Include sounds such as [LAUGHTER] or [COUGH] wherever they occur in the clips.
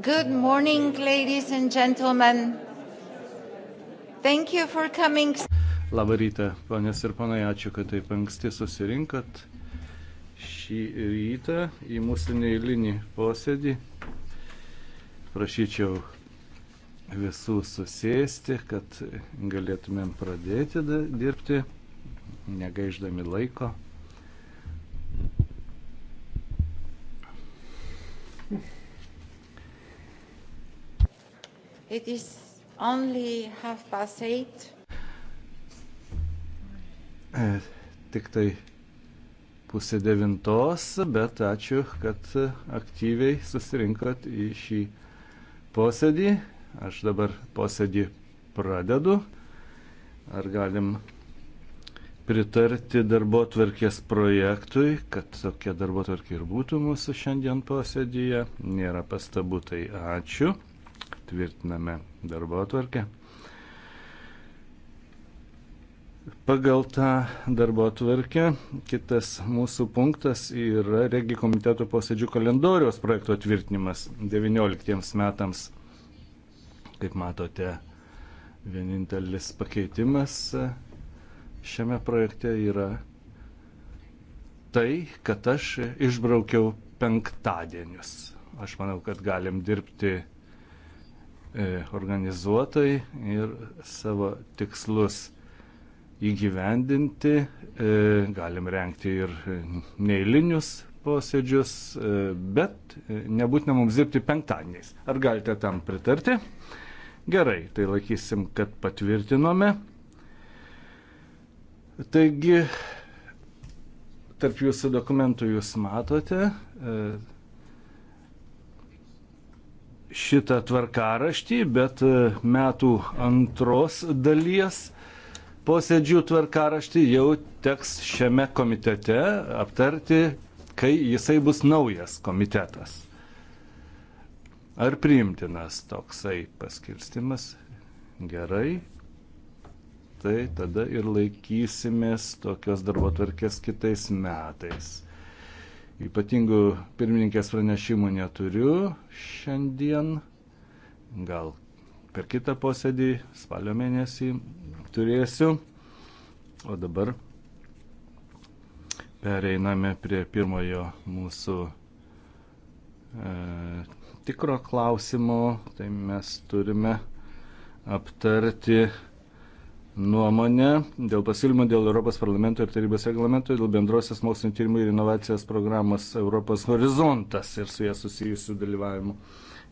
Good morning, ladies and gentlemen. Thank you for coming. Labą rytą, ponės ir panai, ačiū, kad taip anksti susirinkat šį rytą į mūsų neįlinį posėdį. Prašyčiau visų susėsti, kad galėtumėm pradėti dirbti, negaiždami laiko. It is only half past eight. E, tik tai pusė devintos, bet ačiū, kad aktyviai susirinkot į šį posėdį. Aš dabar posėdį pradedu. Ar galim pritarti darbo tvarkės projektui, kad tokia darbo tvarkė ir būtų mūsų šiandien posėdėje. Nėra pastabų, tai ačiū tvirtiname darbo atvarkę. Pagal tą darbo atvarkę kitas mūsų punktas yra Regi komiteto posėdžių kalendoriaus projekto tvirtinimas 19 metams. Kaip matote, vienintelis pakeitimas šiame projekte yra tai, kad aš išbraukiau penktadienius. Aš manau, kad galim dirbti E, organizuotai ir savo tikslus įgyvendinti. E, galim renkti ir neįlinius posėdžius, e, bet nebūtina mums dirbti penktadieniais. Ar galite tam pritarti? Gerai, tai laikysim, kad patvirtinome. Taigi, tarp jūsų dokumentų jūs matote šitą tvarkaraštį, bet e, metų antros dalies posėdžių tvarkaraštį jau teks šiame komitete aptarti, kai jisai bus naujas komitetas. Ar priimtinas toksai paskirstimas? Gerai. Tai tada ir laikysimės tokios darbo tvarkės kitais metais. Ypatingų pirmininkės pranešimų neturiu šiandien. Gal per kitą posėdį spalio mėnesį turėsiu. O dabar pereiname prie pirmojo mūsų e, tikro klausimo. Tai mes turime aptarti nuomonę dėl pasiūlymo dėl Europos parlamento ir tarybos reglamento dėl bendrosios mokslinio tyrimų ir inovacijos programos Europos horizontas ir su jie susijusių dalyvavimų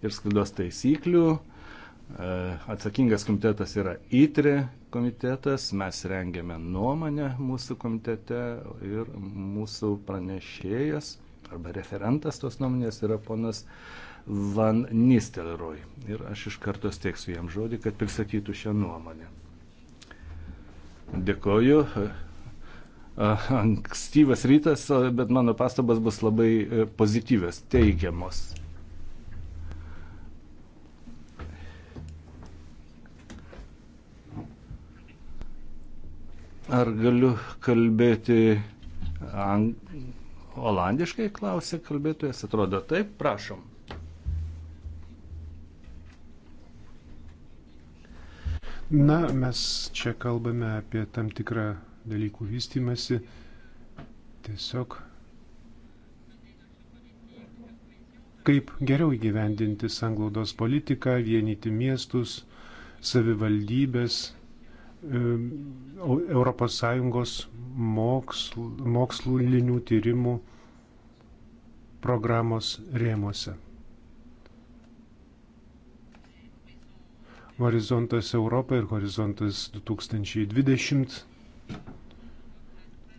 ir sklaidos taisyklių. E, atsakingas komitetas yra ITRI komitetas, mes rengiame nuomonę mūsų komitete ir mūsų pranešėjas arba referentas tos nuomonės yra ponas Van Nistelrooy. Ir aš iš karto steiksiu jam žodį, kad pristatytų šią nuomonę. Dėkoju. Ankstyvas rytas, bet mano pastabas bus labai e, pozityvios, teigiamos. Ar galiu kalbėti ang... olandiškai, klausė kalbėtojas, atrodo taip, prašom. Na, mes čia kalbame apie tam tikrą dalykų vystimasi. Tiesiog kaip geriau įgyvendinti sanglaudos politiką, vienyti miestus, savivaldybės, ES mokslų, mokslų linių tyrimų programos rėmuose. Horizontas Europa ir Horizontas 2020.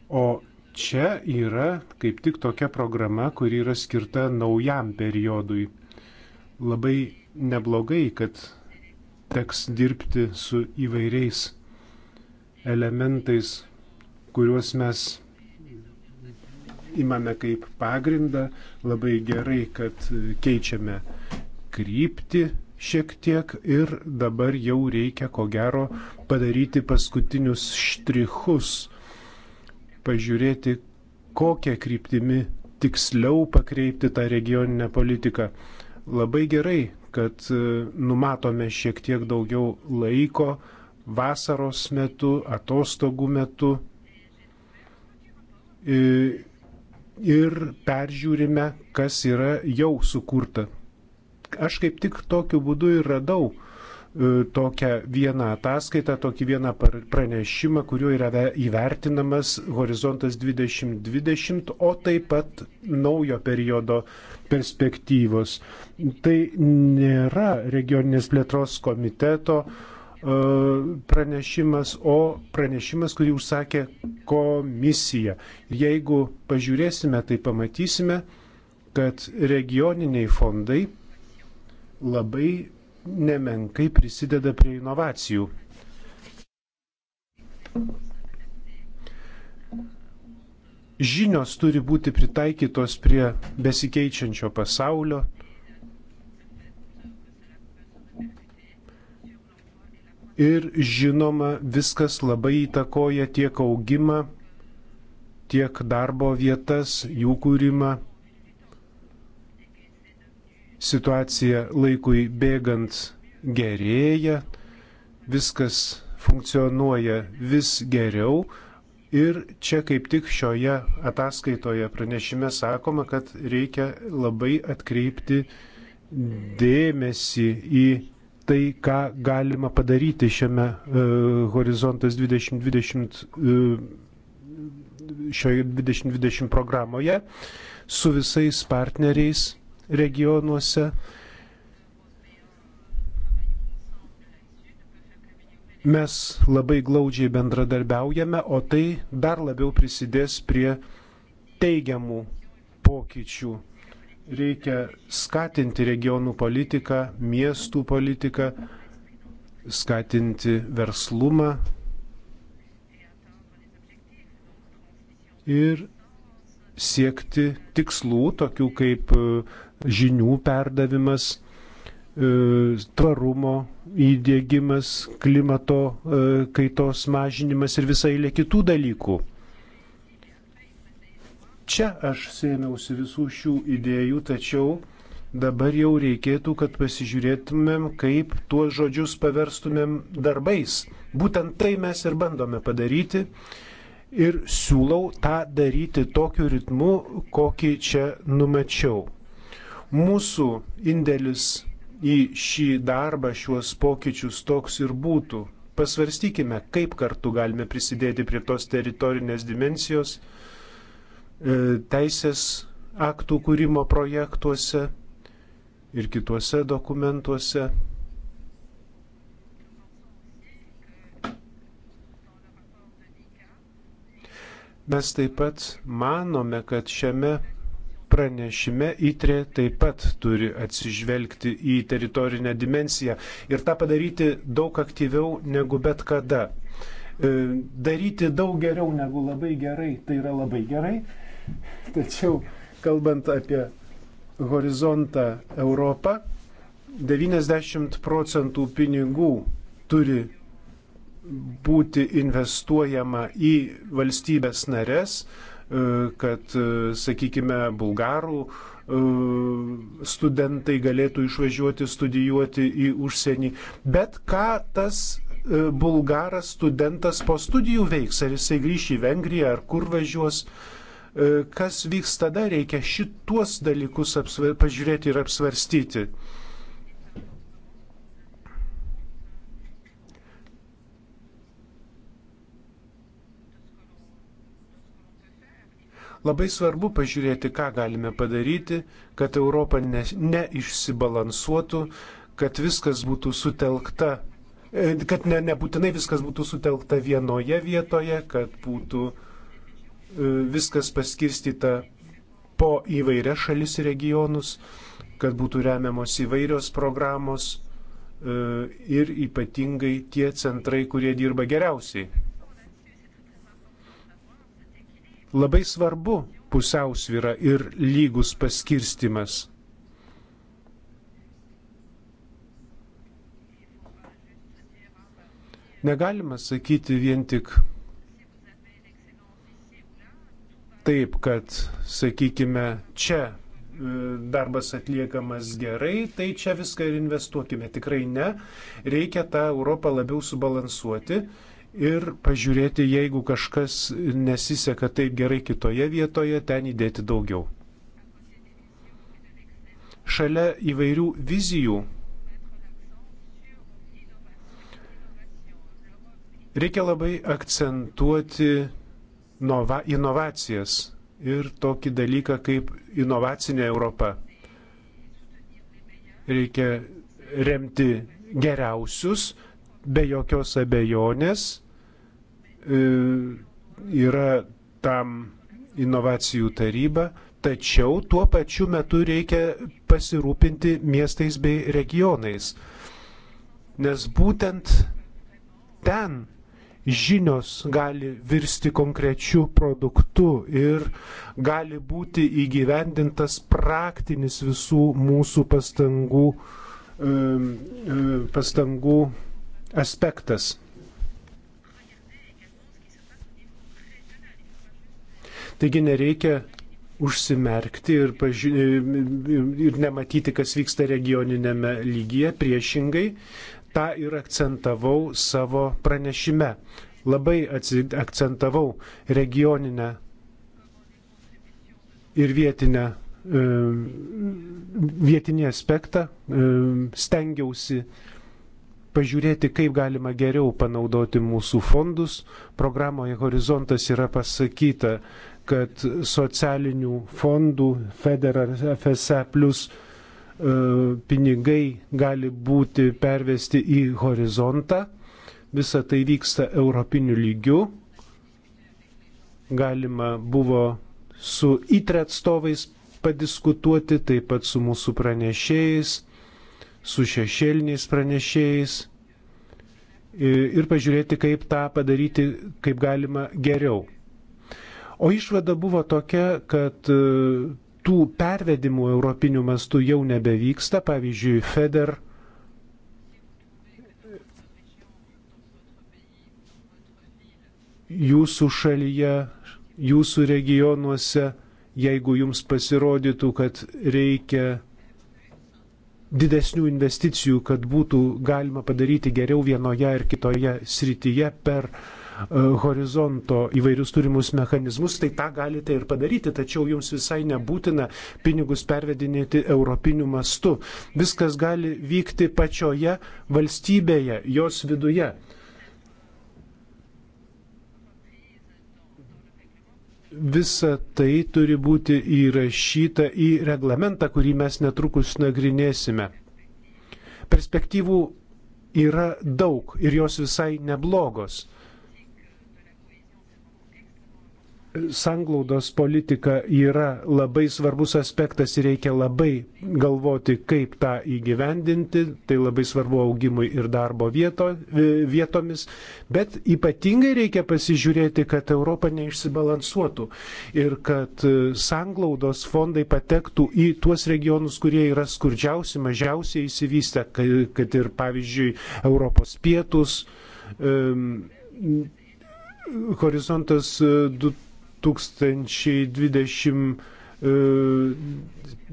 O čia yra kaip tik tokia programa, kuri yra skirta naujam periodui. Labai neblogai, kad teks dirbti su įvairiais elementais, kuriuos mes imame kaip pagrindą. Labai gerai, kad keičiame kryptį šiek tiek ir dabar jau reikia ko gero padaryti paskutinius štrichus, pažiūrėti, kokią kryptimį tiksliau pakreipti tą regioninę politiką. Labai gerai, kad e, numatome šiek tiek daugiau laiko vasaros metu, atostogų metu e, ir peržiūrime, kas yra jau sukurta aš kaip tik tokiu būdu ir radau e, tokią vieną ataskaitą, tokį vieną pranešimą, kuriuo yra įvertinamas horizontas 2020, o taip pat naujo periodo perspektyvos. Tai nėra regioninės plėtros komiteto e, pranešimas, o pranešimas, kurį užsakė komisija. Jeigu pažiūrėsime, tai pamatysime, kad regioniniai fondai labai nemenkai prisideda prie inovacijų. Žinios turi būti pritaikytos prie besikeičiančio pasaulio. Ir žinoma, viskas labai įtakoja tiek augimą, tiek darbo vietas, jų kūrimą situacija laikui bėgant gerėja, viskas funkcionuoja vis geriau. Ir čia kaip tik šioje ataskaitoje pranešime sakoma, kad reikia labai atkreipti dėmesį į tai, ką galima padaryti šiame uh, Horizontas 2020, uh, e, šioje 2020 programoje su visais partneriais regionuose. Mes labai glaudžiai bendradarbiaujame, o tai dar labiau prisidės prie teigiamų pokyčių. Reikia skatinti regionų politiką, miestų politiką, skatinti verslumą ir siekti tikslų, tokių kaip žinių perdavimas, e, tvarumo įdėgymas, klimato e, kaitos mažinimas ir visai lė kitų dalykų. Čia aš sėmiausi visų šių idėjų, tačiau dabar jau reikėtų, kad pasižiūrėtumėm, kaip tuos žodžius paverstumėm darbais. Būtent tai mes ir bandome padaryti ir siūlau tą daryti tokiu ritmu, kokį čia numačiau. Mūsų indėlis į šį darbą, šiuos pokyčius toks ir būtų. Pasvarstykime, kaip kartu galime prisidėti prie tos teritorinės dimensijos, e, teisės aktų kūrimo projektuose ir kituose dokumentuose. Mes taip pat manome, kad šiame pranešime ITRE taip pat turi atsižvelgti į teritorinę dimensiją ir tą padaryti daug aktyviau negu bet kada. E, daryti daug geriau negu labai gerai, tai yra labai gerai, tačiau kalbant apie horizontą Europą, 90 procentų pinigų turi būti investuojama į valstybės nares, kad, e, sakykime, bulgarų e, studentai galėtų išvažiuoti studijuoti į užsienį. Bet ką tas e, bulgaras studentas po studijų veiks, ar jisai grįš į Vengriją, ar kur važiuos, kas vyks tada, reikia šituos dalykus pažiūrėti ir apsvarstyti. Labai svarbu pažiūrėti, ką galime padaryti, kad Europa ne, neišsibalansuotų, kad viskas būtų sutelkta, e, kad ne, nebūtinai viskas būtų sutelkta vienoje vietoje, kad būtų e, viskas paskirstyta po įvairias šalis ir regionus, kad būtų remiamos įvairios programos e, ir ypatingai tie centrai, kurie dirba geriausiai. Labai svarbu pusiausvyra ir lygus paskirstimas. Negalima sakyti vien tik taip, kad, sakykime, čia e, darbas atliekamas gerai, tai čia viską ir investuokime. Tikrai ne. Reikia tą Europą labiau subalansuoti ir pažiūrėti, jeigu kažkas nesiseka taip gerai kitoje vietoje, ten įdėti daugiau. Šalia įvairių vizijų reikia labai akcentuoti nova, inovacijas ir tokį dalyką kaip inovacinė Europa. Reikia remti geriausius, be jokios abejonės e, yra tam inovacijų taryba, tačiau tuo pačiu metu reikia pasirūpinti miestais bei regionais. Nes būtent ten žinios gali virsti konkrečiu produktu ir gali būti įgyvendintas praktinis visų mūsų pastangų, e, e, pastangų aspektas. Taigi nereikia užsimerkti ir, paži... ir nematyti, kas vyksta regioninėme lygyje. Priešingai, tą ir akcentavau savo pranešime. Labai akcentavau regioninę ir vietinę, e, vietinį aspektą. E, stengiausi pažiūrėti, kaip galima geriau panaudoti mūsų fondus. Programoje Horizontas yra pasakyta, kad socialinių fondų FEDER ar FSE plus e, pinigai gali būti pervesti į horizontą. Visa tai vyksta europiniu lygiu. Galima buvo su ITRE atstovais padiskutuoti, taip pat su mūsų pranešėjais su šešėliniais pranešėjais ir pažiūrėti, kaip tą padaryti, kaip galima geriau. O išvada buvo tokia, kad e, tų pervedimų europinių mastų jau nebevyksta, pavyzdžiui, FEDER jūsų šalyje, jūsų regionuose, jeigu jums pasirodytų, kad reikia didesnių investicijų, kad būtų galima padaryti geriau vienoje ar kitoje srityje per e, horizonto įvairius turimus mechanizmus, tai tą galite ir padaryti, tačiau jums visai nebūtina pinigus pervedinėti europiniu mastu. Viskas gali vykti pačioje valstybėje, jos viduje. visa tai turi būti įrašyta į reglamentą, kurį mes netrukus nagrinėsime. Perspektyvų yra daug ir jos visai neblogos. sanglaudos politika yra labai svarbus aspektas ir reikia labai galvoti, kaip tą įgyvendinti. Tai labai svarbu augimui ir darbo vieto, e, vietomis. Bet ypatingai reikia pasižiūrėti, kad Europa neišsibalansuotų ir kad e, sanglaudos fondai patektų į tuos regionus, kurie yra skurdžiausi, mažiausiai įsivystę, kad ir pavyzdžiui Europos pietus. Um, Horizontas 2000 e, 2020 e,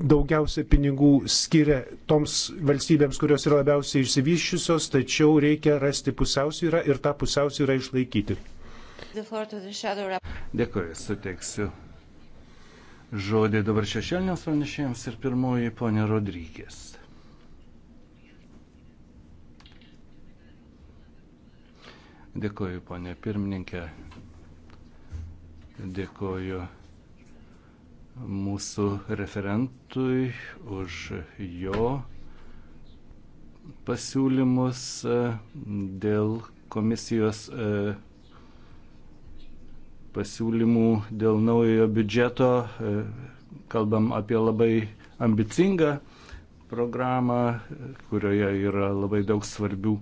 daugiausia pinigų skiria toms valstybėms, kurios yra labiausiai išsivyščiusios, tačiau reikia rasti pusiausvyrą ir tą pusiausvyrą išlaikyti. Dėkuoju, suteiksiu žodį dabar šešėliniams pranešėjams ir pirmoji ponė Rodrygės. Dėkuoju, ponė pirmininkė. Dėkoju mūsų referentui už jo pasiūlymus e, dėl komisijos e, pasiūlymų dėl naujojo biudžeto. E, kalbam apie labai ambicingą programą, kurioje yra labai daug svarbių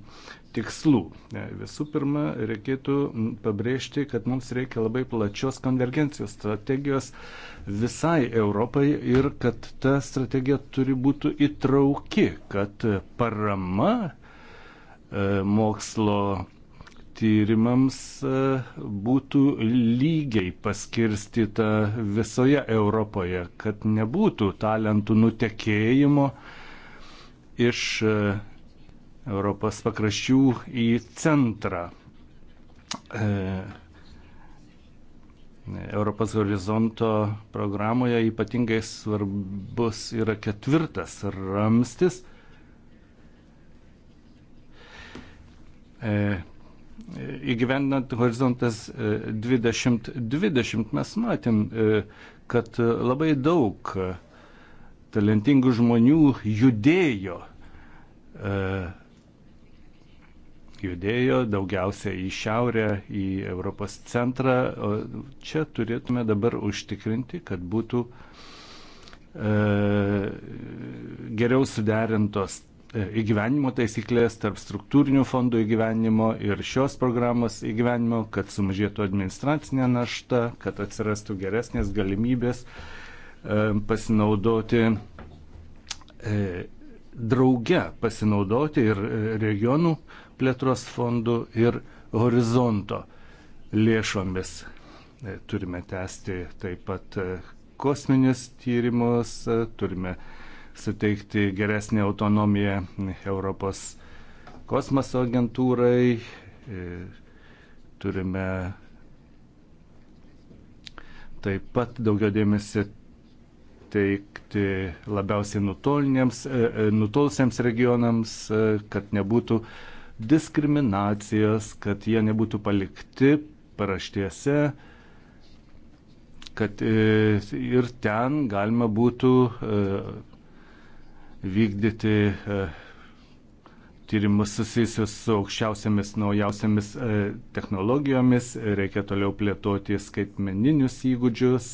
tikslų. E, visų pirma, reikėtų pabrėžti, kad mums reikia labai plačios konvergencijos strategijos visai Europai ir kad ta strategija turi būti įtrauki, kad parama e, mokslo tyrimams e, būtų lygiai paskirstita visoje Europoje, kad nebūtų talentų nutekėjimo iš Europos pakraščių į centrą. E, Europos horizonto programoje ypatingai svarbus yra ketvirtas ramstis. E, įgyvendinant horizontas 2020 e, mes matėm, kad labai daug talentingų žmonių judėjo judėjo daugiausia į šiaurę, į Europos centrą. O čia turėtume dabar užtikrinti, kad būtų e, geriau suderintos e, įgyvenimo taisyklės tarp struktūrinių fondų įgyvenimo ir šios programos įgyvenimo, kad sumažėtų administracinė našta, kad atsirastų geresnės galimybės e, pasinaudoti e, drauge, pasinaudoti ir regionų plėtros fondu ir horizonto lėšomis. E, turime tęsti taip pat e, kosminius tyrimus, e, turime suteikti geresnį autonomiją Europos kosmoso agentūrai, turime taip pat daugiau dėmesio teikti labiausiai nutolusiems regionams, kad nebūtų uh, diskriminacijas, kad jie nebūtų palikti paraštėse, kad e, ir ten galima būtų e, vykdyti e, tyrimus susijusius su aukščiausiamis naujausiamis technologijomis, reikia toliau plėtoti skaitmeninius įgūdžius,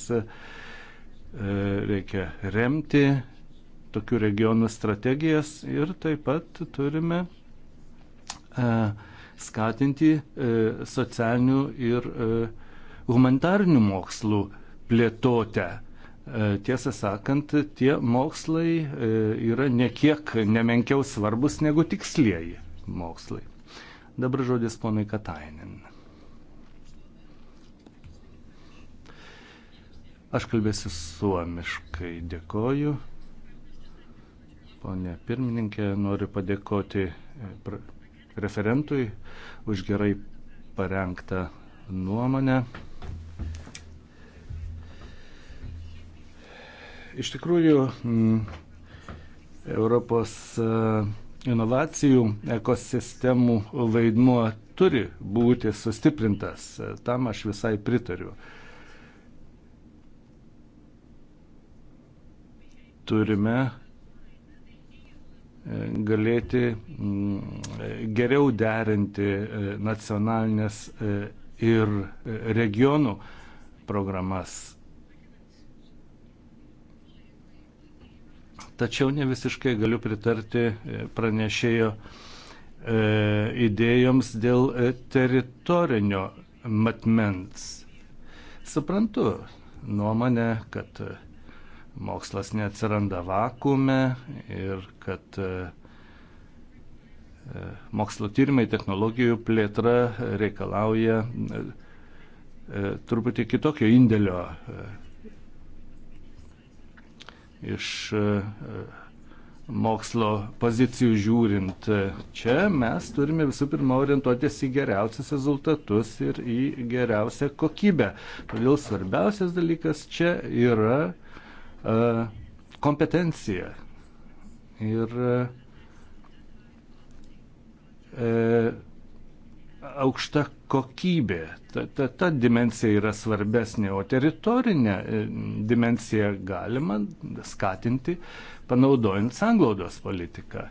reikia remti tokių regionų strategijas ir taip pat turime E, skatinti e, socialinių ir e, humanitarinių mokslų plėtotę. Tiesą sakant, tie mokslai yra nekiek nemenkiau svarbus negu tikslieji mokslai. Dabar žodis ponui Katainin. Aš kalbėsiu suomiškai. Dėkoju. Pone pirmininkė, noriu padėkoti referentui už gerai parengtą nuomonę. Iš tikrųjų, mm, Europos e, inovacijų ekosistemų vaidmuo turi būti sustiprintas. E, tam aš visai pritariu. Turime galėti mm, geriau derinti e, nacionalinės e, ir e, regionų programas. Tačiau ne visiškai galiu pritarti pranešėjo idėjoms dėl teritorinio matmens. Suprantu nuomonę, kad mokslas neatsiranda vakume ir kad e, e, mokslo tyrimai, technologijų plėtra reikalauja e, truputį kitokio indėlio iš mokslo pozicijų žiūrint. Čia mes turime visų pirma orientuotis į geriausius rezultatus ir į geriausią kokybę. Todėl svarbiausias dalykas čia yra E, kompetenciją. Ir e, aukšta kokybė. Ta, ta, ta dimensija yra svarbesnė, o teritorinę e, dimensiją galima skatinti, panaudojant sanglaudos politiką.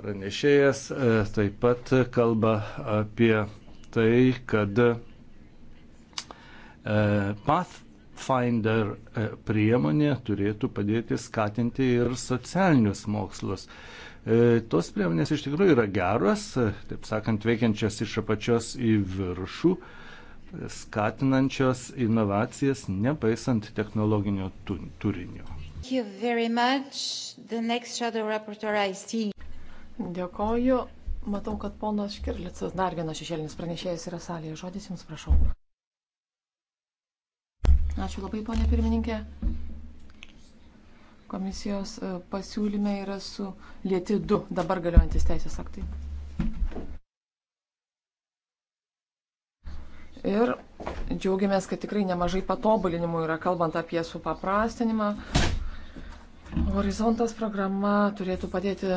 Pranešėjas e, taip pat kalba apie tai, kad e, path Finder e, priemonė turėtų padėti skatinti ir socialinius mokslus. E, tos priemonės iš tikrųjų yra geros, e, taip sakant, veikiančios iš apačios į viršų, skatinančios inovacijas, nepaisant technologinio turinio. Dėkoju. Matau, kad ponas Škirlicas dar vienas šešėlinis pranešėjas yra salėje. Žodis jums prašau. Ačiū labai, ponė pirmininkė. Komisijos e, pasiūlyme yra su lieti 2 dabar galiojantis teisės aktai. Ir džiaugiamės, kad tikrai nemažai patobulinimų yra kalbant apie supaprastinimą. Horizontas programa turėtų padėti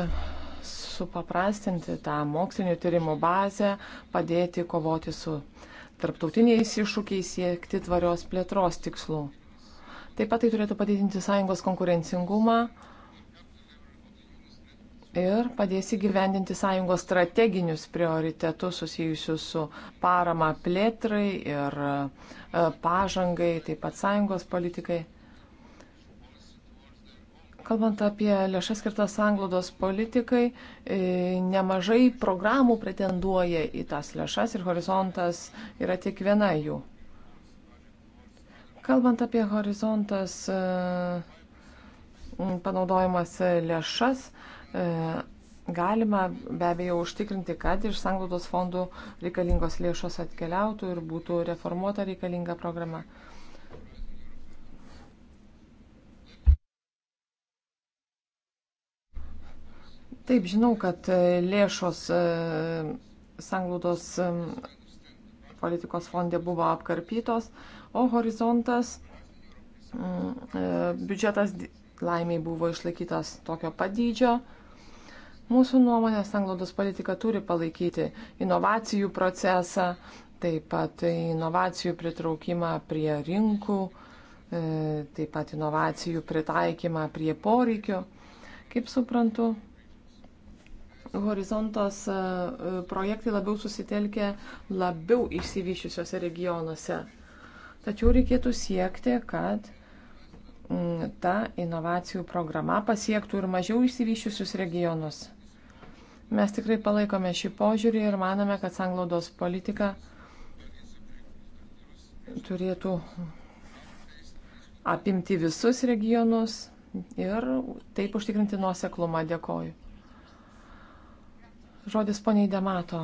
supaprastinti tą mokslinių tyrimų bazę, padėti kovoti su tarptautiniais iššūkiais siekti tvarios plėtros tikslų. Taip pat tai turėtų padidinti sąjungos konkurencingumą ir padės įgyvendinti sąjungos strateginius prioritetus susijusius su parama plėtrai ir e, pažangai, taip pat sąjungos politikai. Kalbant apie lėšas skirtas anglodos politikai, e, nemažai programų pretenduoja į tas lėšas ir horizontas yra tik viena jų. Kalbant apie horizontas e, panaudojimas lėšas, e, galima be abejo užtikrinti, kad iš sanglaudos fondų reikalingos lėšos atkeliautų ir būtų reformuota reikalinga programa. Taip, žinau, kad e, lėšos e, sanglaudos e, politikos fonde buvo apkarpytos, o horizontas mm, biudžetas laimiai buvo išlaikytas tokio padydžio. Mūsų nuomonė, sanglaudos politika turi palaikyti inovacijų procesą, taip pat inovacijų pritraukimą prie rinkų, taip pat inovacijų pritaikymą prie poreikių. Kaip suprantu, horizontas e, e, projektai labiau susitelkia labiau išsivyščiusiuose regionuose. Tačiau reikėtų siekti, kad mm, ta inovacijų programa pasiektų ir mažiau išsivyščiusius regionus. Mes tikrai palaikome šį požiūrį ir manome, kad sanglaudos politika turėtų apimti visus regionus ir taip užtikrinti nuoseklumą. Dėkoju. Žodis poniai Demato.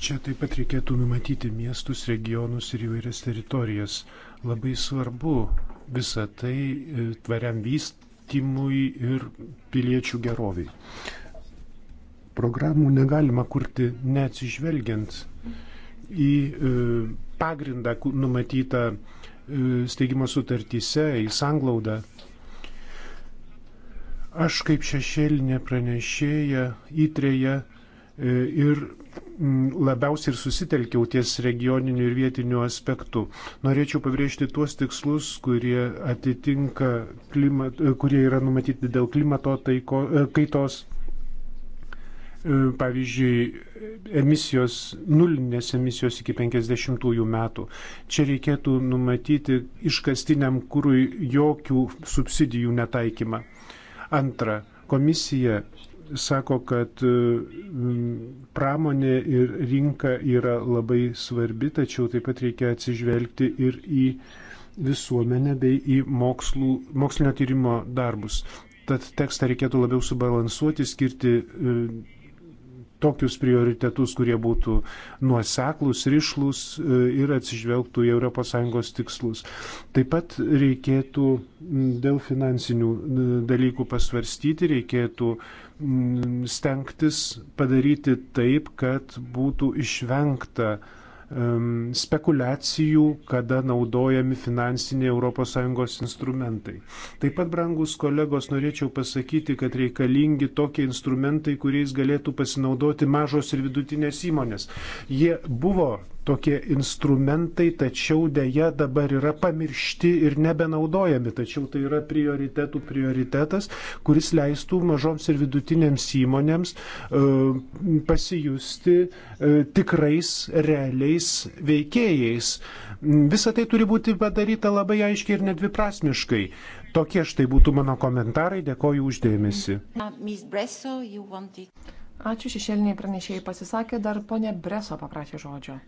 Čia taip pat reikėtų numatyti miestus, regionus ir įvairias teritorijas. Labai svarbu visą tai e, tvariam vystymui ir piliečių geroviai. Programų negalima kurti neatsižvelgiant į e, pagrindą numatytą steigimo sutartyse, į sanglaudą. Aš kaip šešėlinė pranešėja įtrėje ir labiausiai ir susitelkiau ties regioniniu ir vietiniu aspektu. Norėčiau pabrėžti tuos tikslus, kurie atitinka, klimat, kurie yra numatyti dėl klimato taiko, e, kaitos E, pavyzdžiui, emisijos, nulinės emisijos iki 50 metų. Čia reikėtų numatyti iškastiniam kūrui jokių subsidijų netaikymą. Antra, komisija sako, kad e, pramonė ir rinka yra labai svarbi, tačiau taip pat reikia atsižvelgti ir į visuomenę bei į mokslų, mokslinio tyrimo darbus. Tad tekstą reikėtų labiau subalansuoti, skirti e, tokius prioritetus, kurie būtų nuoseklus, ryšlus e, ir atsižvelgtų į ES tikslus. Taip pat reikėtų dėl finansinių e, dalykų pasvarstyti, reikėtų stengtis padaryti taip, kad būtų išvengta uh, spekulacijų, kada naudojami finansiniai ES instrumentai. Taip pat, brangus kolegos, norėčiau pasakyti, kad reikalingi tokie instrumentai, kuriais galėtų pasinaudoti mažos ir vidutinės įmonės. Jie buvo tokie instrumentai, tačiau dėja dabar yra pamiršti ir nebenaudojami. Tačiau tai yra prioritetų prioritetas, kuris leistų mažoms ir vidutinėms įmonėms e, pasijusti e, tikrais, realiais veikėjais. Visą tai turi būti padaryta labai aiškiai ir nedviprasmiškai. Tokie štai būtų mano komentarai, dėkoju uždėmesi. Ačiū šešėliniai pranešėjai pasisakė, dar ponė Breso paprašė žodžio.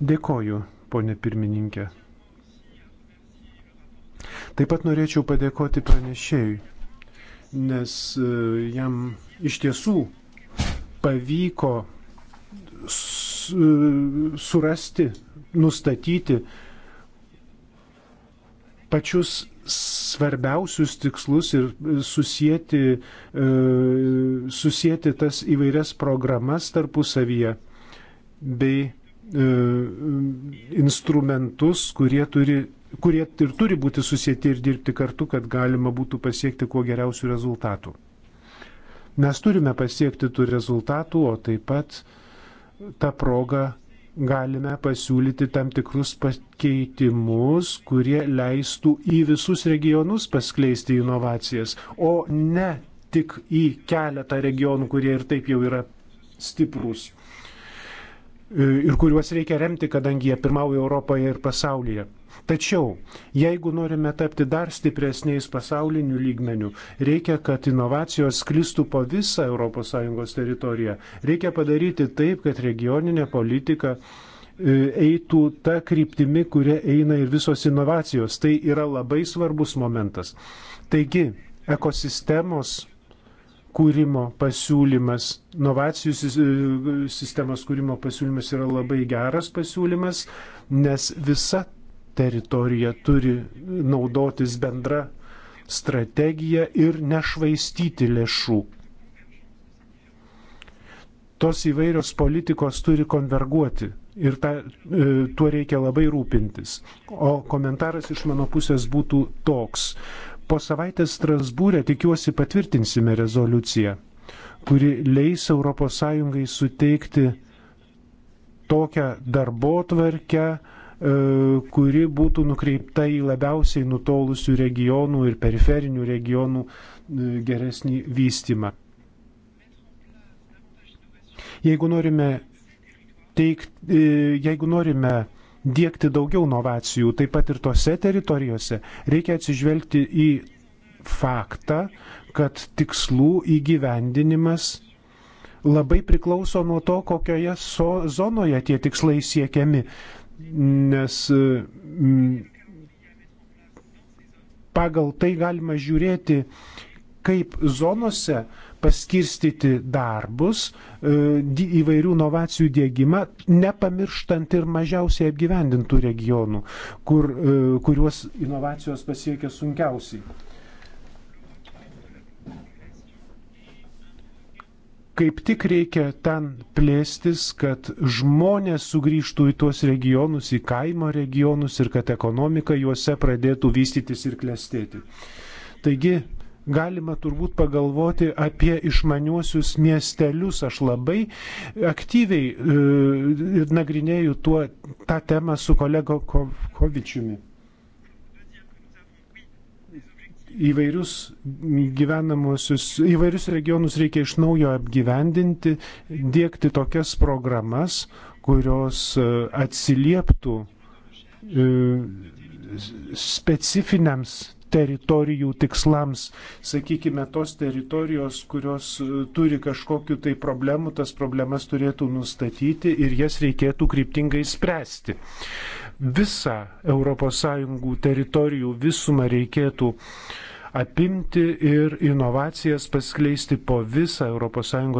Dėkoju, ponė pirmininkė. Taip pat norėčiau padėkoti pranešėjui, nes e, jam iš tiesų pavyko e, surasti, nustatyti pačius svarbiausius tikslus ir susijęti, e, susijęti tas įvairias programas tarpusavyje bei E, instrumentus, kurie, turi, kurie ir turi būti susijęti ir dirbti kartu, kad galima būtų pasiekti kuo geriausių rezultatų. Mes turime pasiekti tų rezultatų, o taip pat tą progą galime pasiūlyti tam tikrus pakeitimus, kurie leistų į visus regionus paskleisti inovacijas, o ne tik į keletą regionų, kurie ir taip jau yra stiprus ir kuriuos reikia remti, kadangi jie pirmauja Europoje ir pasaulyje. Tačiau, jeigu norime tapti dar stipresniais pasauliniu lygmeniu, reikia, kad inovacijos sklistų po visą ES teritoriją. Reikia padaryti taip, kad regioninė politika e, eitų tą kryptimį, kuria eina ir visos inovacijos. Tai yra labai svarbus momentas. Taigi, ekosistemos kūrimo pasiūlymas, inovacijų e, sistemos kūrimo pasiūlymas yra labai geras pasiūlymas, nes visa teritorija turi naudotis bendra strategija ir nešvaistyti lėšų. Tos įvairios politikos turi konverguoti ir ta, e, tuo reikia labai rūpintis. O komentaras iš mano pusės būtų toks. Po savaitės Strasbūrė tikiuosi patvirtinsime rezoliuciją, kuri leis ES suteikti tokią darbo tvarkę, e, kuri būtų nukreipta į labiausiai nutolusių regionų ir periferinių regionų e, geresnį vystimą. Jeigu norime, teikti, e, jeigu norime dėkti daugiau inovacijų, taip pat ir tose teritorijose. Reikia atsižvelgti į faktą, kad tikslų įgyvendinimas labai priklauso nuo to, kokioje so zonoje tie tikslai siekiami. Nes mm, pagal tai galima žiūrėti, kaip zonose uh, paskirstyti darbus, e, įvairių inovacijų dėgymą, nepamirštant ir mažiausiai apgyvendintų regionų, kur, e, kuriuos inovacijos pasiekia sunkiausiai. Kaip tik reikia ten plėstis, kad žmonės sugrįžtų į tuos regionus, į kaimo regionus ir kad ekonomika juose pradėtų vystytis ir klestėti. Taigi galima turbūt pagalvoti apie išmaniuosius miestelius. Aš labai aktyviai e, ir e, nagrinėju tuo, tą temą su kolego Kovičiumi. Įvairius, įvairius regionus reikia iš naujo apgyvendinti, dėkti tokias programas, kurios e, atsilieptų e, specifiniams teritorijų tikslams. Sakykime, tos teritorijos, kurios e, turi kažkokiu tai problemu, tas problemas turėtų nustatyti ir jas reikėtų kryptingai spręsti. Visą ES teritorijų visumą reikėtų uh, apimti ir inovacijas paskleisti po visą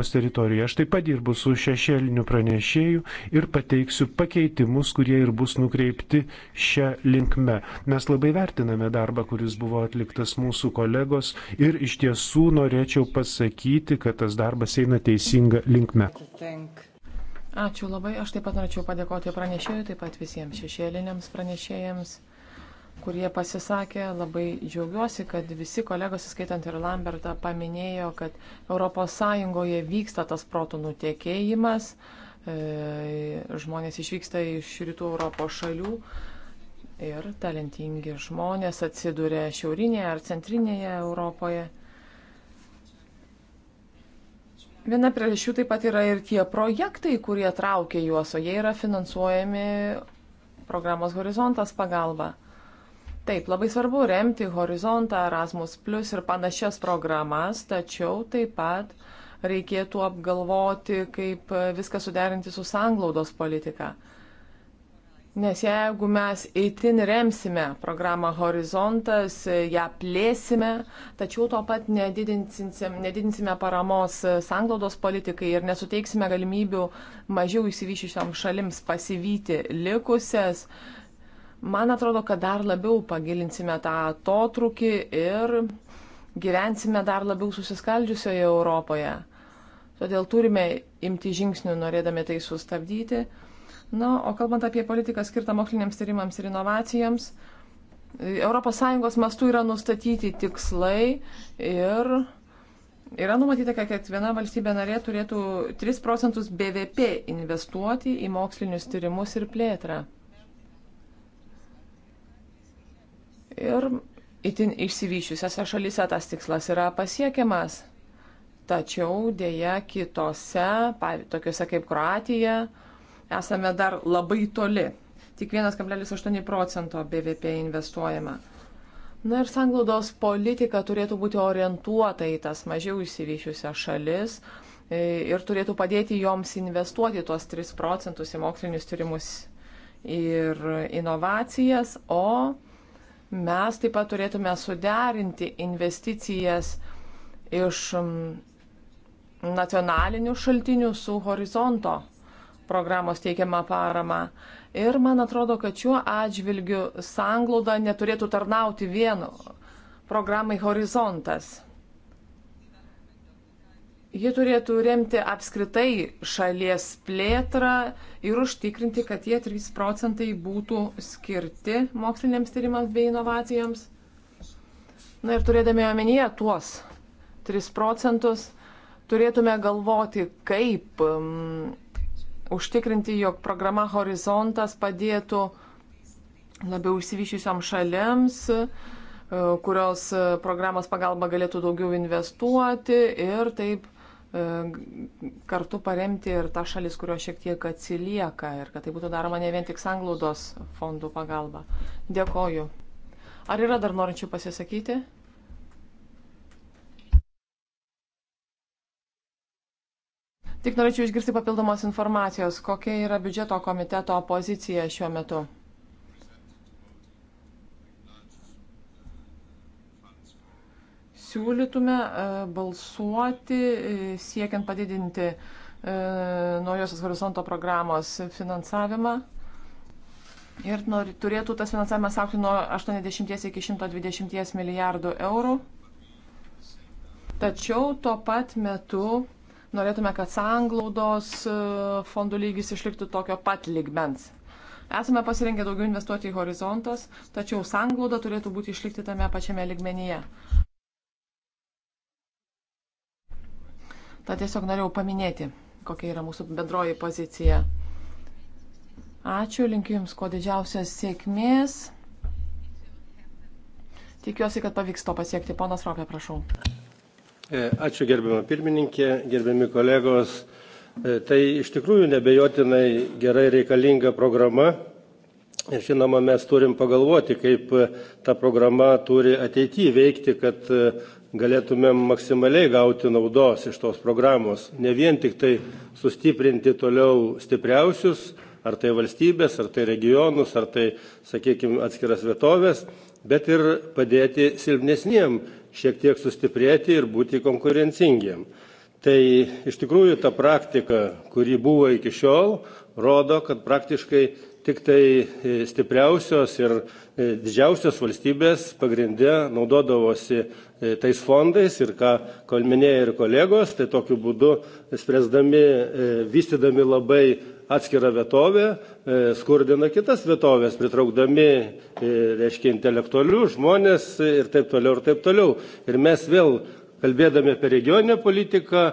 ES teritoriją. Aš taip pat dirbu su šešėliniu pranešėju ir pateiksiu pakeitimus, kurie ir bus nukreipti šią linkmę. Mes labai vertiname darbą, kuris buvo atliktas mūsų kolegos ir iš tiesų norėčiau pasakyti, kad tas darbas eina teisinga linkme. Ačiū labai, aš taip pat norėčiau padėkoti pranešėjui, taip pat visiems šešėliniams pranešėjams kurie pasisakė. Labai džiaugiuosi, kad visi kolegos, įskaitant ir Lambertą, paminėjo, kad ES vyksta tas protų nutekėjimas, e, žmonės išvyksta iš rytų Europos šalių ir talentingi žmonės atsiduria šiaurinėje ar centrinėje Europoje. Viena priežasčių taip pat yra ir tie projektai, kurie traukia juos, o jie yra finansuojami programos horizontas pagalba. Taip, labai svarbu remti Horizontą, Erasmus Plus ir panašias programas, tačiau taip pat reikėtų apgalvoti, kaip viską suderinti su sanglaudos politika. Nes jeigu mes eitin remsime programą Horizontas, ją plėsime, tačiau tuo pat nedidinsime, nedidinsime paramos sanglaudos politikai ir nesuteiksime galimybių mažiau įsivyšiusiam šalims pasivyti likusias, uh, man atrodo, kad dar labiau pagilinsime tą atotrukį ir gyvensime dar labiau susiskaldžiusioje Europoje. Todėl turime imti žingsnių, norėdami tai sustabdyti. Na, o kalbant apie politiką skirtą moksliniams tyrimams ir inovacijams, ES mastu yra nustatyti tikslai ir yra numatyta, kad kiekviena valstybė narė turėtų 3 procentus BVP investuoti į mokslinius tyrimus ir plėtrą. Ir itin išsivyšiusiose šalyse tas tikslas yra pasiekiamas. Tačiau dėja kitose, pavyzdžiui, tokiuose kaip Kroatija, esame dar labai toli. Tik 1,8 procento BVP investuojama. Na ir sanglaudos politika turėtų būti orientuota į tas mažiau išsivyšiusią šalis e, ir turėtų padėti joms investuoti tuos 3 procentus į mokslinius tyrimus ir inovacijas, o mes taip pat turėtume suderinti investicijas iš mm, nacionalinių šaltinių su horizonto programos teikiama parama. Ir man atrodo, kad šiuo atžvilgiu sanglauda neturėtų tarnauti vienu programai horizontas. Ji turėtų remti apskritai šalies plėtrą ir užtikrinti, kad tie 3 procentai būtų skirti moksliniams tyrimams bei inovacijoms. Na ir turėdami omenyje tuos 3 procentus, turėtume galvoti, kaip um, užtikrinti, jog programa Horizontas padėtų labiau išsivyščiusiam šalėms, uh, kurios uh, programos pagalba galėtų daugiau investuoti ir taip E, kartu paremti ir tą šalis, kurio šiek tiek atsilieka ir kad tai būtų daroma ne vien tik sanglaudos fondų pagalba. Dėkoju. Ar yra dar norinčių pasisakyti? Tik norėčiau išgirsti papildomos informacijos, kokia yra biudžeto komiteto pozicija šiuo metu. siūlytume e, balsuoti e, siekiant padidinti e, naujosios horizonto programos finansavimą. Ir nori, turėtų tas finansavimas aukti nuo 80 iki 120 milijardų eurų. Tačiau tuo pat metu norėtume, kad sanglaudos fondų lygis išliktų tokio pat ligmens. Esame pasirengę daugiau investuoti į horizontas, tačiau sanglauda turėtų būti išlikti tame pačiame ligmenyje. Tad tiesiog norėjau paminėti, kokia yra mūsų bendroji pozicija. Ačiū, linkiu Jums kuo didžiausios sėkmės. Tikiuosi, kad pavyks to pasiekti. Ponas Ropė, prašau. E, ačiū gerbiamą pirmininkę, gerbiami kolegos. E, tai iš tikrųjų nebejotinai gerai reikalinga programa. Ir žinoma, mes turim pagalvoti, kaip ta programa turi ateityje veikti, kad galėtumėm maksimaliai gauti naudos iš tos programos ne vien tiktai sustiprinti toliau stipriausius ar tai valstybės ar tai regionus ar tai sakykim atskiras vietoves bet ir padėti silpnesniem šiek tiek sustiprėti ir būti konkurencingiem tai iš tikrųjų ta praktika kuri buvo iki šiol rodo kad praktiškai tiktai stipriausios ir E, didžiausios valstybės pagrinde naudodavosi e, tais fondais ir ką kol minėjo ir kolegos, tai tokiu būdu spręsdami, e, vystydami labai atskirą vietovę, skurdina kitas vietovės, pritraukdami, reiškia, intelektualių žmonės ir taip toliau, ir taip toliau. Ir mes vėl, kalbėdami apie regioninę politiką,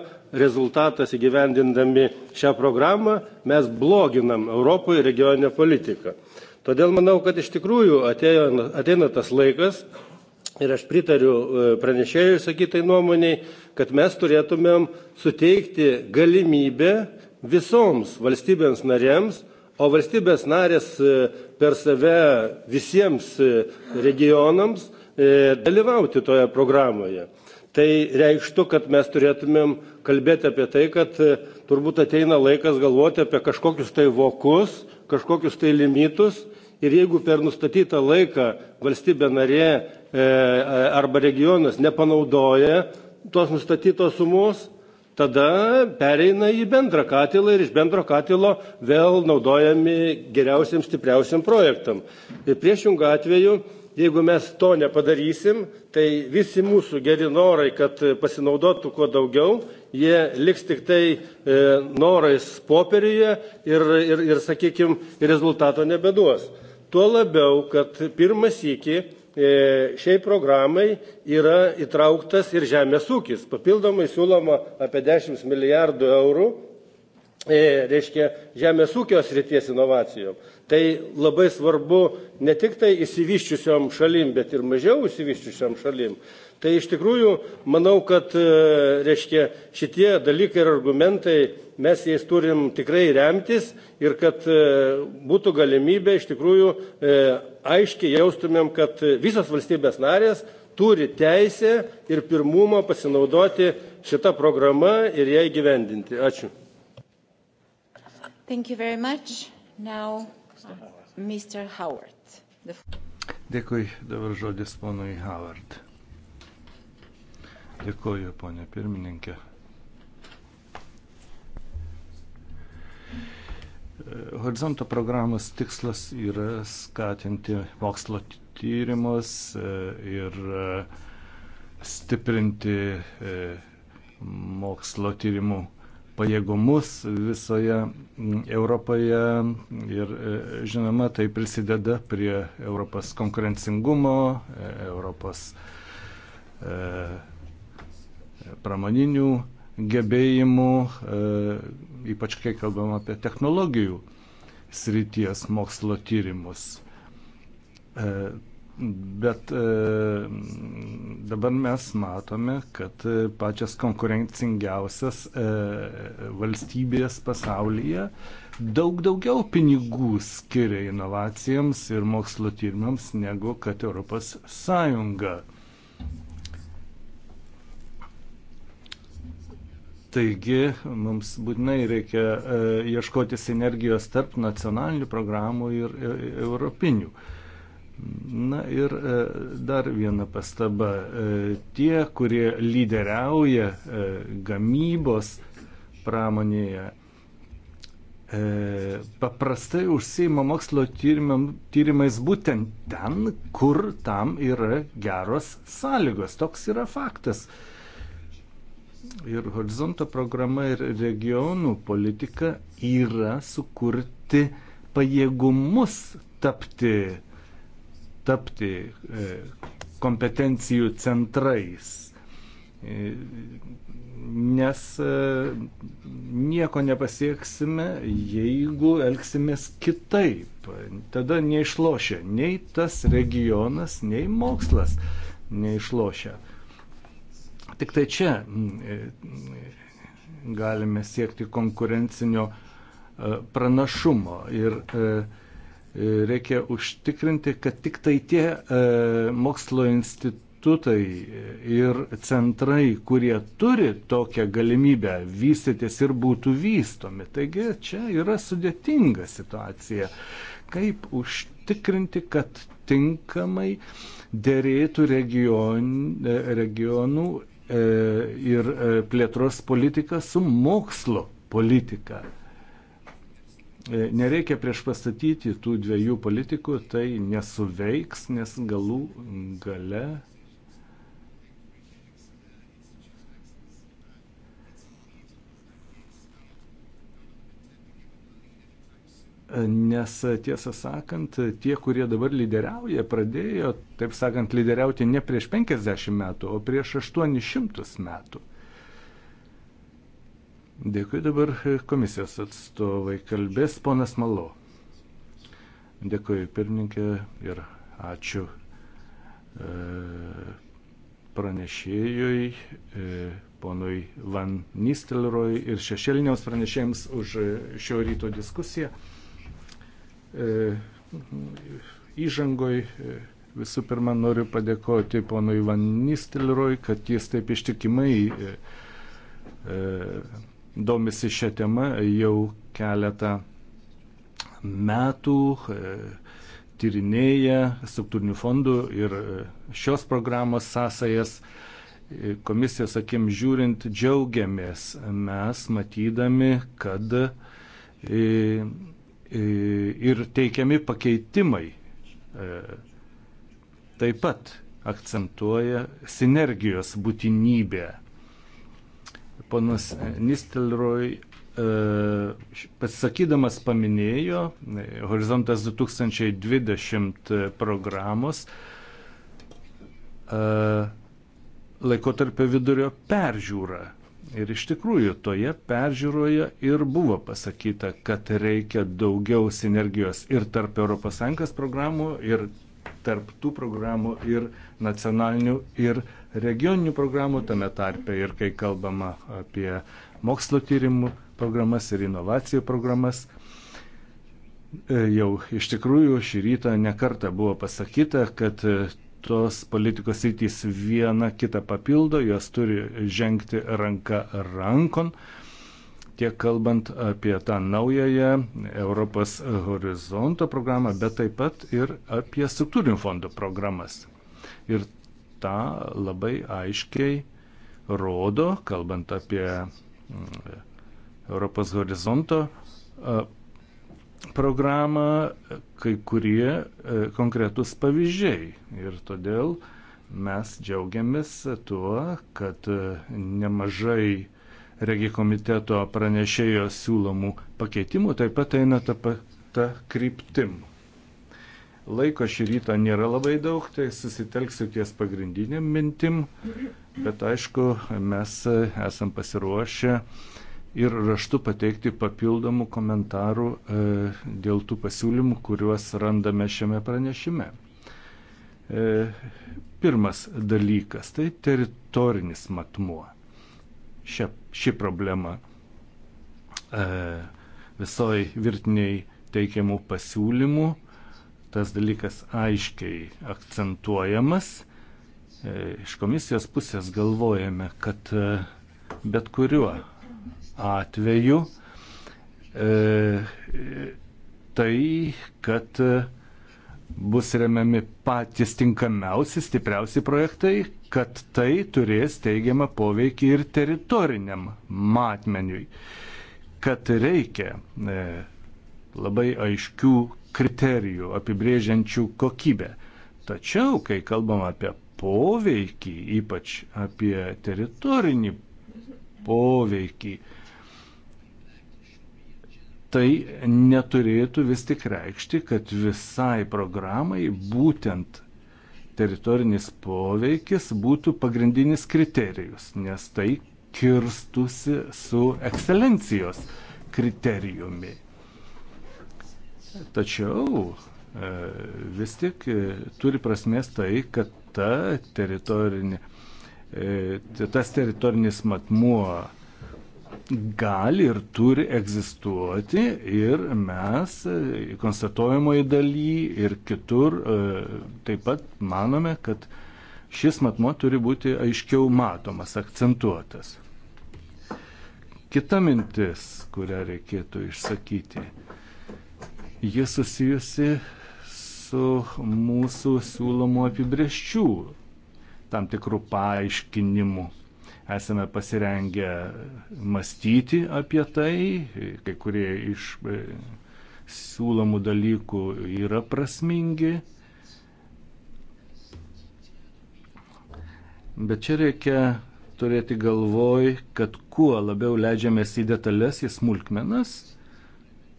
rezultatas įgyvendindami šią programą, mes bloginam Europoje regioninę politiką. Todėl manau, kad iš tikrųjų atėjo, ateina tas laikas ir aš pritariu e, pranešėjų sakytai nuomoniai, kad mes turėtumėm suteikti galimybę visoms valstybėms narėms, o valstybės narės e, per save visiems e, regionams dalyvauti toje programoje. Tai reikštų, kad mes turėtumėm kalbėti apie tai, kad turbūt ateina laikas galvoti apie kažkokius tai vokus, kažkokius tai limitus ir jeigu per nustatytą laiką valstybė narė e, e, arba regionas nepanaudoja tos nustatytos sumos, tada pereina į bendrą katilą ir iš bendro katilo vėl naudojami geriausiam, stipriausiam projektam. Ir priešingų atveju Jeigu mes to nepadarysim, tai visi mūsų geri norai, kad pasinaudotų kuo daugiau, jie liks tik tai e, norais popieriuje ir, ir, ir sakykime, rezultato nebeduos. Tuo labiau, kad pirmas iki e, šiai programai yra įtrauktas ir žemės ūkis. Papildomai siūloma apie 10 milijardų eurų, e, reiškia, žemės ūkio srities inovacijom tai labai svarbu ne tik tai išsivyščiusiom šalim, bet ir mažiau išsivyščiusiom šalim. Tai iš tikrųjų manau, kad e, reiškia, šitie dalykai ir argumentai mes jais turim tikrai remtis ir kad e, būtų galimybė iš tikrųjų e, aiškiai jaustumėm, kad visos valstybės narės turi teisę ir pirmumą pasinaudoti šitą programą ir ją įgyvendinti. Ačiū. Thank you very much. Now Mr. Howard. The... Dėkui, dabar žodis ponui Howard. Dėkuoju, ponė pirmininkė. Horizonto programos tikslas yra skatinti mokslo tyrimus e, ir e, stiprinti e, mokslo tyrimų pajėgumus visoje mm, Europoje ir e, žinoma, tai prisideda prie Europos konkurencingumo, e, Europos e, pramoninių gebėjimų, ypač kai kalbam apie technologijų srities mokslo tyrimus Bet e, dabar mes matome, kad e, pačias konkurencingiausias e, valstybės pasaulyje daug daugiau pinigų skiria inovacijams ir mokslo tyrimams negu kad Europos Sąjunga. Taigi mums būtinai reikia ieškoti sinergijos tarp nacionalinių programų ir europinių. E, Na ir e, dar viena pastaba. E, tie, kurie lyderiauja e, gamybos pramonėje, paprastai užsima mokslo tyrimais būtent ten, kur tam yra geros sąlygos. Toks yra faktas. Ir horizonto programa ir regionų politika yra sukurti pajėgumus tapti uh, tapti e, kompetencijų centrais. E, nes e, nieko nepasieksime, jeigu elgsimės kitaip. Tada neišlošia nei tas regionas, nei mokslas neišlošia. Tik tai čia galime siekti konkurencinio pranašumo ir e, Reikia užtikrinti, kad tik tai tie e, mokslo institutai ir centrai, kurie turi tokią galimybę vystytis ir būtų vystomi. Taigi čia yra sudėtinga situacija. Kaip užtikrinti, kad tinkamai dėrėtų region, e, regionų e, ir plėtros politika su mokslo politika. E, nereikia prieš pastatyti tų dviejų politikų, tai nesuveiks, nes galų gale nes tiesą sakant, tie, kurie dabar lyderiauja, pradėjo, taip sakant, lyderiauti ne prieš 50 metų, o prieš 800 metų. Dėkui dabar komisijos atstovai. Kalbės ponas Malo. Dėkui pirmininkė ir ačiū e, pranešėjui, e, ponui Van Nistelroj ir šešėliniams pranešėjams už šio ryto diskusiją. E, įžangoj e, visų pirma noriu padėkoti ponui Van Nistelroj, kad jis taip ištikimai e, e, domisi šią temą jau keletą metų, e, tyrinėja struktūrinių fondų ir e, šios programos sąsajas. E, Komisijos akim žiūrint, džiaugiamės mes matydami, kad ir teikiami pakeitimai taip pat akcentuoja sinergijos būtinybę ponas e, Nistelroj e, pasisakydamas paminėjo e, Horizontas 2020 programos laikotarpio vidurio peržiūrą. Ir iš tikrųjų toje peržiūroje ir buvo pasakyta, kad reikia daugiau sinergijos ir tarp ES programų, ir tarp tų programų, ir nacionalinių, ir regioninių programų, tame tarpe ir kai kalbama apie mokslo tyrimų programas ir inovacijų programas. E, jau iš tikrųjų šį rytą nekarta buvo pasakyta, kad e, tos politikos rytys viena kitą papildo, jos turi žengti ranka rankon, tiek kalbant apie tą naująją Europos horizonto programą, bet taip pat ir apie struktūrinių fondų programas. Ir tą labai aiškiai rodo, kalbant apie mm, Europos horizonto e, programą, kai kurie e, konkretus pavyzdžiai. Ir todėl mes džiaugiamės tuo, kad e, nemažai regi komiteto pranešėjo siūlomų pakeitimų taip pat eina ta, ta kryptim. Laiko šį rytą nėra labai daug, tai susitelksiu ties pagrindiniam mintim, bet aišku, mes e, esam pasiruošę ir raštu pateikti papildomų komentarų e, dėl tų pasiūlymų, kuriuos randame šiame pranešime. E, pirmas dalykas - tai teritorinis matmuo. Šia, ši problema e, visoji virtiniai teikiamų pasiūlymų tas dalykas aiškiai akcentuojamas. E, iš komisijos pusės galvojame, kad e, bet kuriuo atveju e, tai, kad bus remiami patys tinkamiausi, stipriausi projektai, kad tai turės teigiamą poveikį ir teritoriniam matmeniui, kad reikia e, labai aiškių kriterijų apibrėžiančių kokybę. Tačiau, kai kalbam apie poveikį, ypač apie teritorinį poveikį, tai neturėtų vis tik reikšti, kad visai programai būtent teritorinis poveikis būtų pagrindinis kriterijus, nes tai kirstusi su ekscelencijos kriterijumi. Tačiau e, vis tik e, turi prasmės tai, kad ta teritorinė, e, tas teritorinis matmuo gali ir turi egzistuoti ir mes konstatuojamoje daly ir kitur taip pat manome, kad šis matmo turi būti aiškiau matomas, akcentuotas. Kita mintis, kurią reikėtų išsakyti Jis susijusi su mūsų siūlomu apibrieščių tam tikrų paaiškinimų. Esame pasirengę mąstyti apie tai, kai kurie iš e, siūlomų dalykų yra prasmingi, bet čia reikia turėti galvoj, kad kuo labiau leidžiamės į detalės, į smulkmenas,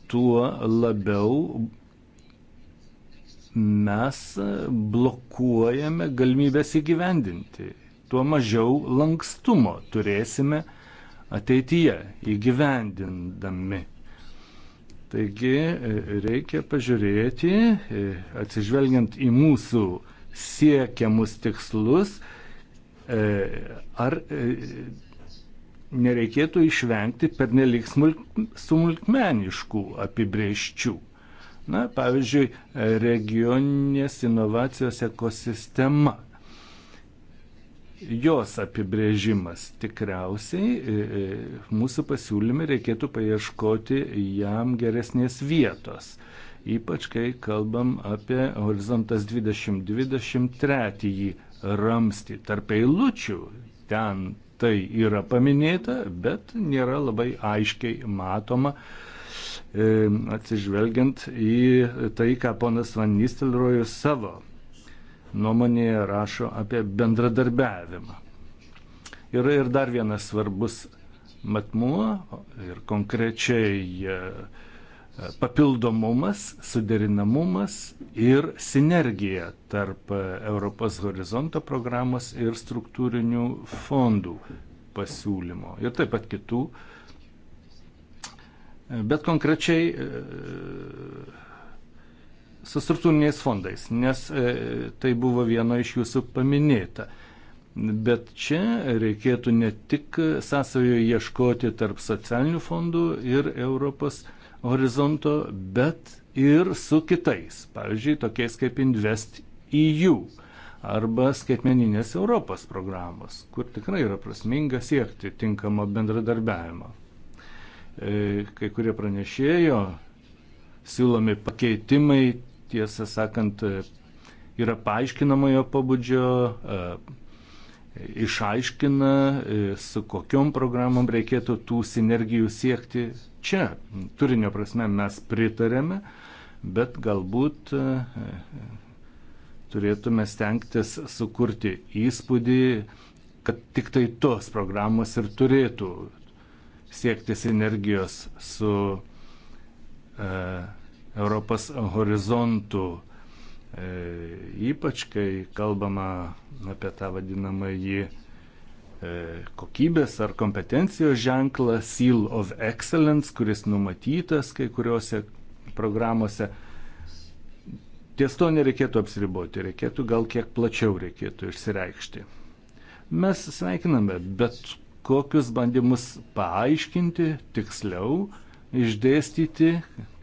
tuo labiau mes blokuojame galimybės įgyvendinti. Tuo mažiau lankstumo turėsime ateityje įgyvendindami. Taigi reikia pažiūrėti, atsižvelgiant į mūsų siekiamus tikslus, ar nereikėtų išvengti pernelik smulkmeniškų apibrėžčių. Na, pavyzdžiui, regioninės inovacijos ekosistema. Jos apibrėžimas tikriausiai e, e, mūsų pasiūlyme reikėtų paieškoti jam geresnės vietos ypač kai kalbam apie horizontas 2023 ramstį tarp eilučių. Ten tai yra paminėta, bet nėra labai aiškiai matoma, e, atsižvelgiant į tai, ką ponas Van Nistelrojus savo nuomonėje rašo apie bendradarbiavimą. Yra ir dar vienas svarbus matmuo ir konkrečiai e, papildomumas, suderinamumas ir sinergija tarp Europos horizonto programos ir struktūrinių fondų pasiūlymo ir taip pat kitų. Bet konkrečiai e, su struktūriniais fondais, nes e, tai buvo vieno iš jūsų paminėta. Bet čia reikėtų ne tik sąsajoje ieškoti tarp socialinių fondų ir Europos horizonto horizonto, bet ir su kitais, pavyzdžiui, tokiais kaip Invest EU arba skaitmeninės Europos programos, kur tikrai yra prasminga siekti tinkamo bendradarbiavimo. E, kai kurie pranešėjo, siūlomi pakeitimai, tiesą sakant, yra paaiškinamojo pabudžio, e, išaiškina, e, su kokiom programom reikėtų tų sinergijų siekti čia turinio prasme mes pritarėme, bet galbūt e, turėtume stengtis sukurti įspūdį, kad tik tai tos programos ir turėtų siekti sinergijos su e, Europos horizontu, e, ypač kai kalbama apie tą vadinamąjį E, kokybės ar kompetencijos ženklą Seal of Excellence, kuris numatytas kai kuriuose programuose. Ties to nereikėtų apsiriboti, reikėtų gal kiek plačiau reikėtų išsireikšti. Mes sveikiname bet kokius bandymus paaiškinti tiksliau, išdėstyti,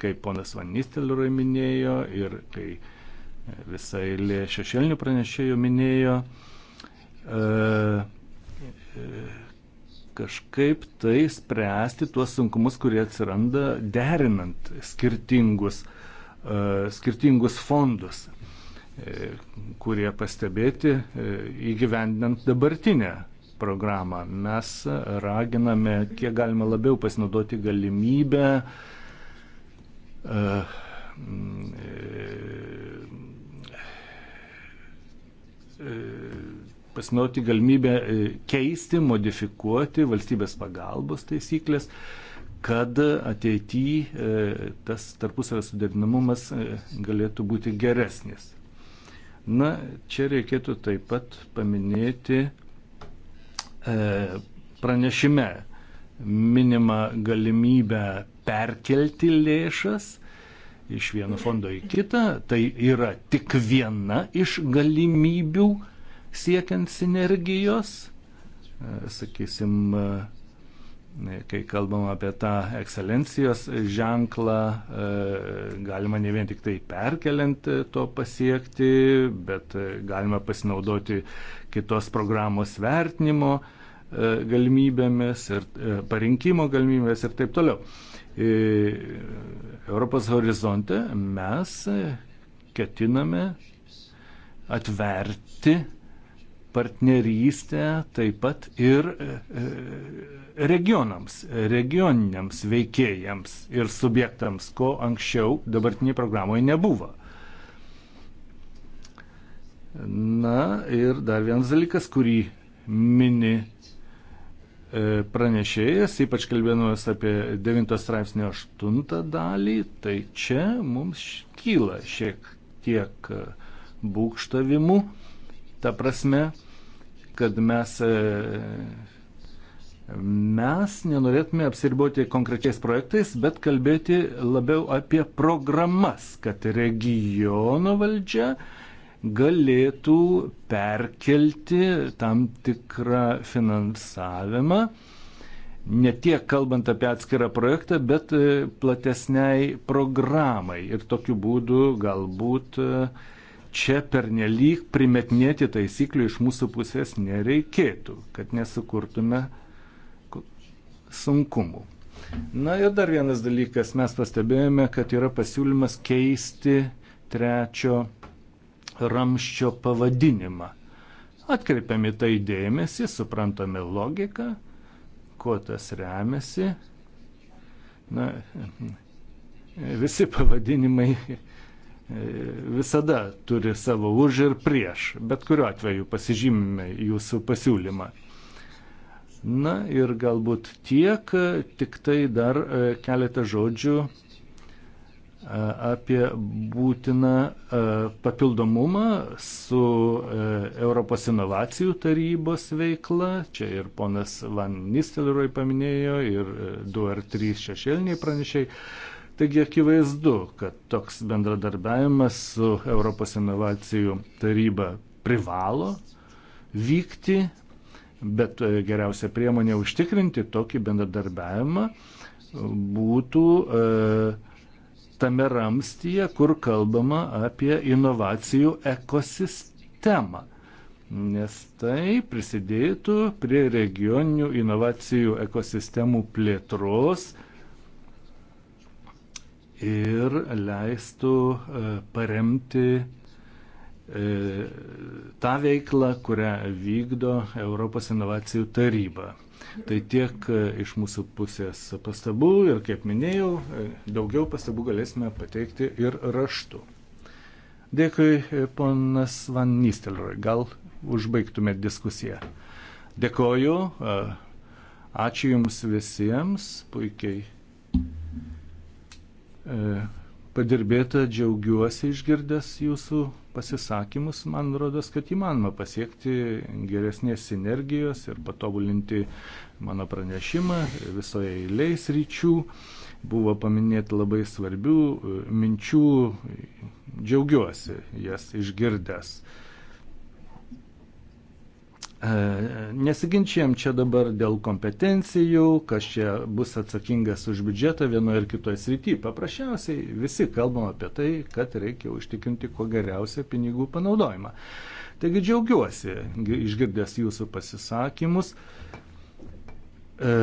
kaip ponas Vanistelroj minėjo ir kai visai lė šešėlinių pranešėjų minėjo, e, kažkaip tai spręsti tuos sunkumus, kurie atsiranda derinant skirtingus, e, skirtingus fondus, e, kurie pastebėti e, įgyvendinant dabartinę programą. Mes raginame, kiek galima labiau pasinaudoti galimybę pasinauti galimybę e, keisti, modifikuoti valstybės pagalbos taisyklės, kad ateityje e, tas tarpusavio suderinamumas e, galėtų būti geresnis. Na, čia reikėtų taip pat paminėti pranešime minimą galimybę perkelti lėšas iš vieno fondo į kitą. Tai yra tik viena iš galimybių siekiant sinergijos, e, sakysim, e, kai kalbam apie tą ekscelencijos ženklą, e, galima ne vien tik tai perkeliant to pasiekti, bet galima pasinaudoti kitos programos vertinimo galimybėmis ir parinkimo galimybėmis ir taip toliau. Europos horizonte mes ketiname atverti partnerystę taip pat ir e, e, regionams, regioniniams veikėjams ir subjektams, ko anksčiau dabartinėje programoje nebuvo. Na ir dar vienas dalykas, kurį mini e, pranešėjas, ypač kalbėdamas apie 9 straipsnio 8 dalį, tai čia mums kyla šiek tiek būkštavimų. Ta prasme, kad mes, e, mes nenorėtume apsiriboti konkrečiais projektais, bet kalbėti labiau apie programas, kad regiono valdžia galėtų perkelti tam tikrą finansavimą, ne tiek kalbant apie atskirą projektą, bet e, platesniai programai. Ir tokiu būdu galbūt uh, čia pernelyg primetinėti taisyklių iš mūsų pusės nereikėtų, kad nesukurtume sunkumų. Na ir dar vienas dalykas, mes pastebėjome, kad yra pasiūlymas keisti trečio ramščio pavadinimą. Atkreipiami tai dėmesį, suprantame logiką, kuo tas remiasi. Na, [LAUGHS] visi pavadinimai visada turi savo už ir prieš, bet kuriuo atveju pasižymime jūsų pasiūlymą. Na ir galbūt tiek, tik tai dar e, keletą žodžių e, apie būtiną e, papildomumą su Europos inovacijų tarybos veikla. Čia ir ponas Van Nistelroj paminėjo, ir du ar trys šešėliniai pranešiai. Taigi akivaizdu, kad toks bendradarbiavimas su Europos inovacijų taryba privalo vykti, bet e, geriausia priemonė užtikrinti tokį bendradarbiavimą būtų e, tame ramstyje, kur kalbama apie inovacijų ekosistemą. Nes tai prisidėtų prie regioninių inovacijų ekosistemų plėtros, ir leistų e, paremti e, tą veiklą, kurią vykdo Europos inovacijų taryba. Tai tiek e, iš mūsų pusės pastabų ir, kaip minėjau, daugiau pastabų galėsime pateikti ir raštu. Dėkui, ponas Van Nistelroj, gal užbaigtumėt diskusiją. Dėkoju, ačiū Jums visiems, puikiai E, padirbėta, džiaugiuosi išgirdęs jūsų pasisakymus. Man rodos, kad įmanoma pasiekti geresnės sinergijos ir patobulinti mano pranešimą visoje eiliais ryčių. Buvo paminėti labai svarbių e, minčių, džiaugiuosi jas išgirdęs. E, Nesiginčiam čia dabar dėl kompetencijų, kas čia bus atsakingas už biudžetą vienoje ar kitoje srityje. Paprasčiausiai visi kalbam apie tai, kad reikia užtikrinti kuo geriausią pinigų panaudojimą. Taigi džiaugiuosi išgirdęs jūsų pasisakymus. E,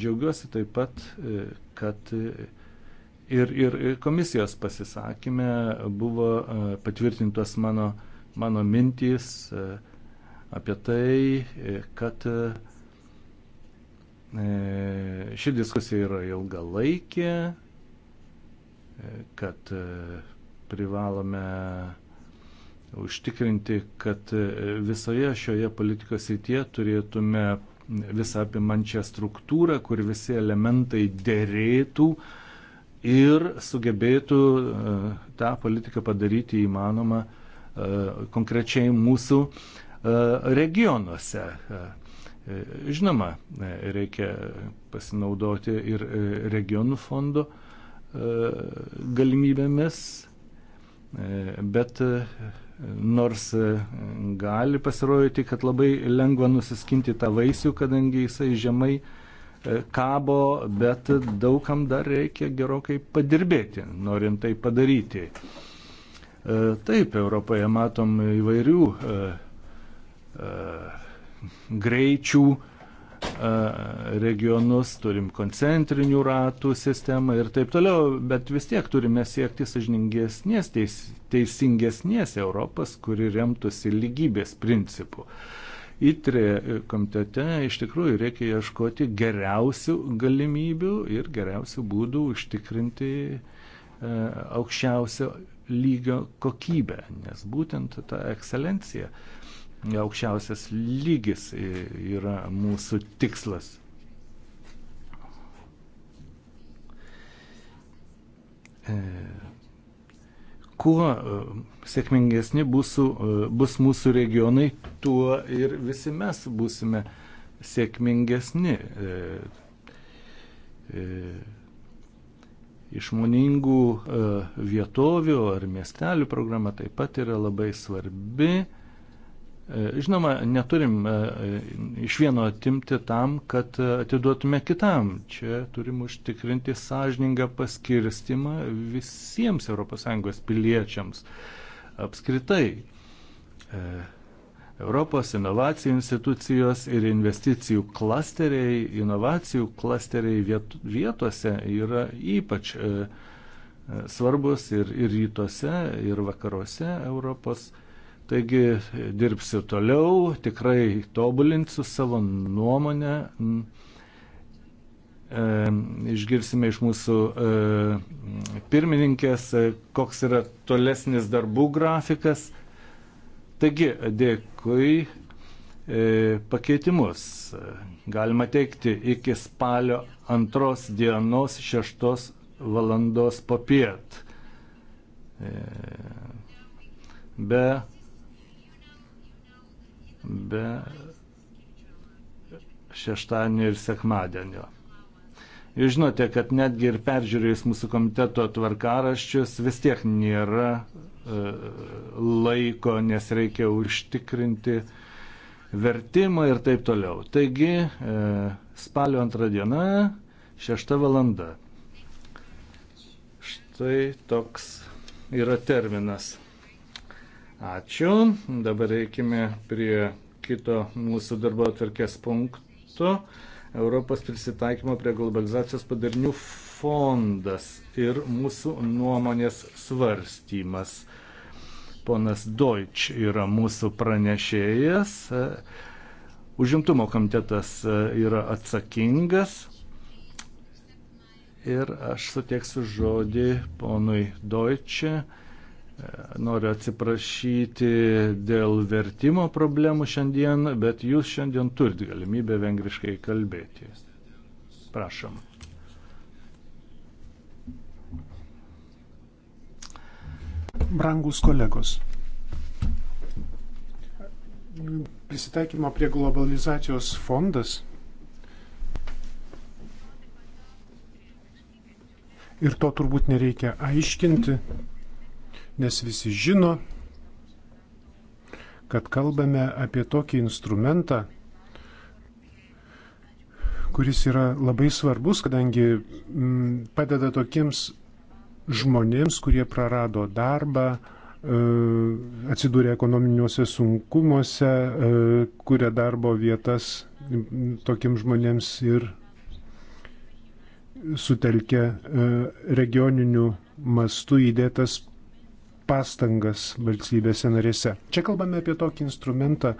džiaugiuosi taip pat, e, kad ir, ir komisijos pasisakymė buvo e, patvirtintos mano, mano mintys e, apie tai, e, kad ši diskusija yra ilgalaikė, kad privalome užtikrinti, kad visoje šioje politikos rytie turėtume visą apimančią struktūrą, kur visi elementai dėrėtų, uh, ir sugebėtų e, tą politiką padaryti įmanomą e, konkrečiai mūsų e, regionuose. Žinoma, reikia pasinaudoti ir regionų fondo galimybėmis, bet nors gali pasirodyti, kad labai lengva nusiskinti tą vaisių, kadangi jisai žemai uh, E, kabo, bet daugam dar reikia gerokai padirbėti, norint tai padaryti. E, taip, Europoje matom įvairių e, greičių regionus, turim koncentrinių ratų sistemą ir taip toliau, bet vis tiek turime siekti sažiningesnės, teis, teisingesnės Europos, kuri remtųsi lygybės principų. Uh, įtrė komitete iš tikrųjų reikia ieškoti geriausių galimybių ir geriausių būdų užtikrinti e, aukščiausio lygio kokybę, nes būtent ta ekscelencija, aukščiausias lygis e, yra mūsų tikslas. E, kuo e, sėkmingesni būsų, e, bus mūsų regionai, tuo ir visi mes būsime sėkmingesni. E, išmoningų vietovių ar miestelių programa taip pat yra labai svarbi. E, žinoma, neturim e, iš vieno atimti tam, kad e, atiduotume kitam. Čia turim užtikrinti sąžiningą paskirstimą visiems ES piliečiams. Apskritai, Europos inovacijų institucijos ir investicijų klasteriai, inovacijų klasteriai vietose yra ypač svarbus ir, ir rytuose, ir vakaruose Europos. Taigi dirbsiu toliau, tikrai tobulinsiu savo nuomonę. E, išgirsime iš mūsų e, pirmininkės, e, koks yra tolesnis darbų grafikas. Taigi, dėkui e, pakeitimus. Galima teikti iki spalio antros dienos šeštos valandos papiet. E, be be šeštadienio ir sekmadienio. Jūs žinote, kad netgi ir peržiūrėjus mūsų komiteto tvarkaraščius vis tiek nėra e, laiko, nes reikia užtikrinti vertimą ir taip toliau. Taigi e, spalio antrą dieną, šešta valanda. Štai toks yra terminas. Ačiū. Dabar reikime prie kito mūsų darbo atverkės punkto. Europos prisitaikymo prie globalizacijos padarinių fondas ir mūsų nuomonės svarstymas. Ponas Deutsch yra mūsų pranešėjas. Užimtumo komitetas yra atsakingas. Ir aš suteiksiu žodį ponui Deutsche Noriu atsiprašyti dėl vertimo problemų šiandien, bet jūs šiandien turite galimybę vengriškai kalbėti. Prašom. Brangus kolegos. Prisitaikymo prie globalizacijos fondas ir to turbūt nereikia aiškinti nes visi žino, kad kalbame apie tokį instrumentą, kuris yra labai svarbus, kadangi mm, padeda tokiems žmonėms, kurie prarado darbą, e, atsidūrė ekonominiuose sunkumuose, e, kuria darbo vietas mm, tokiems žmonėms ir sutelkia e, regioninių mastų įdėtas pastangas valstybėse narėse. Čia kalbame apie tokį instrumentą,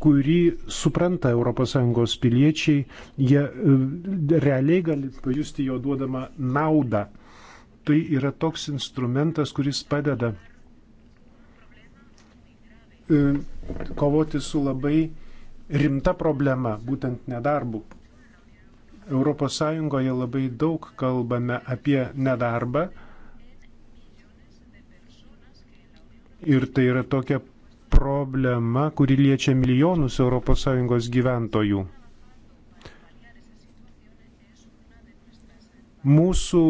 kurį supranta ES piliečiai, jie e, realiai gali pajusti jo duodamą naudą. Tai yra toks instrumentas, kuris padeda e, kovoti su labai rimta problema, būtent nedarbu. ES labai daug kalbame apie nedarbą, Ir tai yra tokia problema, kuri liečia milijonus ES gyventojų. Mūsų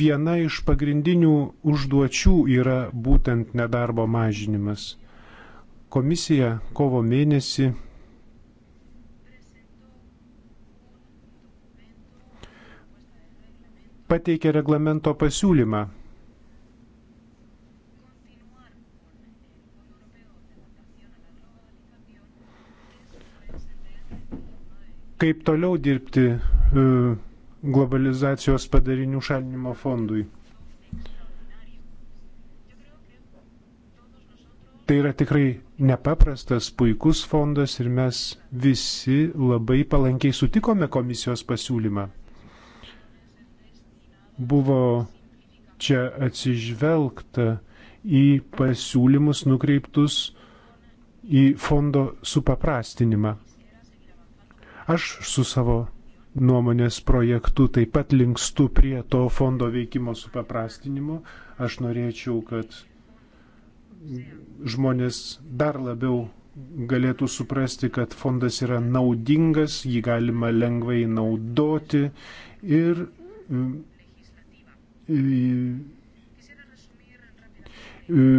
viena iš pagrindinių užduočių yra būtent nedarbo mažinimas. Komisija kovo mėnesį pateikė reglamento pasiūlymą kaip toliau dirbti e, globalizacijos padarinių šalinimo fondui. Tai yra tikrai nepaprastas puikus fondas ir mes visi labai palankiai sutikome komisijos pasiūlymą. Buvo čia atsižvelgta į pasiūlymus nukreiptus į fondo supaprastinimą. Aš su savo nuomonės projektu taip pat linkstu prie to fondo veikimo supaprastinimo. Aš norėčiau, kad žmonės dar labiau galėtų suprasti, kad fondas yra naudingas, jį galima lengvai naudoti ir e, e,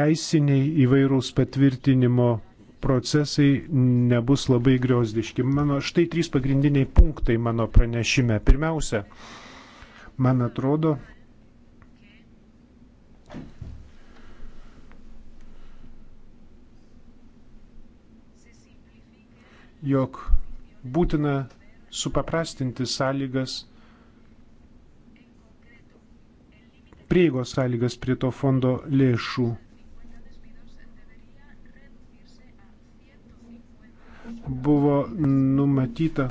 teisiniai įvairūs patvirtinimo procesai nebus labai griozdiški. Mano štai trys pagrindiniai punktai mano pranešime. Pirmiausia, man atrodo, jog būtina supaprastinti sąlygas, prieigos sąlygas prie to fondo lėšų numatyta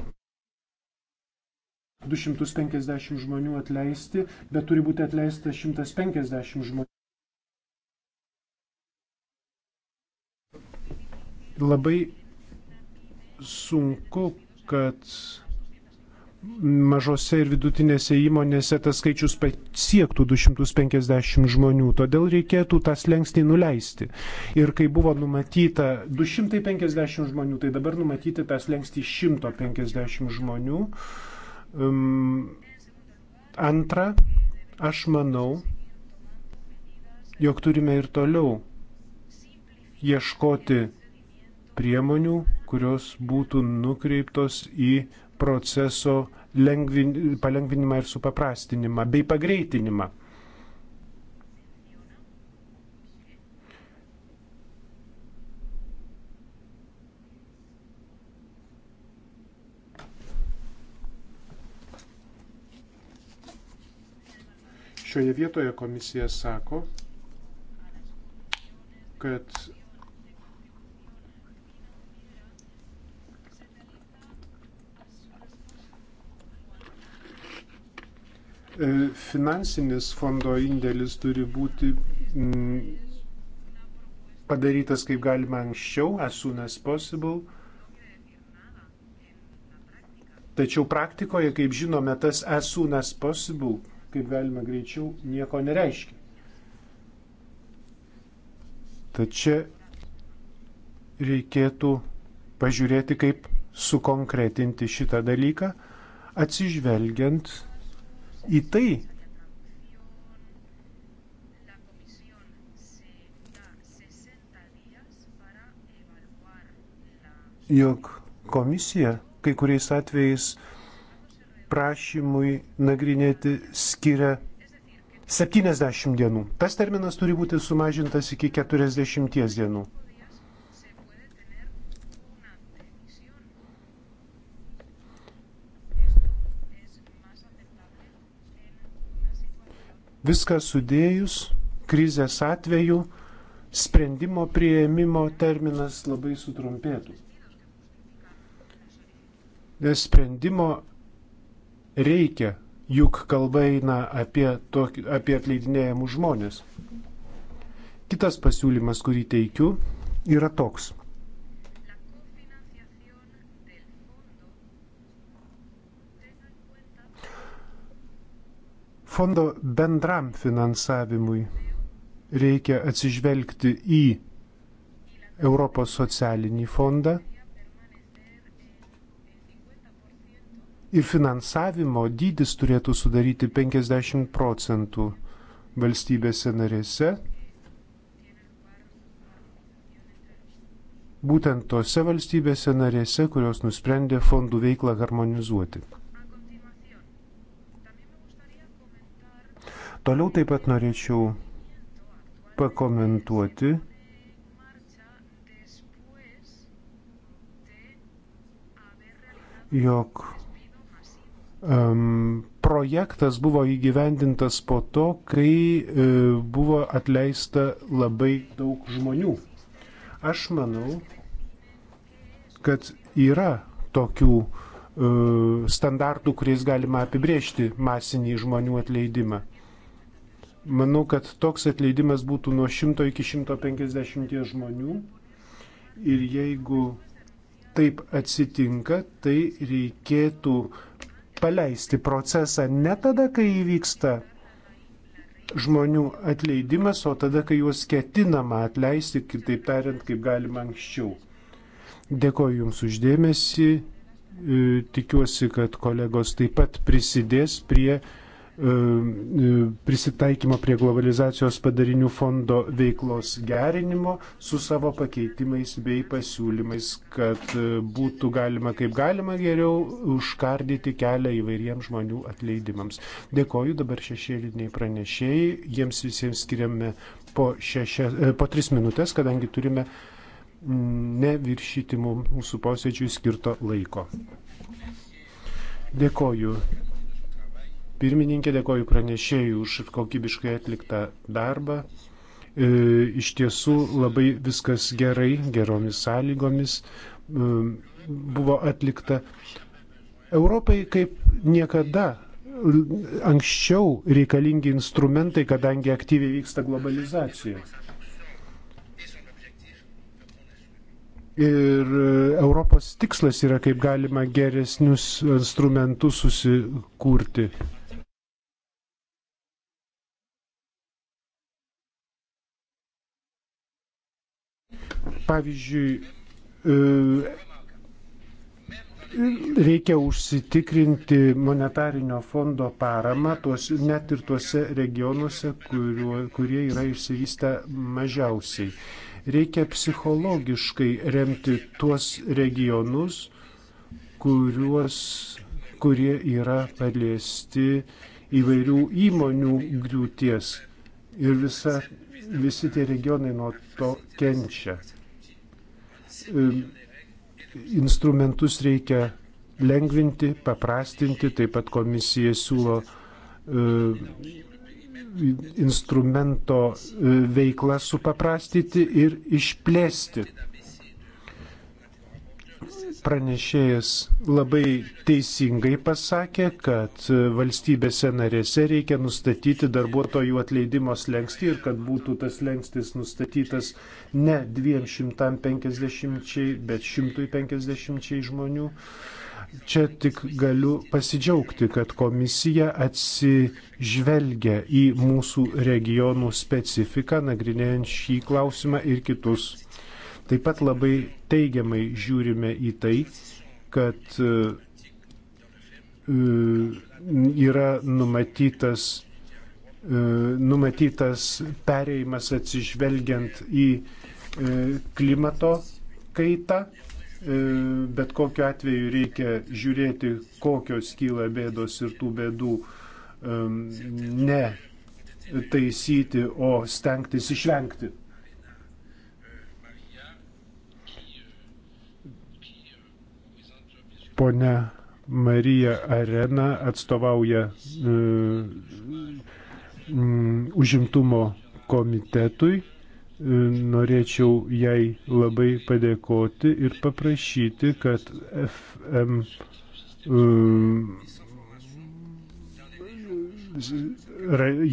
250 žmonių atleisti, bet turi būti atleista 150 žmonių. Labai sunku, kad mažose ir vidutinėse įmonėse tas skaičius siektų 250 žmonių, todėl reikėtų tą slengstį nuleisti. Ir kai buvo numatyta 250 žmonių, tai dabar numatyti tą slengstį 150 žmonių. Um, antra, aš manau, jog turime ir toliau ieškoti priemonių, kurios būtų nukreiptos į proceso lengvin, palengvinimą ir supaprastinimą bei pagreitinimą. Šioje vietoje komisija sako, kad E, finansinis fondo indėlis turi būti mm, padarytas kaip galima anksčiau, as soon as possible. Tačiau praktikoje, kaip žinome, tas as soon as possible, kaip galima greičiau, nieko nereiškia. Tačiau reikėtų pažiūrėti, kaip sukonkretinti šitą dalyką, atsižvelgiant į tai, jog komisija kai kuriais atvejais prašymui nagrinėti skiria 70 dienų. Tas terminas turi būti sumažintas iki 40 dienų. Viską sudėjus, krizės atveju sprendimo prieimimo terminas labai sutrumpėtų. Nes sprendimo reikia, juk kalba eina apie, tokį, apie atleidinėjamus žmonės. Kitas pasiūlymas, kurį teikiu, yra toks. Fondo bendram finansavimui reikia atsižvelgti į Europos socialinį fondą ir finansavimo dydis turėtų sudaryti 50 procentų valstybėse narėse. Būtent tose valstybėse narėse, kurios nusprendė fondų veiklą harmonizuoti. Toliau taip pat norėčiau pakomentuoti jog um, projektas buvo įgyvendintas po to, kai e, buvo atleista labai daug žmonių. Aš manau, kad yra tokių e, standartų, kuriais galima apibriežti masinį žmonių atleidimą. Manau, kad toks atleidimas būtų nuo 100 iki 150 žmonių. Ir jeigu taip atsitinka, tai reikėtų paleisti procesą ne tada, kai įvyksta žmonių atleidimas, o tada, kai juos ketinama atleisti, kitaip tariant, kaip galima anksčiau. Dėkoju Jums uždėmesi, e, tikiuosi, kad kolegos taip pat prisidės prie E, e, prisitaikymo prie globalizacijos padarinių fondo veiklos gerinimo su savo pakeitimais bei pasiūlymais, kad e, būtų galima kaip galima geriau užkardyti kelią įvairiems žmonių atleidimams. Dėkoju dabar šešėliniai pranešėjai, jiems visiems skiriame po, šešia, po tris minutės, kadangi turime neviršyti mūsų posėdžiui skirto laiko. Dėkoju pirmininkė, dėkoju pranešėjui už kokybiškai atliktą darbą. E, iš tiesų labai viskas gerai, geromis sąlygomis e, buvo atlikta. Europai kaip niekada anksčiau reikalingi instrumentai, kadangi aktyviai vyksta globalizacija. Ir Europos tikslas yra kaip galima geresnius instrumentus susikurti. Pavyzdžiui, e, reikia užsitikrinti monetarinio fondo paramą tuos, net ir tuose regionuose, kuriuo, kurie yra išsivystę mažiausiai. Reikia psichologiškai remti tuos regionus, kuriuos, kurie yra paliesti įvairių įmonių griūties. Ir visa visi tie regionai nuo to kenčia. Instrumentus reikia lengvinti, paprastinti, taip pat komisija siūlo e, instrumento e, veiklą supaprastyti ir išplėsti pranešėjas labai teisingai pasakė, kad valstybėse narėse reikia nustatyti darbuotojų atleidimo slengsti ir kad būtų tas lengstis nustatytas ne 250, bet 150 žmonių. Čia tik galiu pasidžiaugti, kad komisija atsižvelgia į mūsų regionų specifiką, nagrinėjant šį klausimą ir kitus Taip pat labai teigiamai žiūrime į tai, kad e, yra numatytas, e, numatytas pereimas atsižvelgiant į e, klimato kaitą. Bet kokiu atveju reikia žiūrėti, kokios kyla bėdos ir tų bėdų ne taisyti, o stengtis išvengti. Pone Marija Arena atstovauja e, užimtumo komitetui. E, norėčiau jai labai padėkoti ir paprašyti, kad FM e,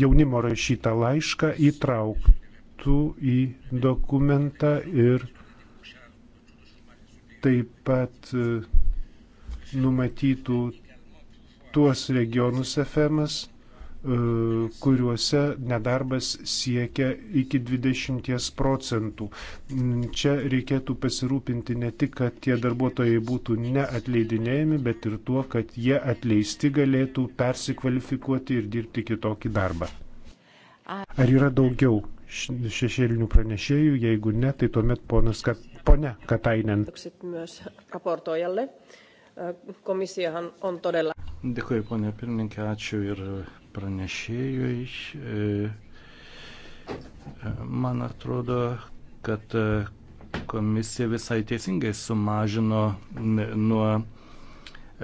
jaunimo rašytą laišką įtrauktų į dokumentą ir taip pat numatytų tuos regionus FMS, e, kuriuose nedarbas siekia iki 20 procentų. Čia reikėtų pasirūpinti ne tik, kad tie darbuotojai būtų neatleidinėjami, bet ir tuo, kad jie atleisti galėtų persikvalifikuoti ir dirbti kitokį darbą. Ar yra daugiau šešėlinių pranešėjų? Jeigu ne, tai tuomet ponas, kad ponia Katainen. Komisijahan on todella. Dėkui, ponė pirmininkė, ačiū ir pranešėjui. E, man atrodo, kad e, komisija visai teisingai sumažino nuo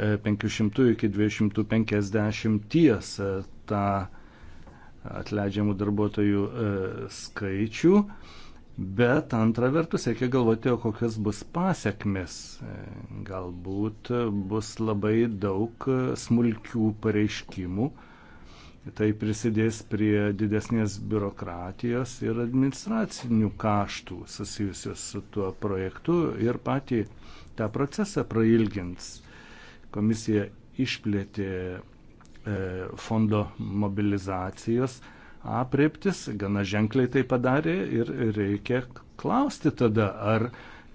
500 e, iki 250 tą atleidžiamų darbuotojų skaičių. E, Bet antra vertus, reikia galvoti, o kokias bus pasiekmes. E, galbūt bus labai daug e, smulkių pareiškimų. Tai prisidės prie didesnės biurokratijos ir administracinių kaštų susijusios su tuo projektu ir patį tą procesą prailgins. Komisija išplėtė e, fondo mobilizacijos apriptis, gana ženkliai tai padarė ir reikia klausti tada, ar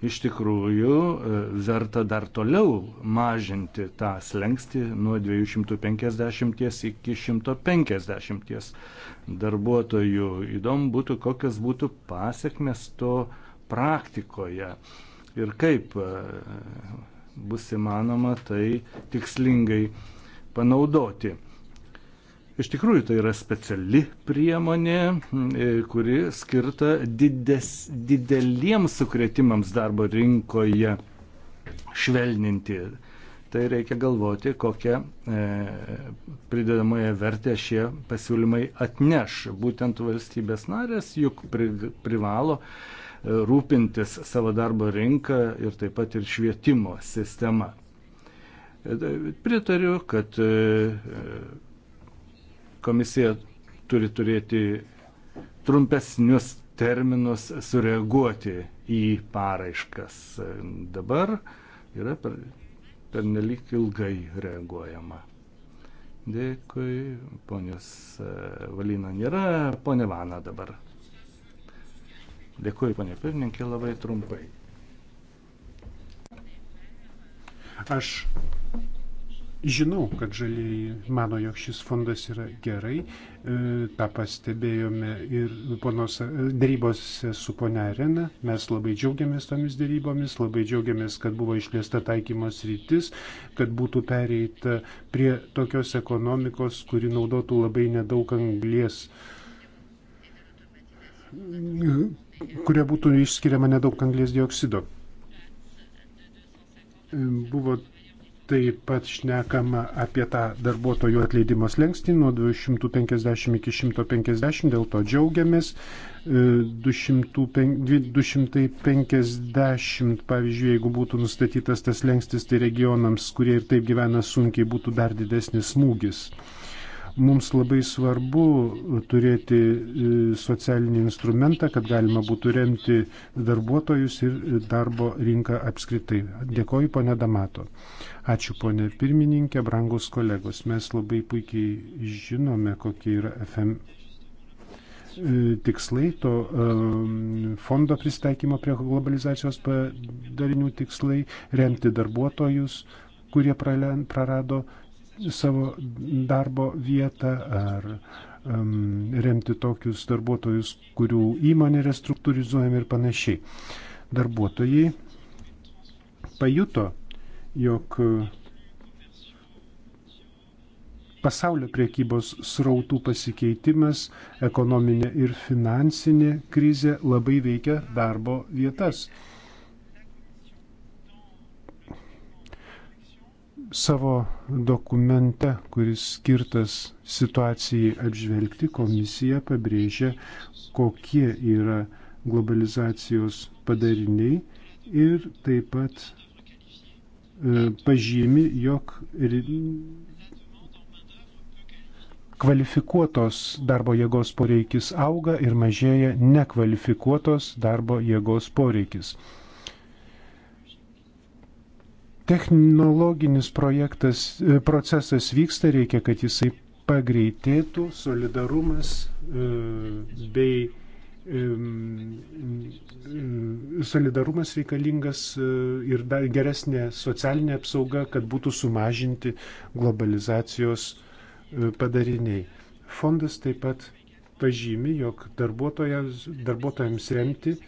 iš tikrųjų e, verta dar toliau mažinti tą slengsti nuo 250 iki 150 darbuotojų. Įdomu būtų, kokios būtų pasiekmes to praktikoje ir kaip e, bus įmanoma tai tikslingai panaudoti. Iš tikrųjų, tai yra speciali priemonė, e, kuri skirta dides, dideliems sukretimams darbo rinkoje švelninti. Tai reikia galvoti, kokią e, pridedamąją vertę šie pasiūlymai atneš. Būtent valstybės narės juk pri, privalo e, rūpintis savo darbo rinką ir taip pat ir švietimo sistema. E, pritariu, kad e, Komisija turi turėti trumpesnius terminus sureaguoti į paraiškas. Dabar yra per, per nelik ilgai reaguojama. Dėkui, ponios e, Valina nėra, ponė Vana dabar. Dėkui, ponė pirmininkė, labai trumpai. Aš Žinau, kad žalieji mano, jog šis fondas yra gerai, e, tą pastebėjome ir ponos e, darybose su ponia Arena, mes labai džiaugiamės tomis darybomis, labai džiaugiamės, kad buvo išliesta taikymos rytis, kad būtų pereita prie tokios ekonomikos, kuri naudotų labai nedaug anglies kuria būtų išskiriama nedaug anglės dioksido. E, buvo Taip pat šnekama apie tą darbuotojų atleidimo slengstį nuo 250 iki 150, dėl to džiaugiamės. 250, e, pavyzdžiui, jeigu būtų nustatytas tas lengstis, tai regionams, kurie ir taip gyvena sunkiai, būtų dar didesnis smūgis. Mums labai svarbu turėti e, socialinį instrumentą, kad galima būtų remti darbuotojus ir darbo rinką apskritai. Dėkoju, ponė Damato. Ačiū, ponė pirmininkė, brangus kolegos. Mes labai puikiai žinome, kokie yra FM e, tikslai, to e, fondo pristaikymo prie globalizacijos padarinių tikslai, remti darbuotojus, kurie prarado savo darbo vietą ar um, remti tokius darbuotojus, kurių įmonė restruktūrizuojama ir panašiai. Darbuotojai pajuto, jog pasaulio priekybos srautų pasikeitimas, ekonominė ir finansinė krizė labai veikia darbo vietas. Savo dokumente, kuris skirtas situacijai apžvelgti, komisija pabrėžia, kokie yra globalizacijos padariniai ir taip pat e, pažymi, jog kvalifikuotos darbo jėgos poreikis auga ir mažėja nekvalifikuotos darbo jėgos poreikis. Technologinis projektas, e, procesas vyksta, reikia, kad jisai pagreitėtų, solidarumas e, bei solidarumas reikalingas e, ir geresnė socialinė apsauga, kad būtų sumažinti globalizacijos padariniai. Fondas taip pat pažymi, jog darbuotojams remti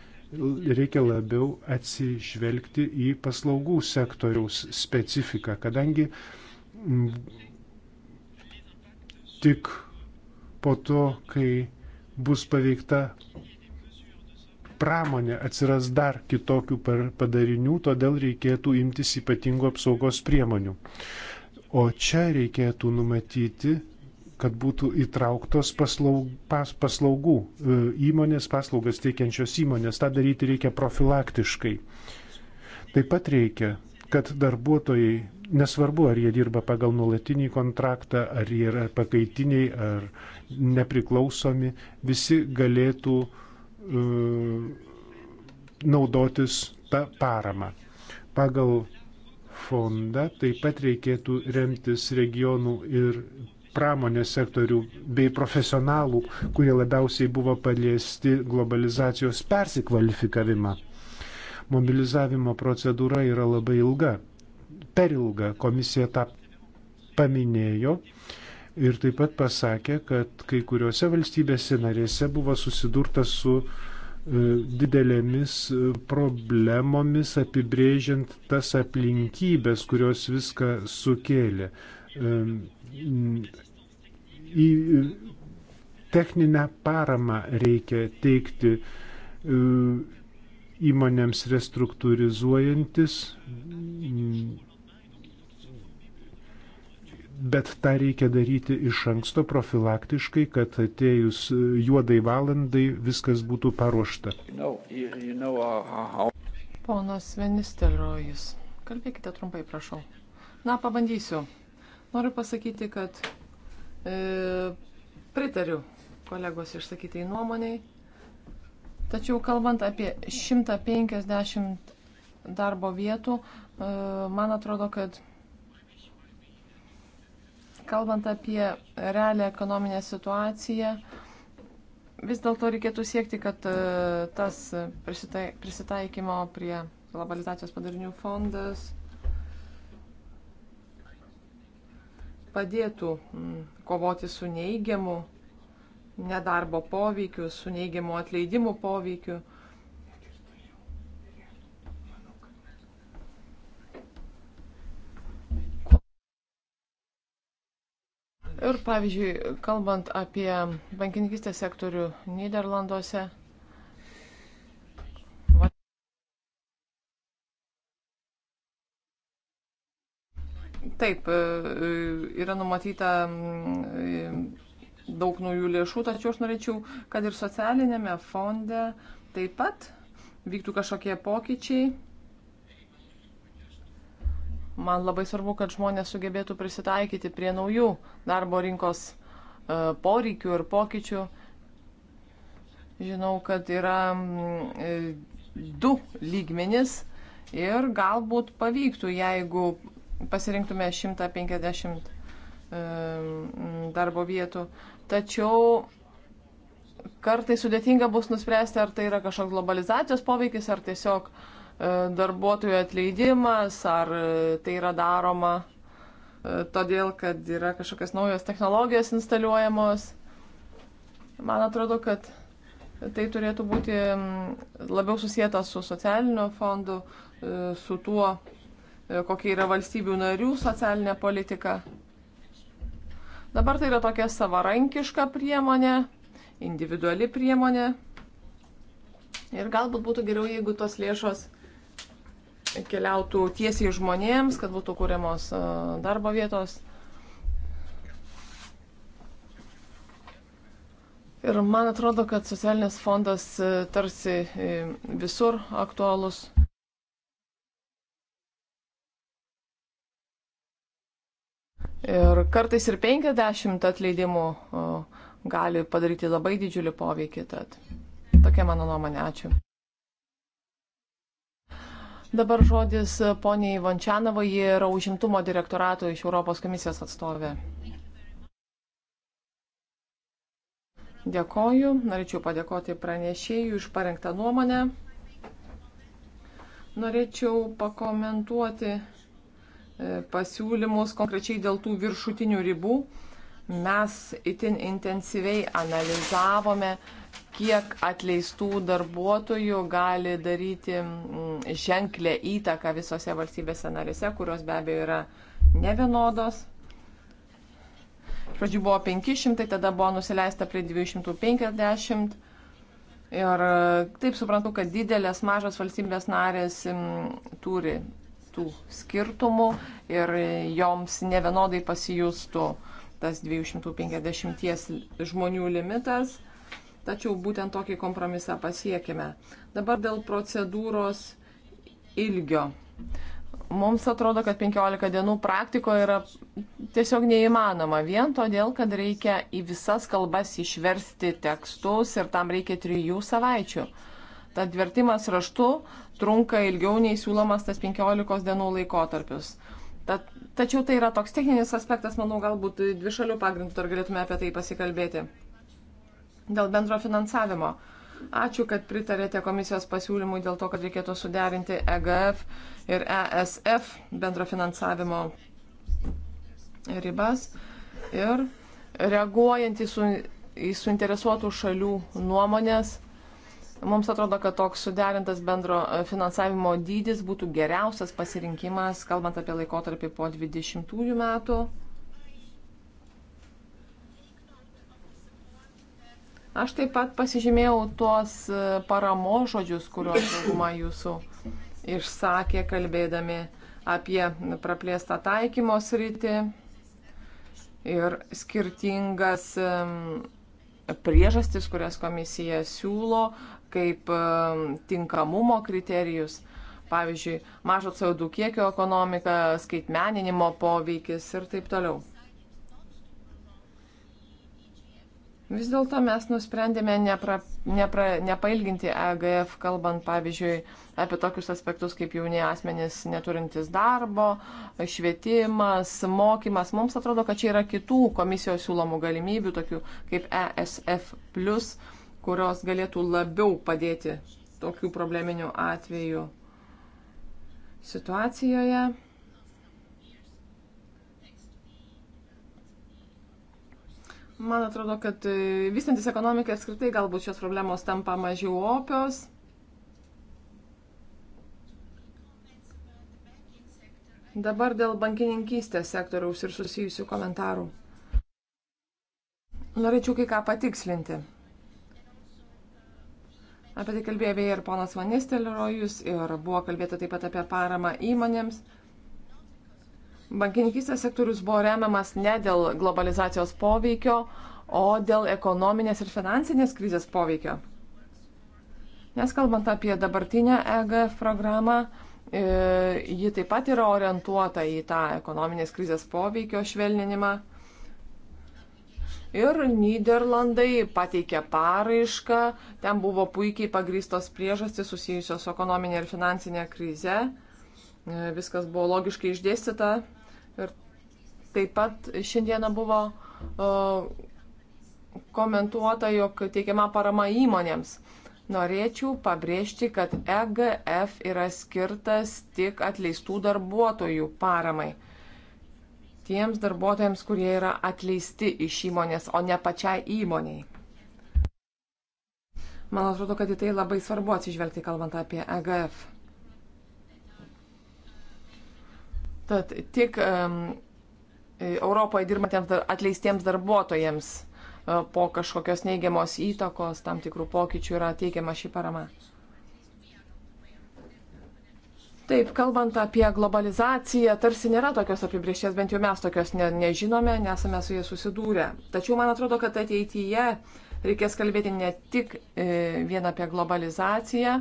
reikia labiau atsižvelgti į paslaugų sektoriaus specifiką, kadangi tik po to, kai bus paveikta pramonė, atsiras dar kitokių padarinių, todėl reikėtų imtis ypatingų apsaugos priemonių. O čia reikėtų numatyti kad būtų įtrauktos paslaug, pas, paslaugų e, įmonės, paslaugas teikiančios įmonės. Ta daryti reikia profilaktiškai. Taip pat reikia, kad darbuotojai, nesvarbu ar jie dirba pagal nuolatinį kontraktą, ar jie yra pakaitiniai, ar nepriklausomi, visi galėtų uh, naudotis tą paramą. Pagal fondą taip pat reikėtų remtis regionų ir pramonės sektorių bei profesionalų, kurie labiausiai buvo paliesti globalizacijos persikvalifikavimą. Mobilizavimo procedūra yra labai ilga, per ilga, komisija tą paminėjo ir taip pat pasakė, kad kai kuriuose valstybėse narėse buvo susidurta su e, didelėmis e, problemomis apibrėžiant tas aplinkybės, kurios viską sukėlė į techninę paramą reikia teikti e, įmonėms restruktūrizuojantis, bet tą reikia daryti iš anksto profilaktiškai, kad atėjus juodai valandai viskas būtų paruošta. Uh, uh, Ponas Venistelrojus, kalbėkite trumpai, prašau. Na, pabandysiu. Noriu pasakyti, kad e, pritariu kolegos išsakytai nuomoniai, tačiau kalbant apie 150 darbo vietų, e, man atrodo, kad kalbant apie realią ekonominę situaciją, vis dėlto reikėtų siekti, kad e, tas prisitaikymo prie globalizacijos padarinių fondas padėtų mm, kovoti su neigiamu nedarbo poveikiu, su neigiamu atleidimu poveikiu. Ir pavyzdžiui, kalbant apie bankininkistės sektorių Niderlanduose, Taip, e, e, yra numatyta mm, e, daug naujų lėšų, tačiau aš norėčiau, kad ir socialinėme fonde taip pat vyktų kažkokie pokyčiai. Man labai svarbu, kad žmonės sugebėtų prisitaikyti prie naujų darbo rinkos poreikių ir pokyčių. Žinau, kad yra mm, du lygmenis ir galbūt pavyktų, jeigu pasirinktume 150 darbo vietų. Tačiau kartai sudėtinga bus nuspręsti, ar tai yra kažkoks globalizacijos poveikis, ar tiesiog e, darbuotojų atleidimas, ar e, tai yra daroma e, todėl, kad yra kažkokios naujos technologijos instaliuojamos. Man atrodo, kad tai turėtų būti labiau susijęta su socialiniu fondu, su tuo, E, kokia yra valstybių narių socialinė politika. Dabar tai yra tokia savarankiška priemonė, individuali priemonė. Ir galbūt būtų geriau, jeigu tos lėšos keliautų tiesiai žmonėms, kad būtų kūriamos e, darbo vietos. Ir man atrodo, kad socialinis fondas e, tarsi visur aktualus. Ir kartais ir 50 atleidimų gali padaryti labai didžiulį poveikį. Tad tokia mano nuomonė. Ačiū. Dabar žodis poniai Vančianovai, ji yra užimtumo direktorato iš Europos komisijos atstovė. Dėkoju, norėčiau padėkoti pranešėjų už parengtą nuomonę. Norėčiau pakomentuoti E, pasiūlymus konkrečiai dėl tų viršutinių ribų. Mes itin intensyviai analizavome, kiek atleistų darbuotojų gali daryti mm, ženklę įtaką visose valstybėse narėse, kurios be abejo yra nevienodos. Iš pradžių buvo 500, tada buvo nusileista prie 250. Ir e, taip suprantu, kad didelės, mažos valstybės narės m, mm, turi tų skirtumų ir joms nevienodai pasijustų tas 250 žmonių limitas. Tačiau būtent tokį kompromisą pasiekime. Dabar dėl procedūros ilgio. Mums atrodo, kad 15 dienų praktikoje yra tiesiog neįmanoma, vien todėl, kad reikia į visas kalbas išversti tekstus ir tam reikia trijų savaičių. Tad vertimas raštu trunka ilgiau nei siūlomas tas 15 dienų laikotarpis. Tad, tačiau tai yra toks techninis aspektas, manau, galbūt dvi šalių pagrindų dar galėtume apie tai pasikalbėti. Dėl bendro finansavimo. Ačiū, kad pritarėte komisijos pasiūlymui dėl to, kad reikėtų suderinti EGF ir ESF bendro finansavimo ribas. Ir reaguojant į, su, į suinteresuotų šalių nuomonės, Mums atrodo, kad toks suderintas bendro e, finansavimo dydis būtų geriausias pasirinkimas, kalbant apie laikotarpį po 20 metų. Aš taip pat pasižymėjau tuos e, paramo žodžius, kuriuos dauguma jūsų išsakė, kalbėdami apie praplėstą taikymo sritį ir skirtingas um, priežastis, kurias komisija siūlo kaip e, tinkamumo kriterijus. Pavyzdžiui, mažo CO2 kiekio ekonomika, skaitmeninimo poveikis ir taip toliau. Vis dėlto mes nusprendėme nepra, nepra, nepailginti EGF, kalbant pavyzdžiui apie tokius aspektus kaip jauni asmenys neturintis darbo, švietimas, mokymas. Mums atrodo, kad čia yra kitų komisijos siūlomų galimybių, tokių kaip ESF, kurios galėtų labiau padėti tokių probleminių atvejų situacijoje. Man atrodo, kad e, vystantis ekonomikai apskritai galbūt šios problemos tampa mažiau opios. Dabar dėl bankininkystės sektoriaus ir susijusių komentarų. Norėčiau kai ką patikslinti. Apie tai kalbėjo ir ponas Vanistelirojus, ir buvo kalbėta taip pat apie paramą įmonėms. Bankininkystės sektorius buvo remiamas ne dėl globalizacijos poveikio, o dėl ekonominės ir finansinės krizės poveikio. Nes kalbant apie dabartinę EGF programą, e, ji taip pat yra orientuota į tą ekonominės krizės poveikio švelninimą. Ir Niderlandai pateikė paraišką, ten buvo puikiai pagrystos priežastys susijusios su ekonominė ir finansinė krize. E, viskas buvo logiškai išdėstyta. Ir taip pat šiandieną buvo komentuota, jog teikiama parama įmonėms. Norėčiau pabrėžti, kad EGF yra skirtas tik atleistų darbuotojų paramai. Tiems darbuotojams, kurie yra atleisti iš įmonės, o ne pačiai įmoniai. Man atrodo, kad į tai labai svarbu atsižvelgti, kalbant apie EGF. Tad tik um, Europoje dirbantiems atleistiems darbuotojams uh, po kažkokios neigiamos įtakos tam tikrų pokyčių yra teikiama šį paramą. Taip, kalbant apie globalizaciją, tarsi nėra tokios apibriešties, bent jau mes tokios ne, nežinome, nesame su jie susidūrę. Tačiau man atrodo, kad ateityje reikės kalbėti ne tik e, vien apie globalizaciją,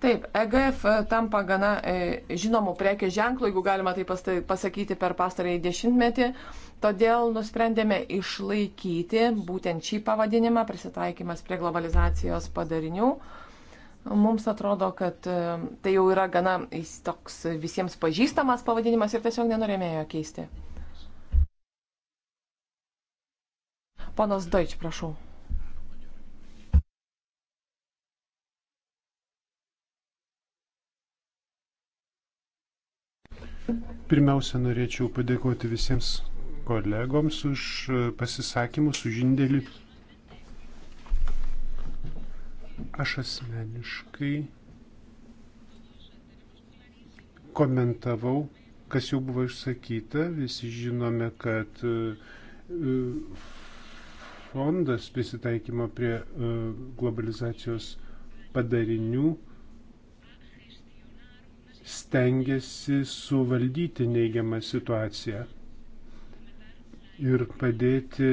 Taip, EGF tampa gana e, žinomų prekės ženklų, jeigu galima tai pasakyti per pastarąjį dešimtmetį. Todėl nusprendėme išlaikyti būtent šį pavadinimą prisitaikymas prie globalizacijos padarinių. Mums atrodo, kad e, tai jau yra gana toks visiems pažįstamas pavadinimas ir tiesiog nenorėjome jo keisti. Ponas Deutsch, prašau. Pirmiausia, norėčiau padėkoti visiems kolegoms už e, pasisakymus, už indėlį. Aš asmeniškai komentavau, kas jau buvo išsakyta. Visi žinome, kad e, e, fondas prisitaikymo prie globalizacijos padarinių stengiasi suvaldyti neigiamą situaciją ir padėti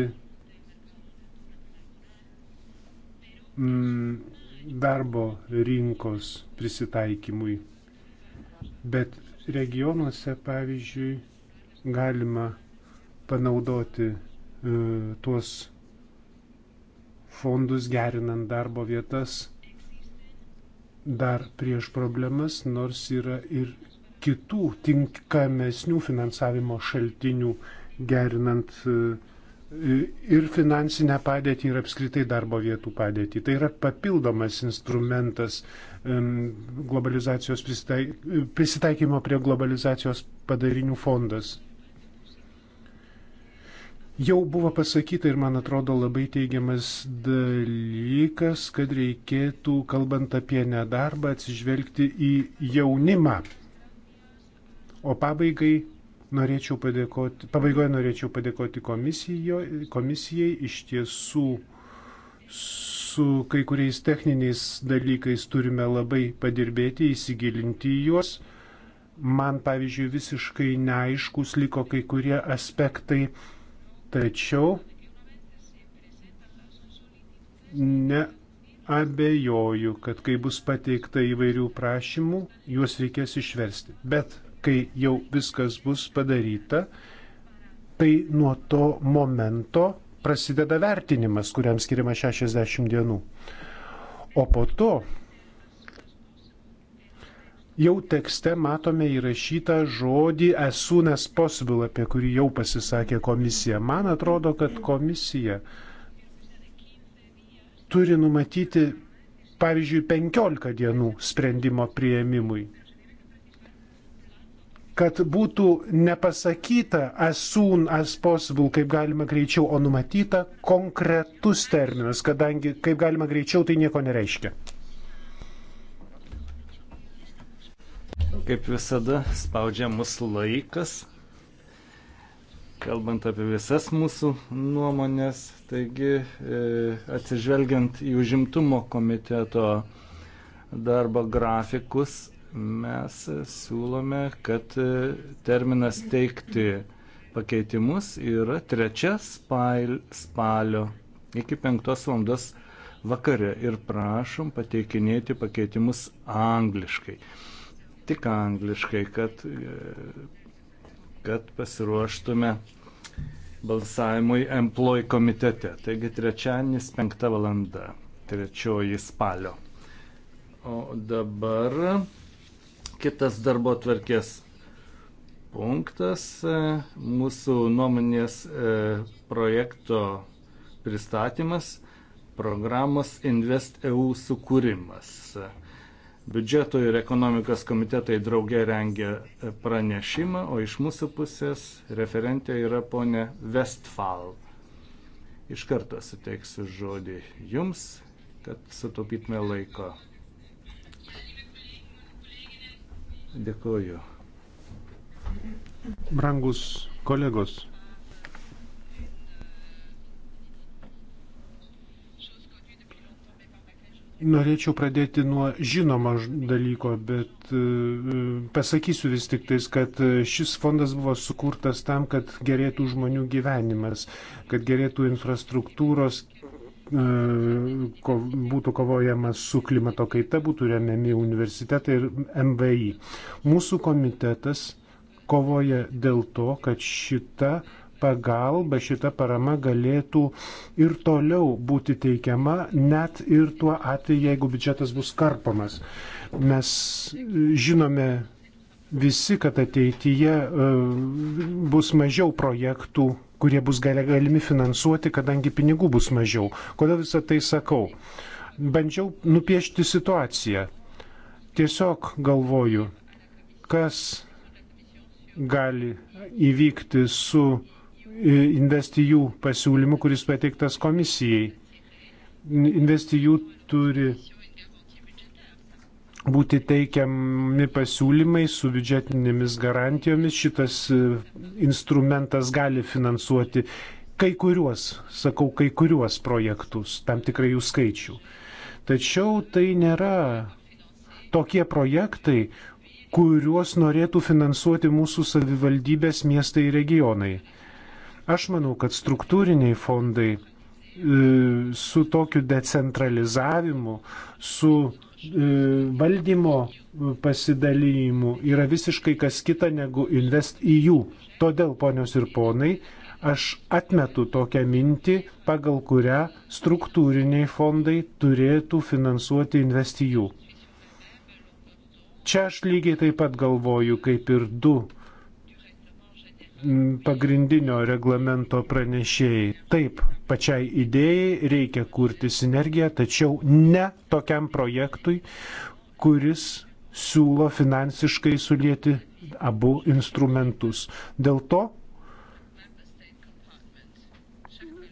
mm, darbo rinkos prisitaikymui. Bet regionuose, pavyzdžiui, galima panaudoti e, tuos fondus gerinant darbo vietas dar prieš problemas, nors yra ir kitų tinkamesnių finansavimo šaltinių gerinant e, ir finansinę padėtį, ir apskritai darbo vietų padėtį. Tai yra papildomas instrumentas globalizacijos prisitaikymo prie globalizacijos padarinių fondas. Jau buvo pasakyta ir man atrodo labai teigiamas dalykas, kad reikėtų, kalbant apie nedarbą, atsižvelgti į jaunimą. O pabaigai norėčiau padėkoti, pabaigoje norėčiau padėkoti komisijo, komisijai iš tiesų su kai kuriais techniniais dalykais turime labai padirbėti, įsigilinti į juos. Man pavyzdžiui visiškai neaiškus liko kai kurie aspektai Tačiau neabejoju, kad kai bus pateikta įvairių prašymų, juos reikės išversti. Bet kai jau viskas bus padaryta, tai nuo to momento prasideda vertinimas, kuriam skiriama 60 dienų. O po to jau tekste matome įrašytą žodį as soon as possible, apie kurį jau pasisakė komisija. Man atrodo, kad komisija turi numatyti, pavyzdžiui, 15 dienų sprendimo prieimimui. Kad būtų nepasakyta as soon as possible, kaip galima greičiau, o numatyta konkretus terminas, kadangi kaip galima greičiau tai nieko nereiškia. Kaip visada, spaudžia mūsų laikas, kalbant apie visas mūsų nuomonės. Taigi, e, atsižvelgiant į užimtumo komiteto darbo grafikus, mes siūlome, kad e, terminas teikti pakeitimus yra trečia spalio iki penktos valandos vakare ir prašom pateikinėti pakeitimus angliškai tik angliškai, kad, e, kad pasiruoštume balsavimui Employ komitete. Taigi trečiadienis 5 valanda, trečioji spalio. O dabar kitas darbo tvarkės punktas e, mūsų nuomonės e, projekto pristatymas programos InvestEU sukūrimas. Biudžeto ir ekonomikos komitetai drauge rengia pranešimą, o iš mūsų pusės referentė yra ponė Westfall. Iš karto suteiksiu žodį jums, kad sutaupytume laiko. Dėkuoju. Brangus kolegos, Norėčiau pradėti nuo žinoma dalyko, bet e, pasakysiu vis tik tais, kad e, šis fondas buvo sukurtas tam, kad gerėtų žmonių gyvenimas, kad gerėtų infrastruktūros, e, ko, būtų kovojama su klimato kaita, būtų remiami universitetai ir MVI. Mūsų komitetas kovoja dėl to, kad šita pagalba, šita parama galėtų ir toliau būti teikiama, net ir tuo atveju, jeigu biudžetas bus karpomas. Mes žinome visi, kad ateityje e, bus mažiau projektų kurie bus galimi finansuoti, kadangi pinigų bus mažiau. Kodėl visą tai sakau? Bandžiau nupiešti situaciją. Tiesiog galvoju, kas gali įvykti su investijų pasiūlymu, kuris pateiktas komisijai. Investijų turi būti teikiami pasiūlymai su biudžetinėmis garantijomis. Šitas e, instrumentas gali finansuoti kai kuriuos, sakau, kai kuriuos projektus, tam tikrai jų skaičių. Tačiau tai nėra tokie projektai, kuriuos norėtų finansuoti mūsų savivaldybės miestai ir regionai. Aš manau, kad struktūriniai fondai e, su tokiu decentralizavimu, su e, valdymo pasidalymu yra visiškai kas kita negu invest į jų. Todėl, ponios ir ponai, aš atmetu tokią mintį, pagal kurią struktūriniai fondai turėtų finansuoti investijų. Čia aš lygiai taip pat galvoju, kaip ir du pagrindinio reglamento pranešėjai. Taip, pačiai idėjai reikia kurti sinergiją, tačiau ne tokiam projektui, kuris siūlo finansiškai sulėti abu instrumentus. Dėl to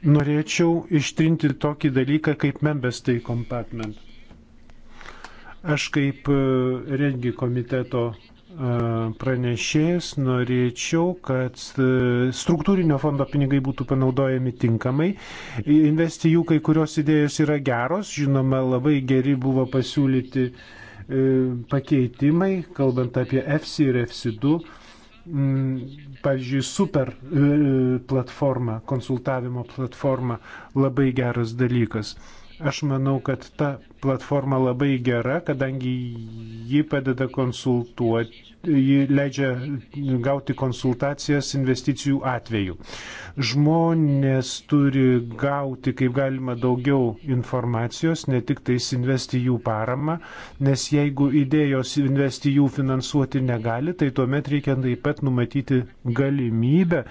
norėčiau ištrinti tokį dalyką kaip Member State Compartment. Aš kaip e, rengi komiteto E, pranešėjas, norėčiau, kad e, struktūrinio fondo pinigai būtų panaudojami tinkamai. Investijų kai kurios idėjos yra geros, žinoma, labai geri buvo pasiūlyti e, pakeitimai, kalbant apie FC ir FC2. Mm, pavyzdžiui, super platforma, konsultavimo platforma labai geras dalykas. Aš manau, kad ta platforma labai gera, kadangi ji padeda konsultuoti, ji leidžia gauti konsultacijas investicijų atveju. Žmonės turi gauti kaip galima daugiau informacijos, ne tik tais investijų paramą, nes jeigu idėjos investijų finansuoti negali, tai tuomet reikia taip pat numatyti galimybę,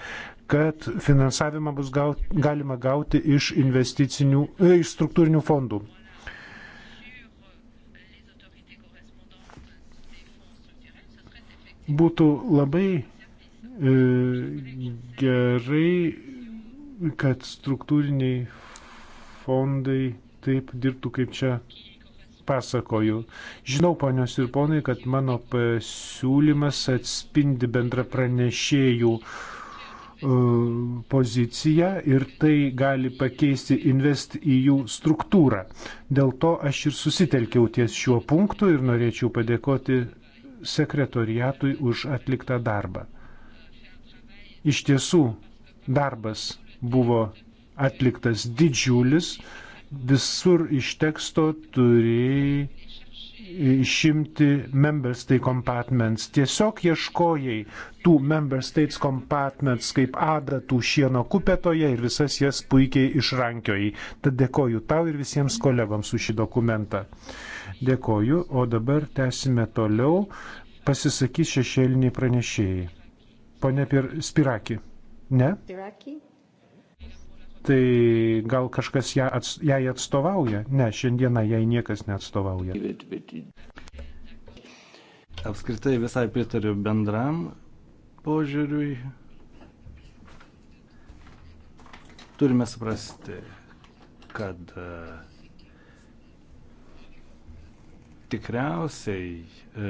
kad finansavimą bus gaut, galima gauti iš, e, iš struktūrinių fondų. Būtų labai e, gerai, kad struktūriniai fondai taip dirbtų, kaip čia pasakoju. Žinau, ponios ir ponai, kad mano pasiūlymas atspindi bendra pranešėjų uh, poziciją ir tai gali pakeisti invest į jų struktūrą. Dėl to aš ir susitelkiau ties šiuo punktu ir norėčiau padėkoti sekretoriatui už atliktą darbą. Iš tiesų, darbas buvo atliktas didžiulis, visur iš teksto turėjai išimti member state compartments. Tiesiog ieškojai tų member states compartments kaip adatų šieno kupetoje ir visas jas puikiai išrankiojai. Tad dėkoju tau ir visiems kolegams už šį dokumentą. Dėkoju, o dabar tęsime toliau. Pasisakys šešėliniai pranešėjai. Pone Spiraki. Ne? Spiraki? tai gal kažkas ją ats, jai atstovauja? Ne, šiandieną jai niekas neatstovauja. Apskritai visai pritariu bendram požiūriui. Turime suprasti, kad e, tikriausiai e,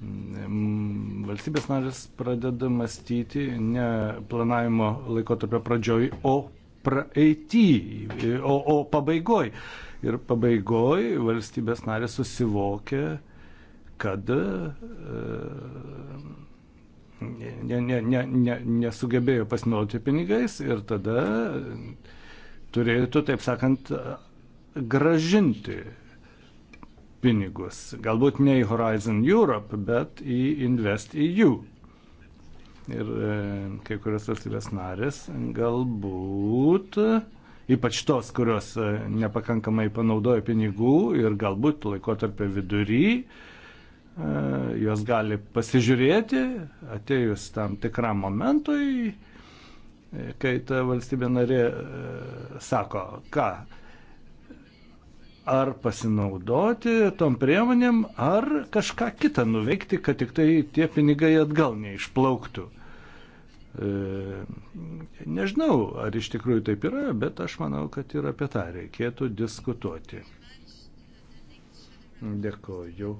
valstybės narės pradeda mąstyti ne planavimo laikotarpio pradžioj, o praeity, o, o pabaigoj. Ir pabaigoj valstybės narės susivokia, kad ne, ne, ne, ne, nesugebėjo pasinaudoti pinigais ir tada turėtų, taip sakant, gražinti pinigus. Galbūt ne į Horizon Europe, bet į Invest EU. Ir e, kai kurios valstybės narės galbūt, ypač tos, kurios e, nepakankamai panaudoja pinigų ir galbūt laikotarpio vidury, e, jos gali pasižiūrėti atėjus tam tikram momentui, kai ta valstybė narė sako, ką ar pasinaudoti tom priemonėm, ar kažką kitą nuveikti, kad tik tai tie pinigai atgal neišplauktų. E, nežinau, ar iš tikrųjų taip yra, bet aš manau, kad ir apie tą reikėtų diskutuoti. Dėkoju.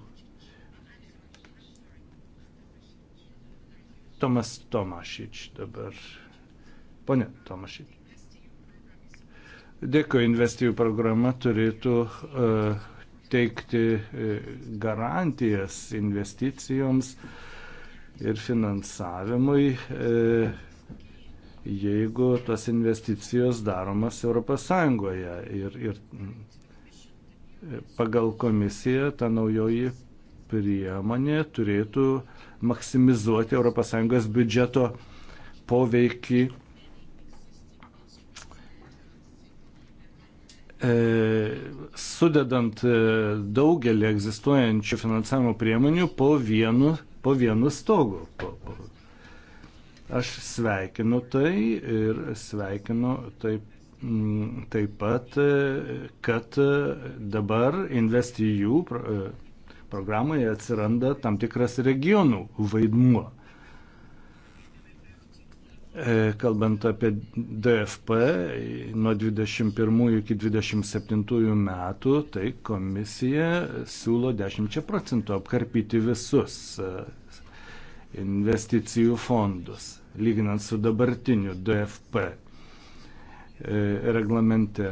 Tomas Tomašič dabar. Pone Tomašič. Dėkui, investijų programa turėtų e, teikti e, garantijas investicijoms ir finansavimui, e, jeigu tos investicijos daromas ES. Ir, ir pagal komisiją ta naujoji priemonė turėtų maksimizuoti ES biudžeto poveikį E, sudedant e, daugelį egzistuojančių finansavimo priemonių po vienu, po vienu stogu. Po, po. Aš sveikinu tai ir sveikinu taip, taip pat, e, kad dabar investijų programoje atsiranda tam tikras regionų vaidmuo. E, kalbant apie DFP nuo 21 iki 27 metų, tai komisija siūlo 10 procentų apkarpyti visus e, investicijų fondus, lyginant su dabartiniu DFP. E, reglamente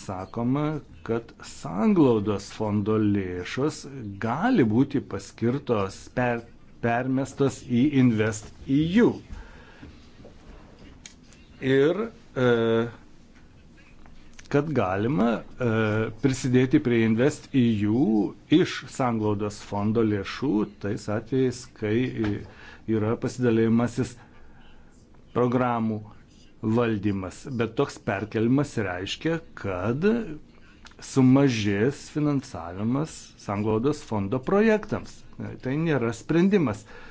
sakoma, kad sanglaudos fondo lėšos gali būti paskirtos per, permestos į Invest EU ir e, kad galima e, prisidėti prie Invest EU iš sanglaudos fondo lėšų tais atvejais, kai yra pasidalėjimasis programų valdymas. Bet toks perkelimas reiškia, kad sumažės finansavimas sanglaudos fondo projektams. E, tai nėra sprendimas. E,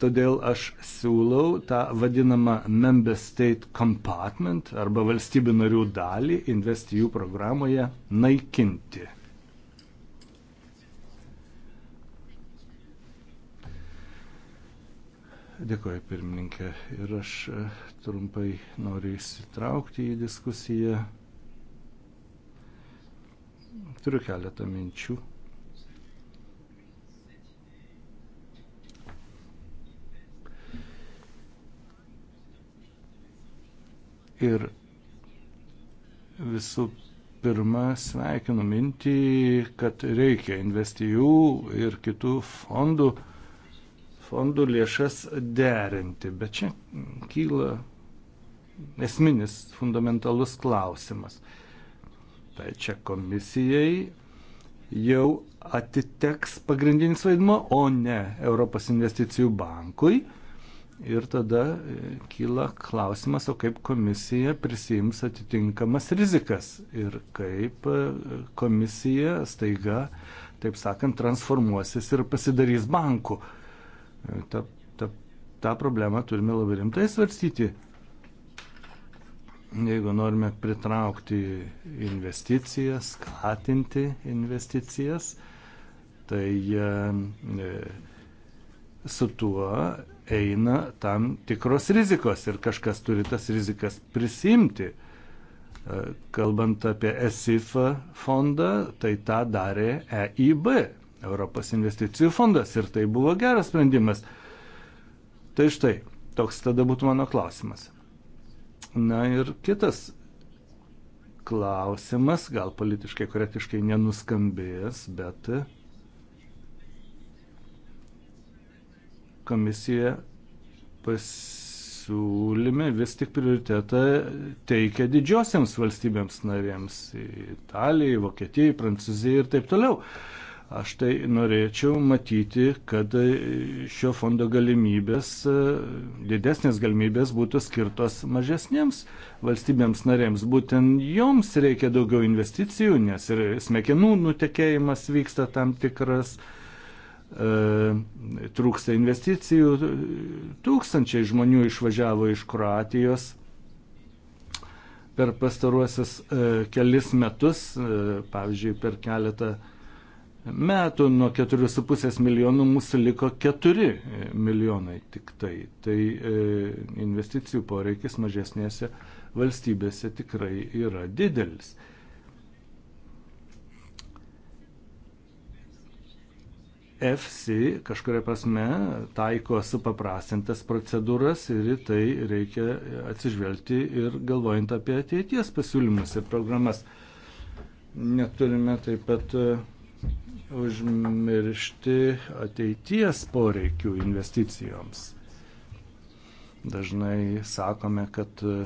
Todėl aš siūlau tą vadinamą Member State Compartment arba valstybių narių dalį investijų programoje naikinti. Dėkuoju pirmininkė ir aš e, trumpai noriu įsitraukti į diskusiją. Turiu keletą minčių. Ir visų pirma, sveikinu mintį, kad reikia investijų ir kitų fondų, fondų lėšas derinti. Bet čia kyla esminis, fundamentalus klausimas. Tai čia komisijai jau atiteks pagrindinis vaidmo, o ne Europos investicijų bankui Ir tada e, kyla klausimas, o kaip komisija prisijims atitinkamas rizikas ir kaip e, komisija staiga, taip sakant, transformuosis ir pasidarys banku. E, ta, ta, tą problemą turime labai rimtai svarstyti. Jeigu norime pritraukti investicijas, skatinti investicijas, tai e, su tuo eina tam tikros rizikos ir kažkas turi tas rizikas prisimti. E, kalbant apie ESIF fondą, tai tą darė EIB, Europos investicijų fondas, ir tai buvo geras sprendimas. Tai štai, toks tada būtų mano klausimas. Na ir kitas klausimas, gal politiškai korektiškai nenuskambėjęs, bet komisija pasiūlyme vis tik prioritetą teikia didžiosiams valstybėms narėms - Italijai, Vokietijai, Prancūzijai ir taip toliau. Aš tai norėčiau matyti, kad šio fondo galimybės, didesnės galimybės būtų skirtos mažesniems valstybėms narėms. Būtent joms reikia daugiau investicijų, nes ir smegenų nutekėjimas vyksta tam tikras. Uh, E, trūksta investicijų, tūkstančiai žmonių išvažiavo iš Kroatijos per pastaruosius e, kelis metus, e, pavyzdžiui, per keletą metų nuo 4,5 milijonų mūsų liko 4 milijonai tik tai. Tai investicijų poreikis mažesnėse valstybėse tikrai yra didelis. EFSI kažkuria prasme taiko supaprastintas procedūras ir į tai reikia atsižvelgti ir galvojant apie ateities pasiūlymus ir programas. Neturime taip pat e, užmiršti ateities poreikių investicijoms. Dažnai sakome, kad e,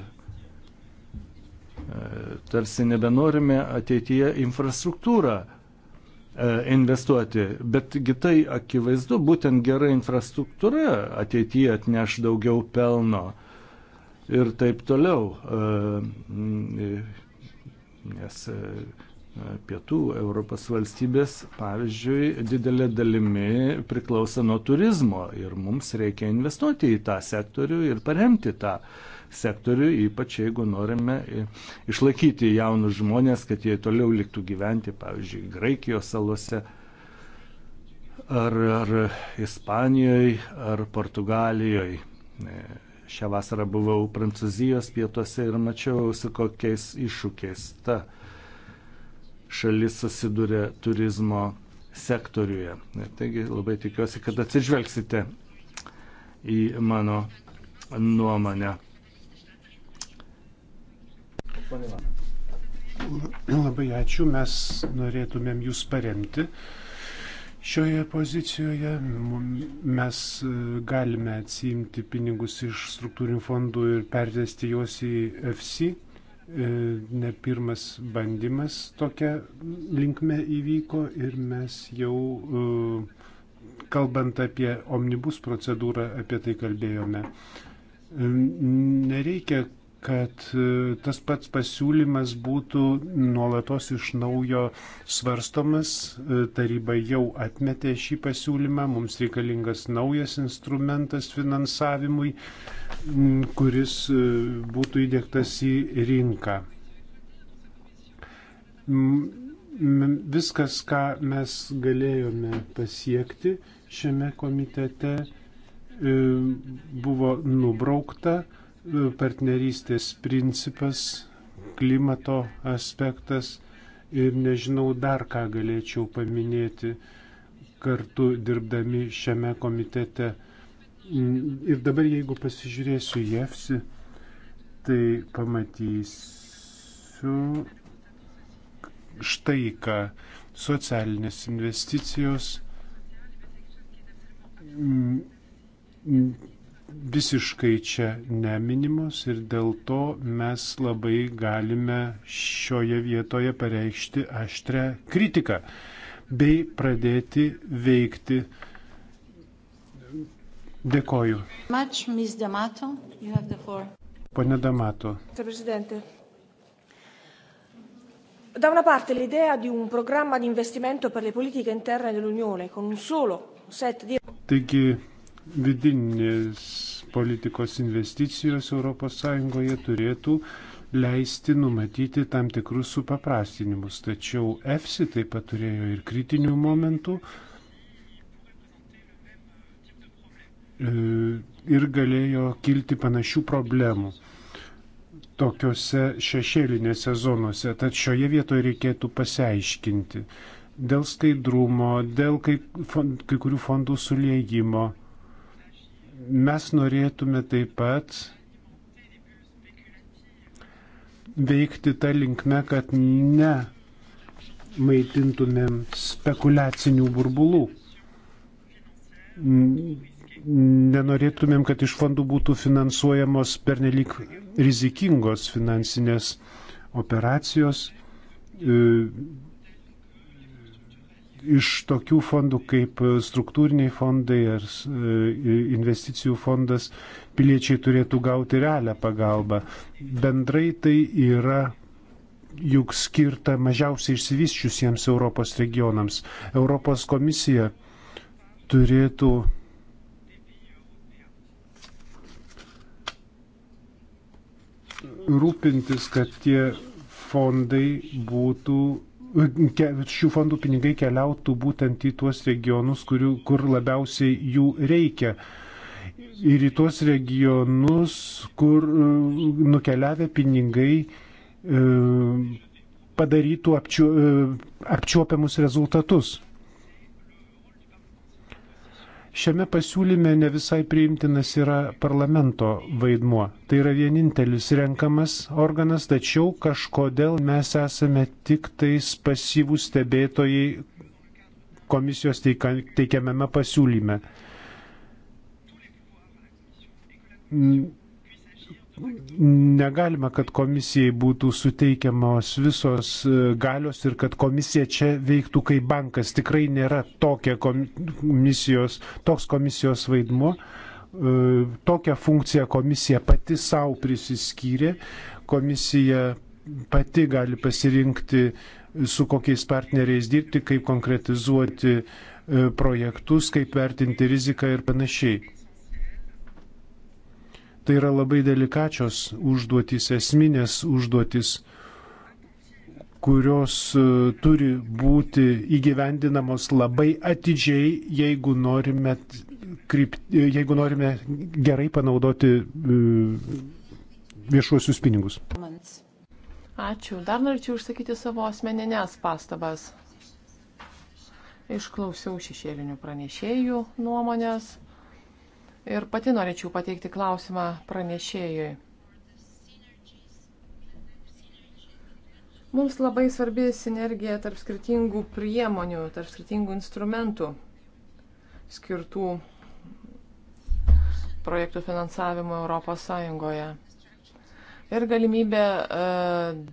tarsi nebenorime ateityje infrastruktūrą E, investuoti. Betgi tai akivaizdu, būtent gera infrastruktūra ateityje atneš daugiau pelno ir taip toliau. E, nes e, pietų Europos valstybės, pavyzdžiui, didelė dalimi priklauso nuo turizmo ir mums reikia investuoti į tą sektorių ir paremti tą sektorių sektorių, ypač jeigu norime išlaikyti jaunus žmonės, kad jie toliau liktų gyventi, pavyzdžiui, Graikijos salose ar, ar Ispanijoje ar Portugalijoje. E, šią vasarą buvau Prancūzijos pietuose ir mačiau, su kokiais iššūkiais ta šalis susiduria turizmo sektoriuje. E, taigi labai tikiuosi, kad atsižvelgsite į mano nuomonę ponė Van. Labai ačiū, mes norėtumėm jūs paremti. Šioje pozicijoje mes e, galime atsiimti pinigus iš struktūrinių fondų ir pervesti juos į FC. E, ne pirmas bandymas tokia linkme įvyko ir mes jau e, kalbant apie omnibus procedūrą, apie tai kalbėjome. Nereikia kad e, tas pats pasiūlymas būtų nuolatos iš naujo svarstomas. E, taryba jau atmetė šį pasiūlymą, mums reikalingas naujas instrumentas finansavimui, kuris e, būtų įdėktas į rinką. Viskas, ką mes galėjome pasiekti šiame komitete, buvo nubraukta partnerystės principas, klimato aspektas ir nežinau dar ką galėčiau paminėti kartu dirbdami šiame komitete. Ir dabar jeigu pasižiūrėsiu į EFSI, tai pamatysiu štai ką socialinės investicijos visiškai čia neminimos ir dėl to mes labai galime šioje vietoje pareikšti aštrę kritiką bei pradėti veikti. Dėkoju. Much, Damato, Pone Damato. Da una parte l'idea di un programma di investimento per le politiche interne dell'Unione con un solo set di... Taigi vidinės politikos investicijos ES turėtų leisti numatyti tam tikrus supaprastinimus. Tačiau EFSI taip pat turėjo ir kritinių momentų e, ir galėjo kilti panašių problemų tokiuose šešėlinėse zonuose. Tad šioje vietoje reikėtų pasiaiškinti dėl skaidrumo, dėl kai, fond, kai kurių fondų suliejimo Mes norėtume taip pat veikti tą linkmę, kad ne maitintumėm spekulacinių burbulų. Nenorėtumėm, kad iš fondų būtų finansuojamos pernelyg rizikingos finansinės operacijos iš tokių fondų kaip e, struktūriniai fondai ar e, investicijų fondas piliečiai turėtų gauti realią pagalbą. Bendrai tai yra juk skirta mažiausiai išsivyščiusiems Europos regionams. Europos komisija turėtų rūpintis, kad tie fondai būtų šių fondų pinigai keliautų būtent į tuos regionus, kurių, kur labiausiai jų reikia. Ir į tuos regionus, kur e, nukeliavę pinigai e, padarytų apčiu, e, apčiuopiamus rezultatus. Šiame pasiūlyme ne visai priimtinas yra parlamento vaidmuo. Tai yra vienintelis renkamas organas, tačiau kažkodėl mes esame tik tais pasyvų stebėtojai komisijos teikiamame pasiūlyme negalime, kad komisijai būtų suteikiamos visos e, galios ir kad komisija čia veiktų kaip bankas. Tikrai nėra tokia komisijos, toks komisijos vaidmuo. E, tokią funkciją komisija pati savo prisiskyrė. Komisija pati gali pasirinkti, e, su kokiais partneriais dirbti, kaip konkretizuoti projektus, kaip vertinti riziką ir panašiai. Tai yra labai delikačios užduotis, esminės užduotis, kurios e, turi būti įgyvendinamos labai atidžiai, jeigu norime, krypt, e, jeigu norime gerai panaudoti e, viešuosius pinigus. Ačiū. Dar norėčiau užsakyti savo asmeninės pastabas. Išklausiau šešėlinių pranešėjų nuomonės. Ir pati norėčiau pateikti klausimą pranešėjui. Mums labai svarbi sinergija tarp skirtingų priemonių, tarp skirtingų instrumentų skirtų projektų finansavimo Europos Sąjungoje. Ir galimybė e,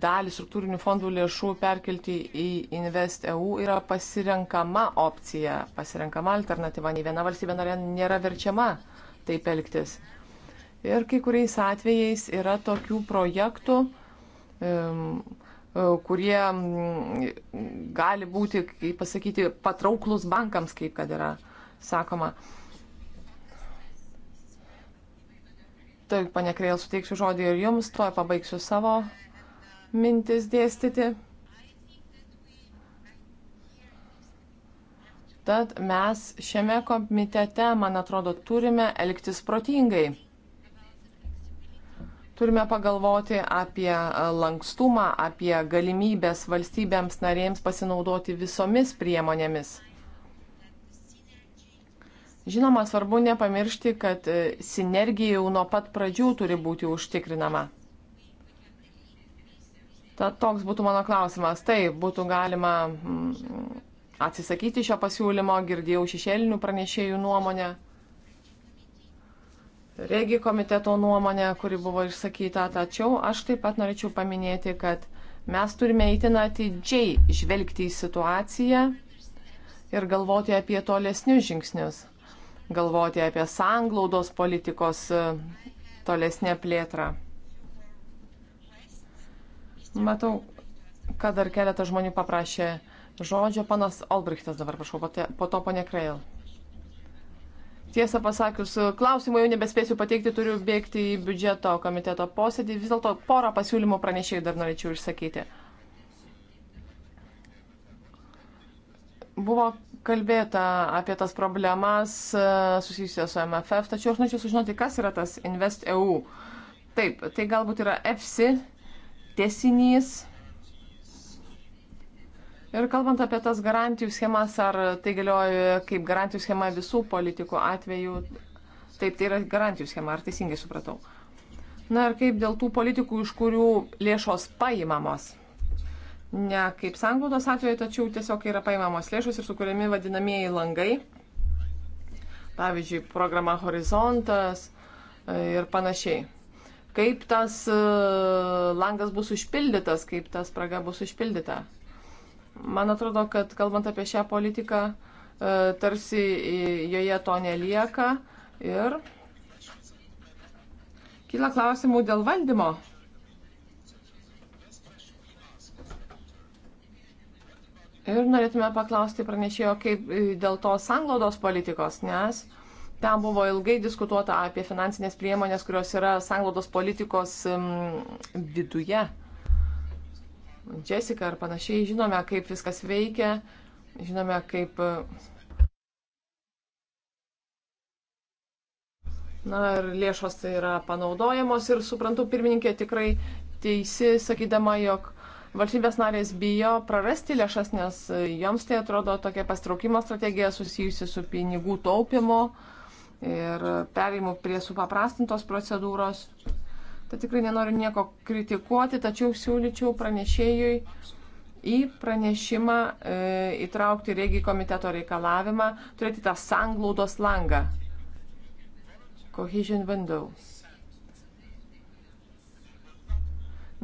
dalį struktūrinių fondų lėšų perkelti į InvestEU yra pasirenkama opcija, pasirenkama alternatyva. Nei viena valstybė narė nėra verčiama taip elgtis. Ir kai kuriais atvejais yra tokių projektų, e, kurie mm, gali būti, kaip pasakyti, patrauklus bankams, kaip kad yra sakoma. Taip, pane Kreil, suteiksiu žodį ir jums, tuo pabaigsiu savo mintis dėstyti. Tad mes šiame komitete, man atrodo, turime elgtis protingai. Turime pagalvoti apie lankstumą, apie galimybės valstybėms narėms pasinaudoti visomis priemonėmis. Žinoma, svarbu nepamiršti, kad sinergija jau nuo pat pradžių turi būti užtikrinama. Tad toks būtų mano klausimas. Taip, būtų galima mm, atsisakyti šio pasiūlymo, girdėjau šešėlinių pranešėjų nuomonę, regi komiteto nuomonę, kuri buvo išsakyta, tačiau aš taip pat norėčiau paminėti, kad mes turime įtin atidžiai žvelgti į situaciją ir galvoti apie tolesnius žingsnius, galvoti apie sanglaudos politikos e, tolesnę plėtrą. Matau, kad dar keletas žmonių paprašė žodžio. Panas Albrechtas dabar, prašau, po to ponė Kreil. Tiesą pasakius, klausimų jau nebespėsiu pateikti, turiu bėgti į biudžeto komiteto posėdį. Vis dėlto porą pasiūlymų pranešėjų dar norėčiau išsakyti. Buvo kalbėta apie tas problemas e, susijusias su MFF, tačiau aš norėčiau sužinoti, kas yra tas InvestEU. Taip, tai galbūt yra EFSI tiesinys Ir kalbant apie tas garantijų schemas, ar tai galioja kaip garantijų schema visų politikų atveju, taip tai yra garantijų schema, ar teisingai supratau. Na ir kaip dėl tų politikų, iš kurių lėšos paimamos. Ne kaip sanglaudos atveju, tačiau tiesiog yra paimamos lėšos ir sukūrėmi vadinamieji langai. Pavyzdžiui, programa Horizontas e, ir panašiai kaip tas e, langas bus užpildytas, kaip ta spraga bus užpildyta. Man atrodo, kad kalbant apie šią politiką, e, tarsi joje to nelieka ir kyla klausimų dėl valdymo. Ir norėtume paklausti pranešėjo, kaip e, dėl tos sanglaudos politikos, nes ten buvo ilgai diskutuota apie finansinės priemonės, kurios yra sanglaudos politikos viduje. Um, Jessica ir panašiai, žinome, kaip viskas veikia, žinome, kaip. Na ir lėšos tai yra panaudojamos ir suprantu, pirmininkė tikrai teisi, sakydama, jog valstybės narės bijo prarasti lėšas, nes joms tai atrodo tokia pastraukimo strategija susijusi su pinigų taupimu ir perėjimu prie supaprastintos procedūros. Tai tikrai nenoriu nieko kritikuoti, tačiau siūlyčiau pranešėjui į pranešimą e, įtraukti regijų komiteto reikalavimą turėti tą sanglaudos langą. Cohesion window.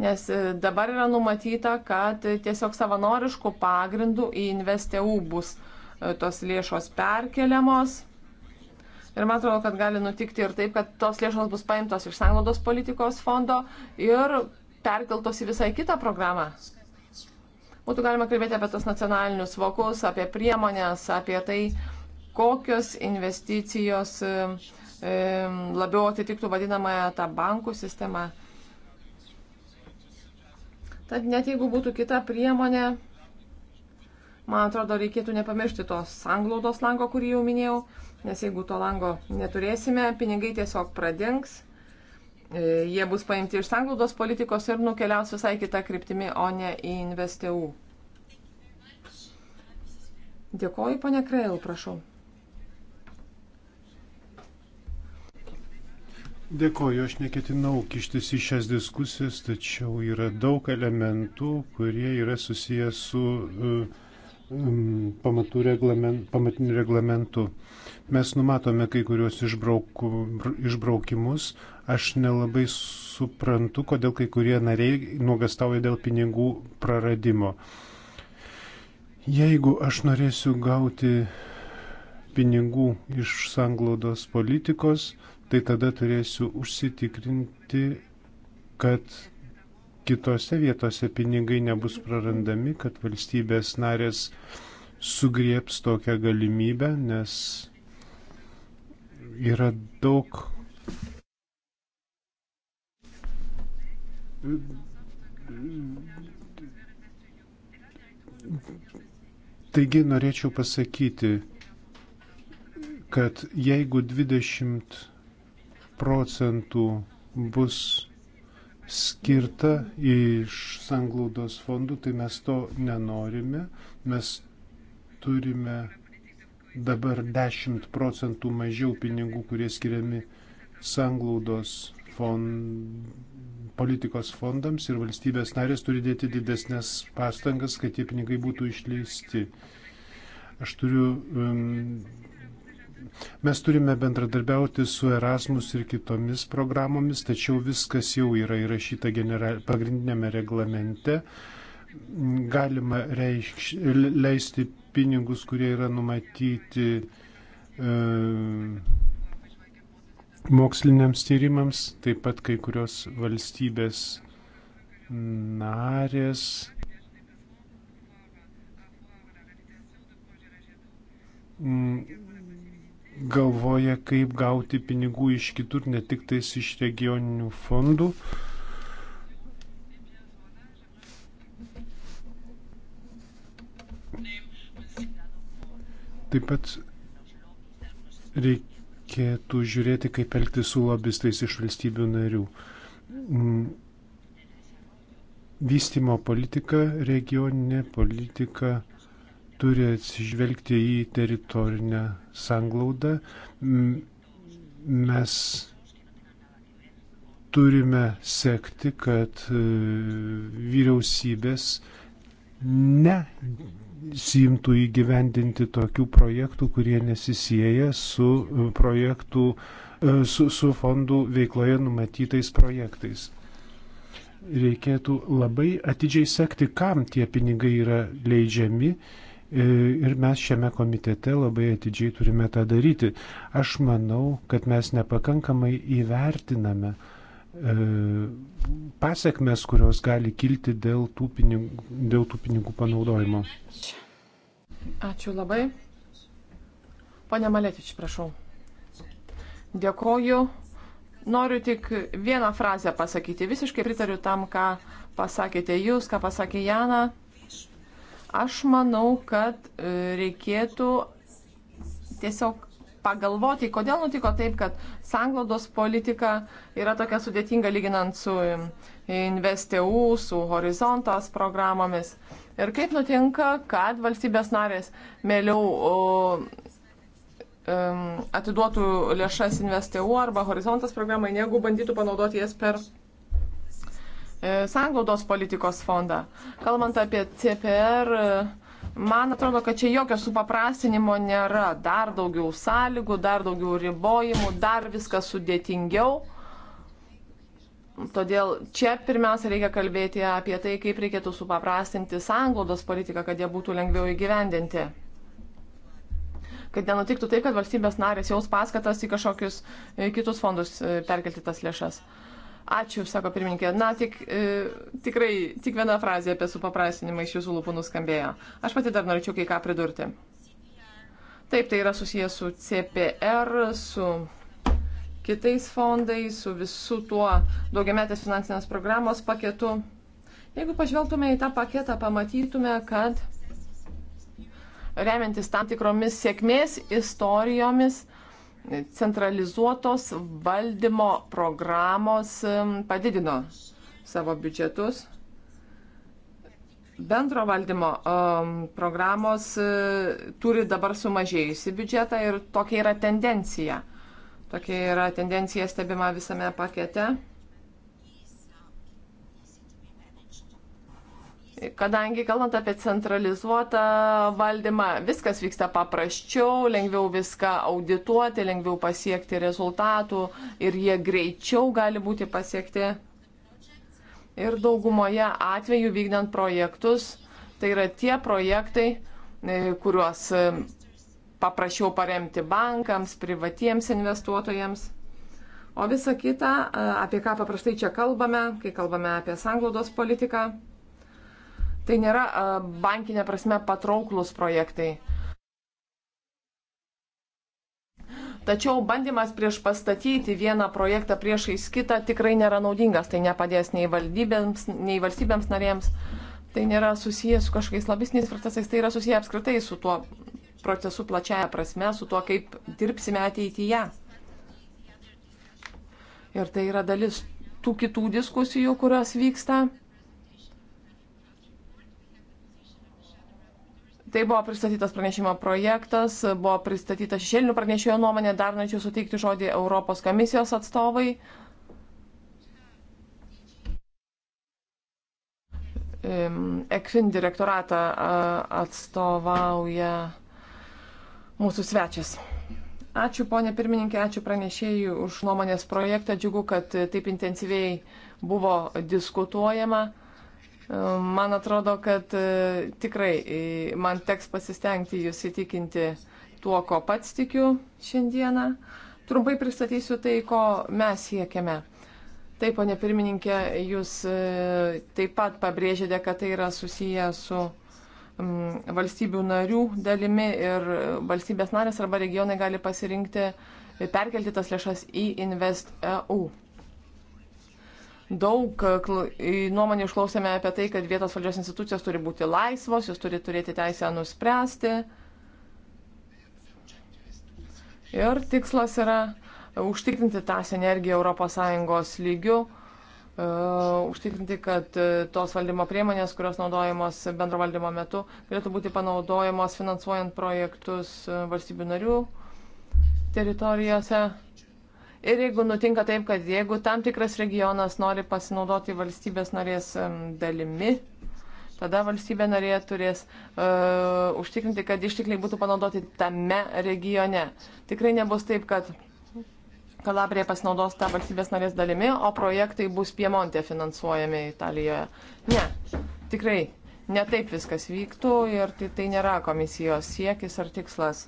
Nes e, dabar yra numatyta, kad tiesiog savanoriškų pagrindų į investeu bus e, tos lėšos perkeliamos Ir man atrodo, kad gali nutikti ir taip, kad tos lėšos bus paimtos iš sąnaudos politikos fondo ir perkeltos į visai kitą programą. Būtų galima kalbėti apie tos nacionalinius vokus, apie priemonės, apie tai, kokios investicijos e, labiau atitiktų vadinamąją tą bankų sistemą. Tad net jeigu būtų kita priemonė, man atrodo, reikėtų nepamiršti tos sanglaudos lango, kurį jau minėjau, nes jeigu to lango neturėsime, pinigai tiesiog pradings, e, jie bus paimti iš sanglaudos politikos ir nukeliaus visai kitą kryptimį, o ne į investeu. Dėkoju, ponė Kreil, prašau. Dėkoju, aš neketinau kištis į šias diskusijas, tačiau yra daug elementų, kurie yra susijęs su um, pamatų reglament, pamatiniu reglamentu. Uh, Mes numatome kai kurios išbrauku, išbraukimus. Aš nelabai suprantu, kodėl kai kurie nariai nuogastauja dėl pinigų praradimo. Jeigu aš norėsiu gauti pinigų iš sanglaudos politikos, tai tada turėsiu užsitikrinti, kad kitose vietose pinigai nebus prarandami, kad valstybės narės sugrieps tokią galimybę, nes yra daug. Taigi norėčiau pasakyti, kad jeigu 20 procentų bus skirta iš sanglaudos fondų, tai mes to nenorime, mes turime dabar 10 procentų mažiau pinigų, kurie skiriami sanglaudos fond, politikos fondams ir valstybės narės turi dėti didesnės pastangas, kad tie pinigai būtų išleisti. Aš turiu. Um, mes turime bendradarbiauti su Erasmus ir kitomis programomis, tačiau viskas jau yra įrašyta general, pagrindinėme reglamente. Galima reikš, leisti pinigus, kurie yra numatyti e, moksliniams tyrimams, taip pat kai kurios valstybės narės mm, galvoja, kaip gauti pinigų iš kitur, ne tik tais iš regioninių fondų. E, Taip pat reikėtų žiūrėti, kaip elgti su lobistais iš valstybių narių. Mm. Vystimo politika, regioninė politika turi atsižvelgti į teritorinę sanglaudą. Mes turime sekti, kad e, vyriausybės ne simtų įgyvendinti tokių projektų, kurie nesisėja su, e, projektų, e, su, su fondų veikloje numatytais projektais. Reikėtų labai atidžiai sekti, kam tie pinigai yra leidžiami e, ir mes šiame komitete labai atidžiai turime tą daryti. Aš manau, kad mes nepakankamai įvertiname, E, pasiekmes, kurios gali kilti dėl tų pinigų, dėl tų pinigų panaudojimo. Ačiū labai. Pane Maletič, prašau. Dėkoju. Noriu tik vieną frazę pasakyti. Visiškai pritariu tam, ką pasakėte jūs, ką pasakė Jana. Aš manau, kad e, reikėtų tiesiog pagalvoti, kodėl nutiko taip, kad sanglaudos politika yra tokia sudėtinga lyginant su InvestEU, su Horizontas programomis. Ir kaip nutinka, kad valstybės narės mėliau atiduotų lėšas InvestEU arba Horizontas programai, negu bandytų panaudoti jas per e, sanglaudos politikos fondą. Kalbant apie CPR, Man atrodo, kad čia jokio supaprastinimo nėra. Dar daugiau sąlygų, dar daugiau ribojimų, dar viskas sudėtingiau. Todėl čia pirmiausia reikia kalbėti apie tai, kaip reikėtų supaprastinti sanglaudos politiką, kad jie būtų lengviau įgyvendinti. Kad nenutiktų tai, kad valstybės narės jaus paskatas į kažkokius kitus fondus e, perkelti tas lėšas. Ačiū, sako pirmininkė. Na, tik, e, tikrai, tik viena frazė apie supaprastinimą iš jūsų lūpų nuskambėjo. Aš pati dar norėčiau kai ką pridurti. Taip, tai yra susijęs su CPR, su kitais fondais, su visu tuo daugiametės finansinės programos paketu. Jeigu pažvelgtume į tą paketą, pamatytume, kad remiantis tam tikromis sėkmės istorijomis, centralizuotos valdymo programos padidino savo biudžetus. Bendro valdymo um, programos uh, turi dabar sumažėjusi biudžetą ir tokia yra tendencija. Tokia yra tendencija stebima visame pakete. Kadangi kalbant apie centralizuotą valdymą, viskas vyksta paprasčiau, lengviau viską audituoti, lengviau pasiekti rezultatų ir jie greičiau gali būti pasiekti. Ir daugumoje atvejų vykdant projektus, tai yra tie projektai, e, kuriuos e, paprašiau paremti bankams, privatiems investuotojams. O visa kita, e, apie ką paprastai čia kalbame, kai kalbame apie sanglaudos politiką, Tai nėra bankinė prasme patrauklus projektai. Tačiau bandymas prieš pastatyti vieną projektą priešais kitą tikrai nėra naudingas. Tai nepadės nei valdybėms, nei valstybėms narėms. Tai nėra susijęs su kažkokiais lobistiniais procesais, tai yra susiję apskritai su tuo procesu plačiaja prasme, su tuo, kaip dirbsime ateityje. Ir tai yra dalis tų kitų diskusijų, kurios vyksta. Tai buvo pristatytas pranešimo projektas, buvo pristatyta šešėlinių pranešėjo nuomonė, dar norėčiau suteikti žodį Europos komisijos atstovai. ECFIN direktoratą atstovauja mūsų svečias. Ačiū, ponė pirmininkė, ačiū pranešėjai už nuomonės projektą. Džiugu, kad taip intensyviai buvo diskutuojama. Man atrodo, kad e, tikrai e, man teks pasistengti jūs įtikinti tuo, ko pats tikiu šiandieną. Trumpai pristatysiu tai, ko mes siekiame. Taip, ponė pirmininkė, jūs e, taip pat pabrėžėte, kad tai yra susiję su valstybių narių dalimi ir valstybės narės arba regionai gali pasirinkti perkelti tas lėšas į InvestEU. Daug e, nuomonį išklausėme apie tai, kad vietos valdžios institucijos turi būti laisvos, jos turi turėti teisę nuspręsti. Ir tikslas yra užtikrinti tą sinergiją ES lygių, e, užtikrinti, kad e, tos valdymo priemonės, kurios naudojamos bendro valdymo metu, galėtų būti panaudojamos finansuojant projektus valstybių narių teritorijose. Ir jeigu nutinka taip, kad jeigu tam tikras regionas nori pasinaudoti valstybės narės dalimi, tada valstybė narė turės uh, užtikrinti, kad ištikliai būtų panaudoti tame regione. Tikrai nebus taip, kad Kalabrija pasinaudos tą valstybės narės dalimi, o projektai bus Piemonte finansuojami Italijoje. Ne, tikrai, ne taip viskas vyktų ir tai, tai nėra komisijos siekis ar tikslas.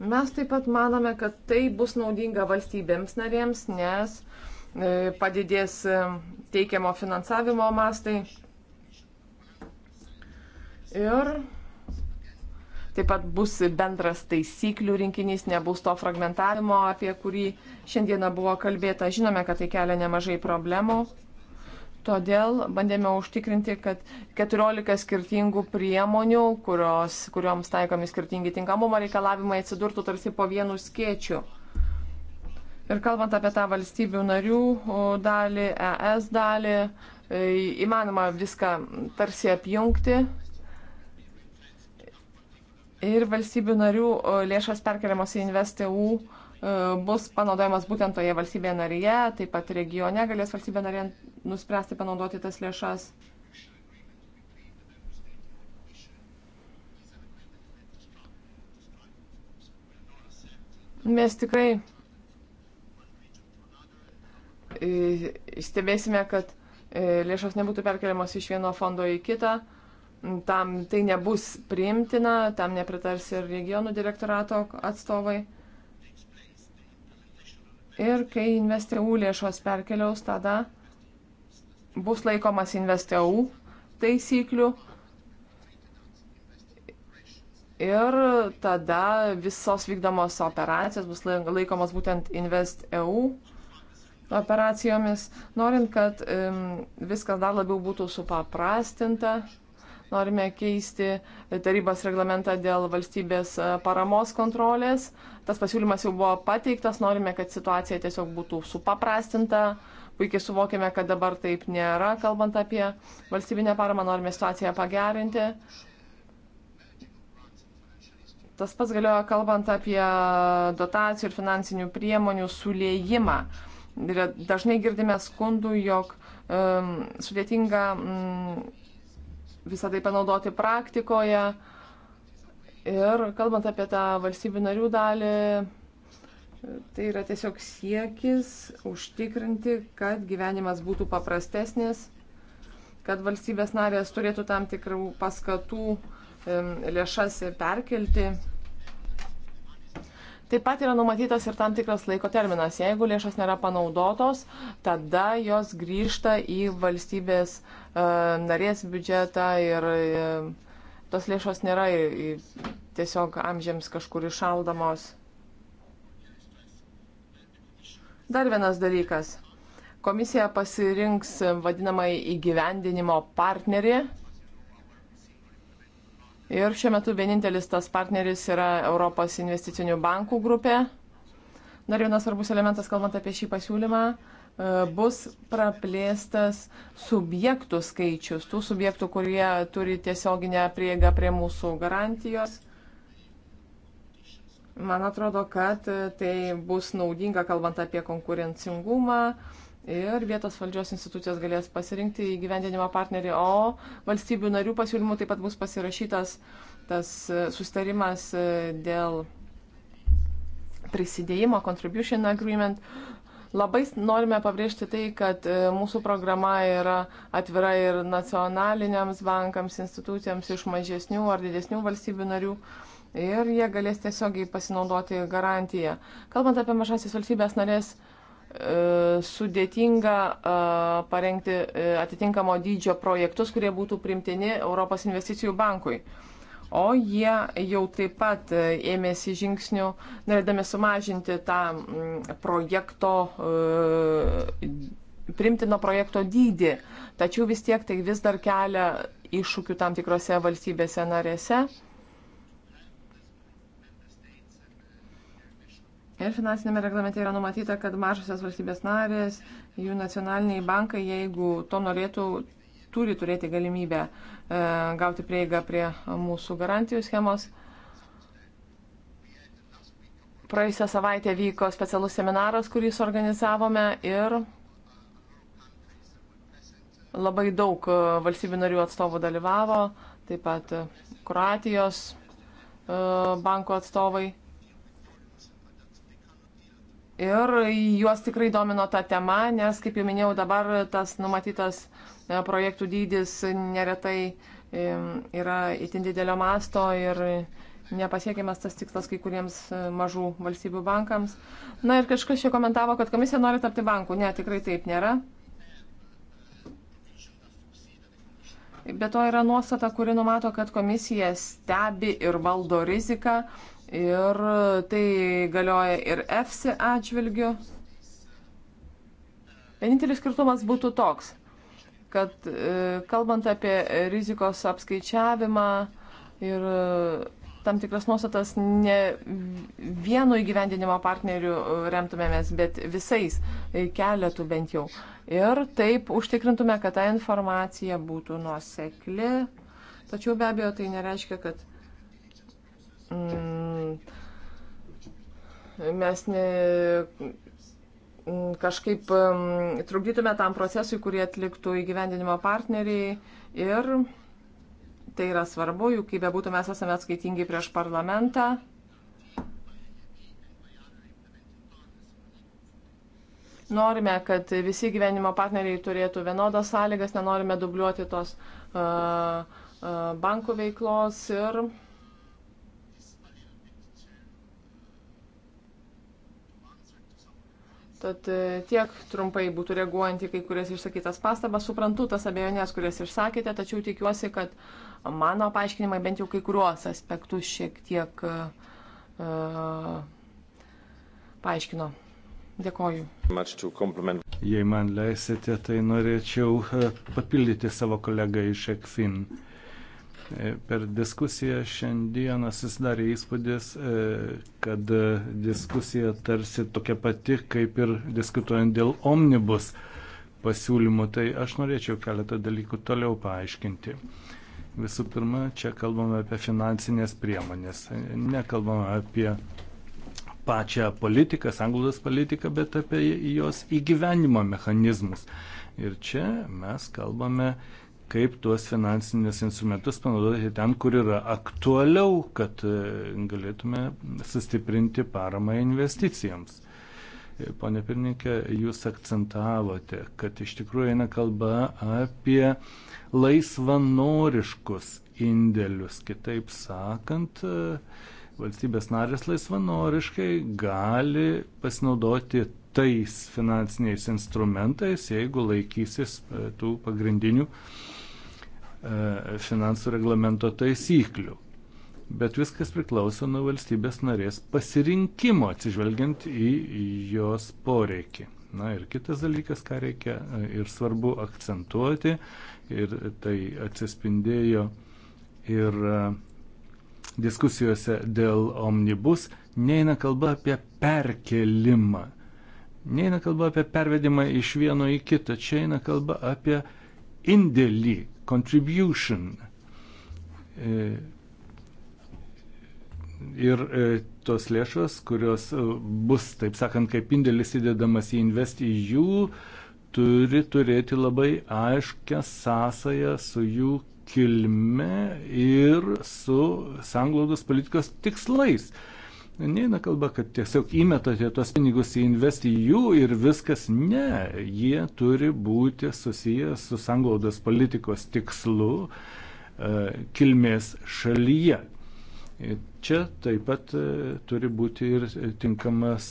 Mes taip pat manome, kad tai bus naudinga valstybėms narėms, nes e, padidės e, teikiamo finansavimo mastai. Ir taip pat bus bendras taisyklių rinkinys, nebus to fragmentavimo, apie kurį šiandieną buvo kalbėta. Žinome, kad tai kelia nemažai problemų. Todėl bandėme užtikrinti, kad 14 skirtingų priemonių, kurios, kurioms taikomi skirtingi tinkamumo reikalavimai, atsidurtų tarsi po vienu skėčiu. Ir kalbant apie tą valstybių narių dalį, ES dalį, e, įmanoma viską tarsi apjungti. Ir valstybių narių lėšas perkeliamos į InvestEU e, bus panaudojamas būtent toje valstybėje narėje, taip pat regione galės valstybė narė nuspręsti panaudoti tas lėšas. Mes tikrai e, stebėsime, kad e, lėšos nebūtų perkeliamos iš vieno fondo į kitą. Tam tai nebus priimtina, tam nepritars ir regionų direktorato atstovai. Ir kai investiau lėšos perkeliaus, tada bus laikomas InvestEU taisyklių. Ir tada visos vykdomos operacijos bus laikomos būtent InvestEU operacijomis, norint, kad um, viskas dar labiau būtų supaprastinta. Norime keisti tarybos reglamentą dėl valstybės e, paramos kontrolės. Tas pasiūlymas jau buvo pateiktas, norime, kad situacija tiesiog būtų supaprastinta, Puikiai suvokiame, kad dabar taip nėra, kalbant apie valstybinę paramą, norime situaciją pagerinti. Tas pats galioja kalbant apie dotacijų ir finansinių priemonių sulėjimą. Ir dažnai girdime skundų, jog um, sudėtinga um, visą tai panaudoti praktikoje. Ir kalbant apie tą valstybių narių dalį, Tai yra tiesiog siekis užtikrinti, kad gyvenimas būtų paprastesnis, kad valstybės narės turėtų tam tikrų paskatų lėšas perkelti. Taip pat yra numatytas ir tam tikras laiko terminas. Jeigu lėšas nėra panaudotos, tada jos grįžta į valstybės e, narės biudžetą ir e, tos lėšos nėra e, tiesiog amžiams kažkur išaldamos. Dar vienas dalykas. Komisija pasirinks vadinamąjį įgyvendinimo partnerį. Ir šiuo metu vienintelis tas partneris yra Europos investicinių bankų grupė. Dar vienas svarbus elementas, kalbant apie šį pasiūlymą, e, bus praplėstas subjektų skaičius, tų subjektų, kurie turi tiesioginę prieigą prie mūsų garantijos. Man atrodo, kad e, tai bus naudinga, kalbant apie konkurencingumą ir vietos valdžios institucijos galės pasirinkti įgyvendinimo partnerį, o valstybių narių pasiūlymų taip pat bus pasirašytas tas e, sustarimas e, dėl prisidėjimo, contribution agreement. Labai norime pabrėžti tai, kad mūsų programa yra atvira ir nacionaliniams bankams, institucijams iš mažesnių ar didesnių valstybių narių. Uh, ir jie galės tiesiogiai pasinaudoti garantiją. Kalbant apie mažasis valstybės narės, e, sudėtinga e, parengti e, atitinkamo dydžio projektus, kurie būtų primtini Europos investicijų bankui. O jie jau taip pat ėmėsi žingsnių, norėdami sumažinti tą mm, projekto, primtino projekto dydį. Tačiau vis tiek tai vis dar kelia iššūkių tam tikrose valstybėse narėse. Ir finansinėme reglamente yra numatyta, kad mažosios valstybės narės, jų nacionaliniai bankai, jeigu to norėtų, turi turėti galimybę e, gauti prieigą prie mūsų garantijų schemos. Praėjusią savaitę vyko specialus seminaras, kurį suorganizavome ir labai daug e, valstybių narių atstovų dalyvavo, taip pat Kroatijos e, banko atstovai. Ir juos tikrai domino ta tema, nes, kaip jau minėjau, dabar tas numatytas e, projektų dydis neretai e, yra itin didelio masto ir nepasiekiamas tas tikslas kai kuriems e, mažų valstybių bankams. Na ir kažkas čia komentavo, kad komisija nori tapti bankų. Ne, tikrai taip nėra. Be to yra nuostata, kuri numato, kad komisija stebi ir valdo riziką Ir tai galioja ir EFSI atžvilgiu. Vienintelis skirtumas būtų toks, kad e, kalbant apie rizikos apskaičiavimą ir e, tam tikras nuostatas, ne vienu įgyvendinimo partneriu e, remtumėmės, bet visais keletų bent jau. Ir taip užtikrintume, kad ta informacija būtų nuosekli. Tačiau be abejo tai nereiškia, kad mm, mes ne, mm, kažkaip mm, trukdytume tam procesui, kurį atliktų įgyvendinimo partneriai ir tai yra svarbu, juk kaip bebūtų mes esame atskaitingi prieš parlamentą. Norime, kad visi gyvenimo partneriai turėtų vienodas sąlygas, nenorime dubliuoti tos uh, uh, bankų veiklos ir uh, Tad e, tiek trumpai būtų reaguojant į kai kurias išsakytas pastabas. Suprantu tas abejonės, kurias išsakėte, tačiau tikiuosi, kad mano paaiškinimai bent jau kai kuriuos aspektus šiek tiek uh, paaiškino. Dėkoju. Jei man leisite, tai norėčiau papildyti savo kolegą iš Ekfin. Uh, E, per diskusiją šiandieną susidarė įspūdis, e, kad diskusija tarsi tokia pati, kaip ir diskutuojant dėl omnibus pasiūlymų. Tai aš norėčiau keletą dalykų toliau paaiškinti. Visų pirma, čia kalbame apie finansinės priemonės. Nekalbame apie pačią politiką, sanglaudos politiką, bet apie jos įgyvenimo mechanizmus. Ir čia mes kalbame kaip tuos finansinius instrumentus panaudoti ten, kur yra aktualiau, kad e, galėtume sustiprinti paramą investicijoms. E, pone pirmininkė, jūs akcentavote, kad iš tikrųjų eina kalba apie laisvanoriškus indėlius. Kitaip sakant, e, valstybės narės laisvanoriškai gali pasinaudoti tais finansiniais instrumentais, jeigu laikysis tų pagrindinių uh, E, finansų reglamento taisyklių. Bet viskas priklauso nuo valstybės narės pasirinkimo atsižvelgiant į jos poreikį. Na ir kitas dalykas, ką reikia e, ir svarbu akcentuoti, ir tai atsispindėjo ir e, diskusijose dėl omnibus, neina kalba apie perkelimą. Neina kalba apie pervedimą iš vieno į kitą, čia eina kalba apie indėlį, contribution. E, ir e, tos lėšos, kurios e, bus, taip sakant, kaip indėlis įdedamas į investijų, turi turėti labai aiškę sąsają su jų kilme ir su sanglaudos politikos tikslais. Uh, Neina kalba, kad tiesiog įmetate tuos pinigus į investijų ir viskas. Ne, jie turi būti susijęs su sanglaudos politikos tikslu e, kilmės šalyje. E, čia taip pat e, turi būti ir tinkamas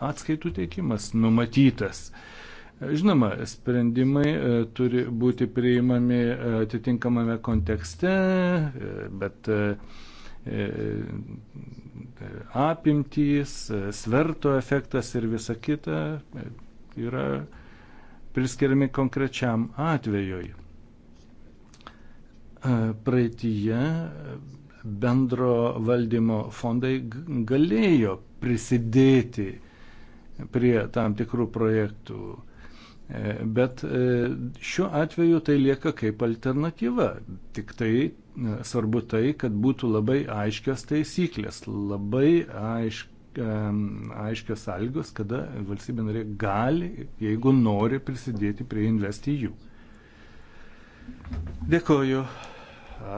atskaitų teikimas numatytas. Žinoma, sprendimai turi būti priimami atitinkamame kontekste, bet E, apimtys, e, sverto efektas ir visa kita e, yra priskiriami konkrečiam atvejoj. Praeitie bendro valdymo fondai galėjo prisidėti prie tam tikrų projektų. Bet šiuo atveju tai lieka kaip alternatyva. Tik tai svarbu tai, kad būtų labai aiškios taisyklės, labai aišk, aiškios sąlygos, kada valstybė narė gali, jeigu nori, prisidėti prie investijų. Dėkoju.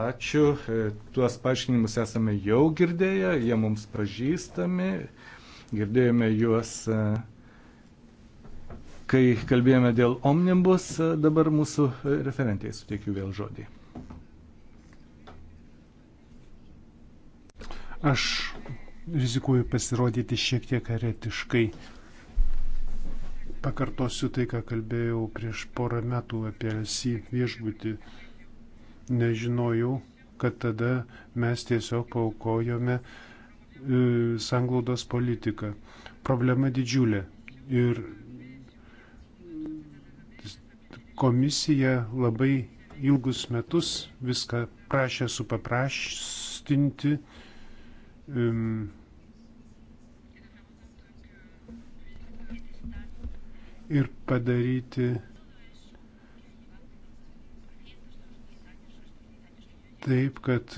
Ačiū. E, tuos paaiškinimus esame jau girdėję, jie mums pažįstami. Girdėjome juos, e, kai kalbėjome dėl omnibus, e, dabar mūsų referentėjai suteikiu vėl žodį. Aš rizikuoju pasirodyti šiek tiek aretiškai. Pakartosiu tai, ką kalbėjau prieš porą metų apie LC viešbutį. Nežinojau, kad tada mes tiesiog paukojome e, sanglaudos politiką. Problema didžiulė. Ir komisija labai ilgus metus viską prašė supaprastinti, ir padaryti taip, kad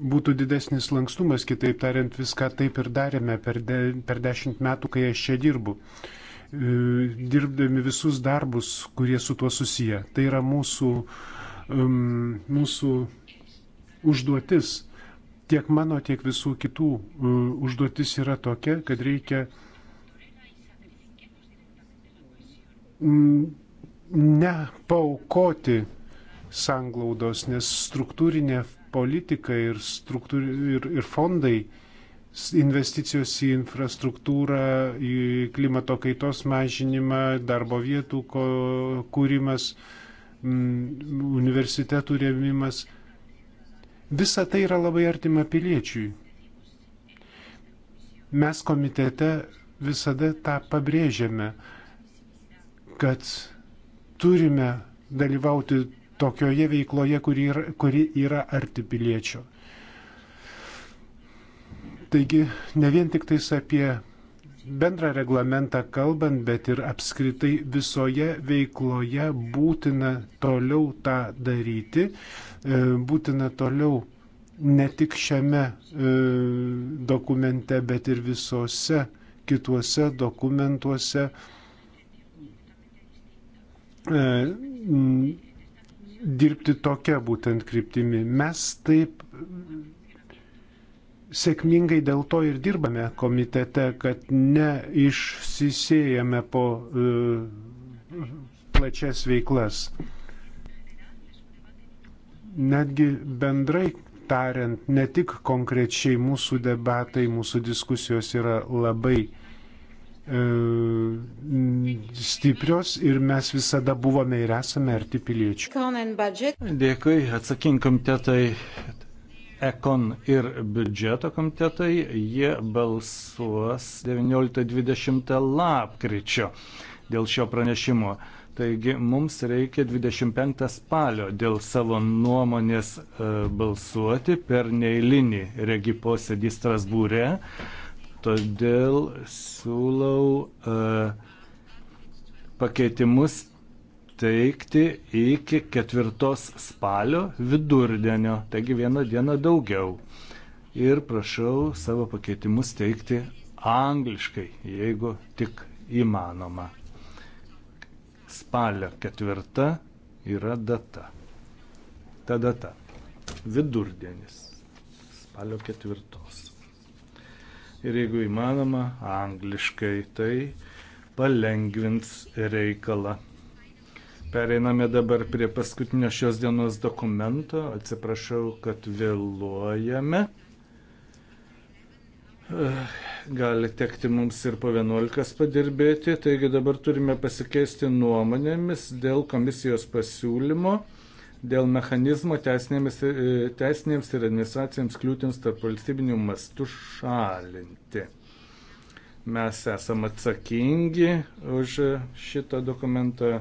būtų didesnis lankstumas, kitaip tariant, viską taip ir darėme per, de, per dešimt metų, kai aš čia dirbu. Dirbdami visus darbus, kurie su tuo susiję. Tai yra mūsų uh, um, mūsų užduotis, tiek mano, tiek visų kitų uh, užduotis yra tokia, kad reikia um, nepaukoti sanglaudos, nes struktūrinė politika ir, struktūr, ir, ir fondai, investicijos į infrastruktūrą, į klimato kaitos mažinimą, darbo vietų kūrimas, uh, Mm, universitetų rėmimas. Visa tai yra labai artima piliečiui. Mes komitete visada tą pabrėžiame, kad turime dalyvauti tokioje veikloje, kuri yra, kuri yra arti piliečio. Taigi ne vien tik tais apie bendrą reglamentą kalbant, bet ir apskritai visoje veikloje būtina toliau tą daryti, e, būtina toliau ne tik šiame e, dokumente, bet ir visose kituose dokumentuose e, dirbti tokia būtent kryptimi. Mes taip sėkmingai dėl to ir dirbame komitete, kad neišsisėjame po e, plačias veiklas. Netgi bendrai tariant, ne tik konkrečiai mūsų debatai, mūsų diskusijos yra labai e, stiprios ir mes visada buvome ir esame arti piliečių. Dėkui, atsakinkom tetai Ekon ir biudžeto komitetai, jie balsuos 19-20 lapkričio dėl šio pranešimo. Taigi mums reikia 25 spalio dėl savo nuomonės e, balsuoti per neįlinį regi posėdį Strasbūre. Todėl siūlau e, pakeitimus teikti iki 4 spalio vidurdienio, taigi vieną dieną daugiau. Ir prašau savo pakeitimus teikti angliškai, jeigu tik įmanoma. Spalio 4 yra data. Ta data. Vidurdienis. Spalio 4 ir jeigu įmanoma angliškai, tai palengvins reikalą. Pereiname dabar prie paskutinio šios dienos dokumento. Atsiprašau, kad vėluojame. Eh, gali tekti mums ir po 11 padirbėti, taigi dabar turime pasikeisti nuomonėmis dėl komisijos pasiūlymo, dėl mechanizmo teisinėms, eh, teisinėms ir administracijams kliūtims tarp valstybinių mastų šalinti mes esam atsakingi už šitą dokumentą.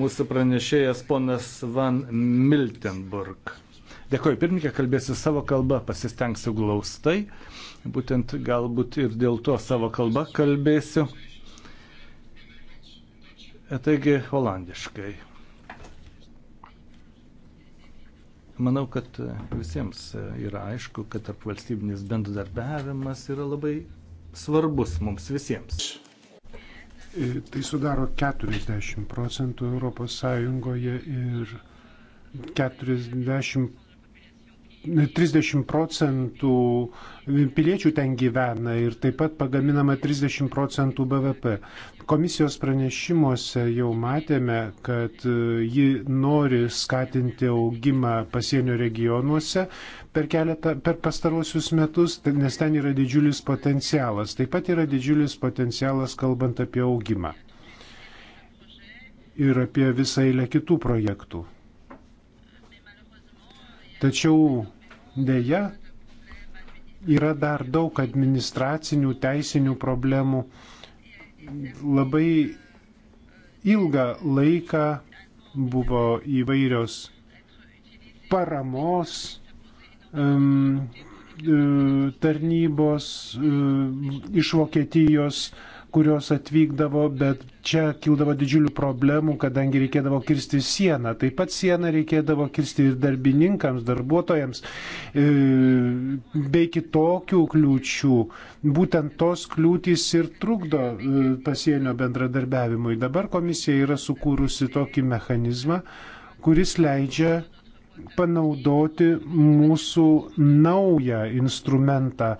Mūsų pranešėjas ponas Van Miltenburg. Dėkoju, pirmininkė, kalbėsiu savo kalbą, pasistengsiu glaustai. Būtent galbūt ir dėl to savo kalbą kalbėsiu. E, taigi, holandiškai. Manau, kad e, visiems e, yra aišku, kad tarp valstybinis bendradarbiavimas yra labai svarbus mums visiems. E, tai sudaro 40 procentų ES ir 40 30 procentų piliečių ten gyvena ir taip pat pagaminama 30 procentų BVP. Komisijos pranešimuose jau matėme, kad e, ji nori skatinti augimą pasienio regionuose per, keletą, per pastarosius metus, nes ten yra didžiulis potencialas. Taip pat yra didžiulis potencialas kalbant apie augimą ir apie visą eilę kitų projektų. Tačiau dėja yra dar daug administracinių, teisinių problemų. Labai ilgą laiką buvo įvairios paramos um, tarnybos um, iš Vokietijos um, kurios atvykdavo, bet čia kildavo didžiulių problemų, kadangi reikėdavo kirsti sieną. Taip pat sieną reikėdavo kirsti ir darbininkams, darbuotojams, e, bei kitokių kliūčių. Būtent tos kliūtys ir trukdo e, pasienio bendradarbiavimui. Dabar komisija yra sukūrusi tokį mechanizmą, kuris leidžia panaudoti mūsų naują instrumentą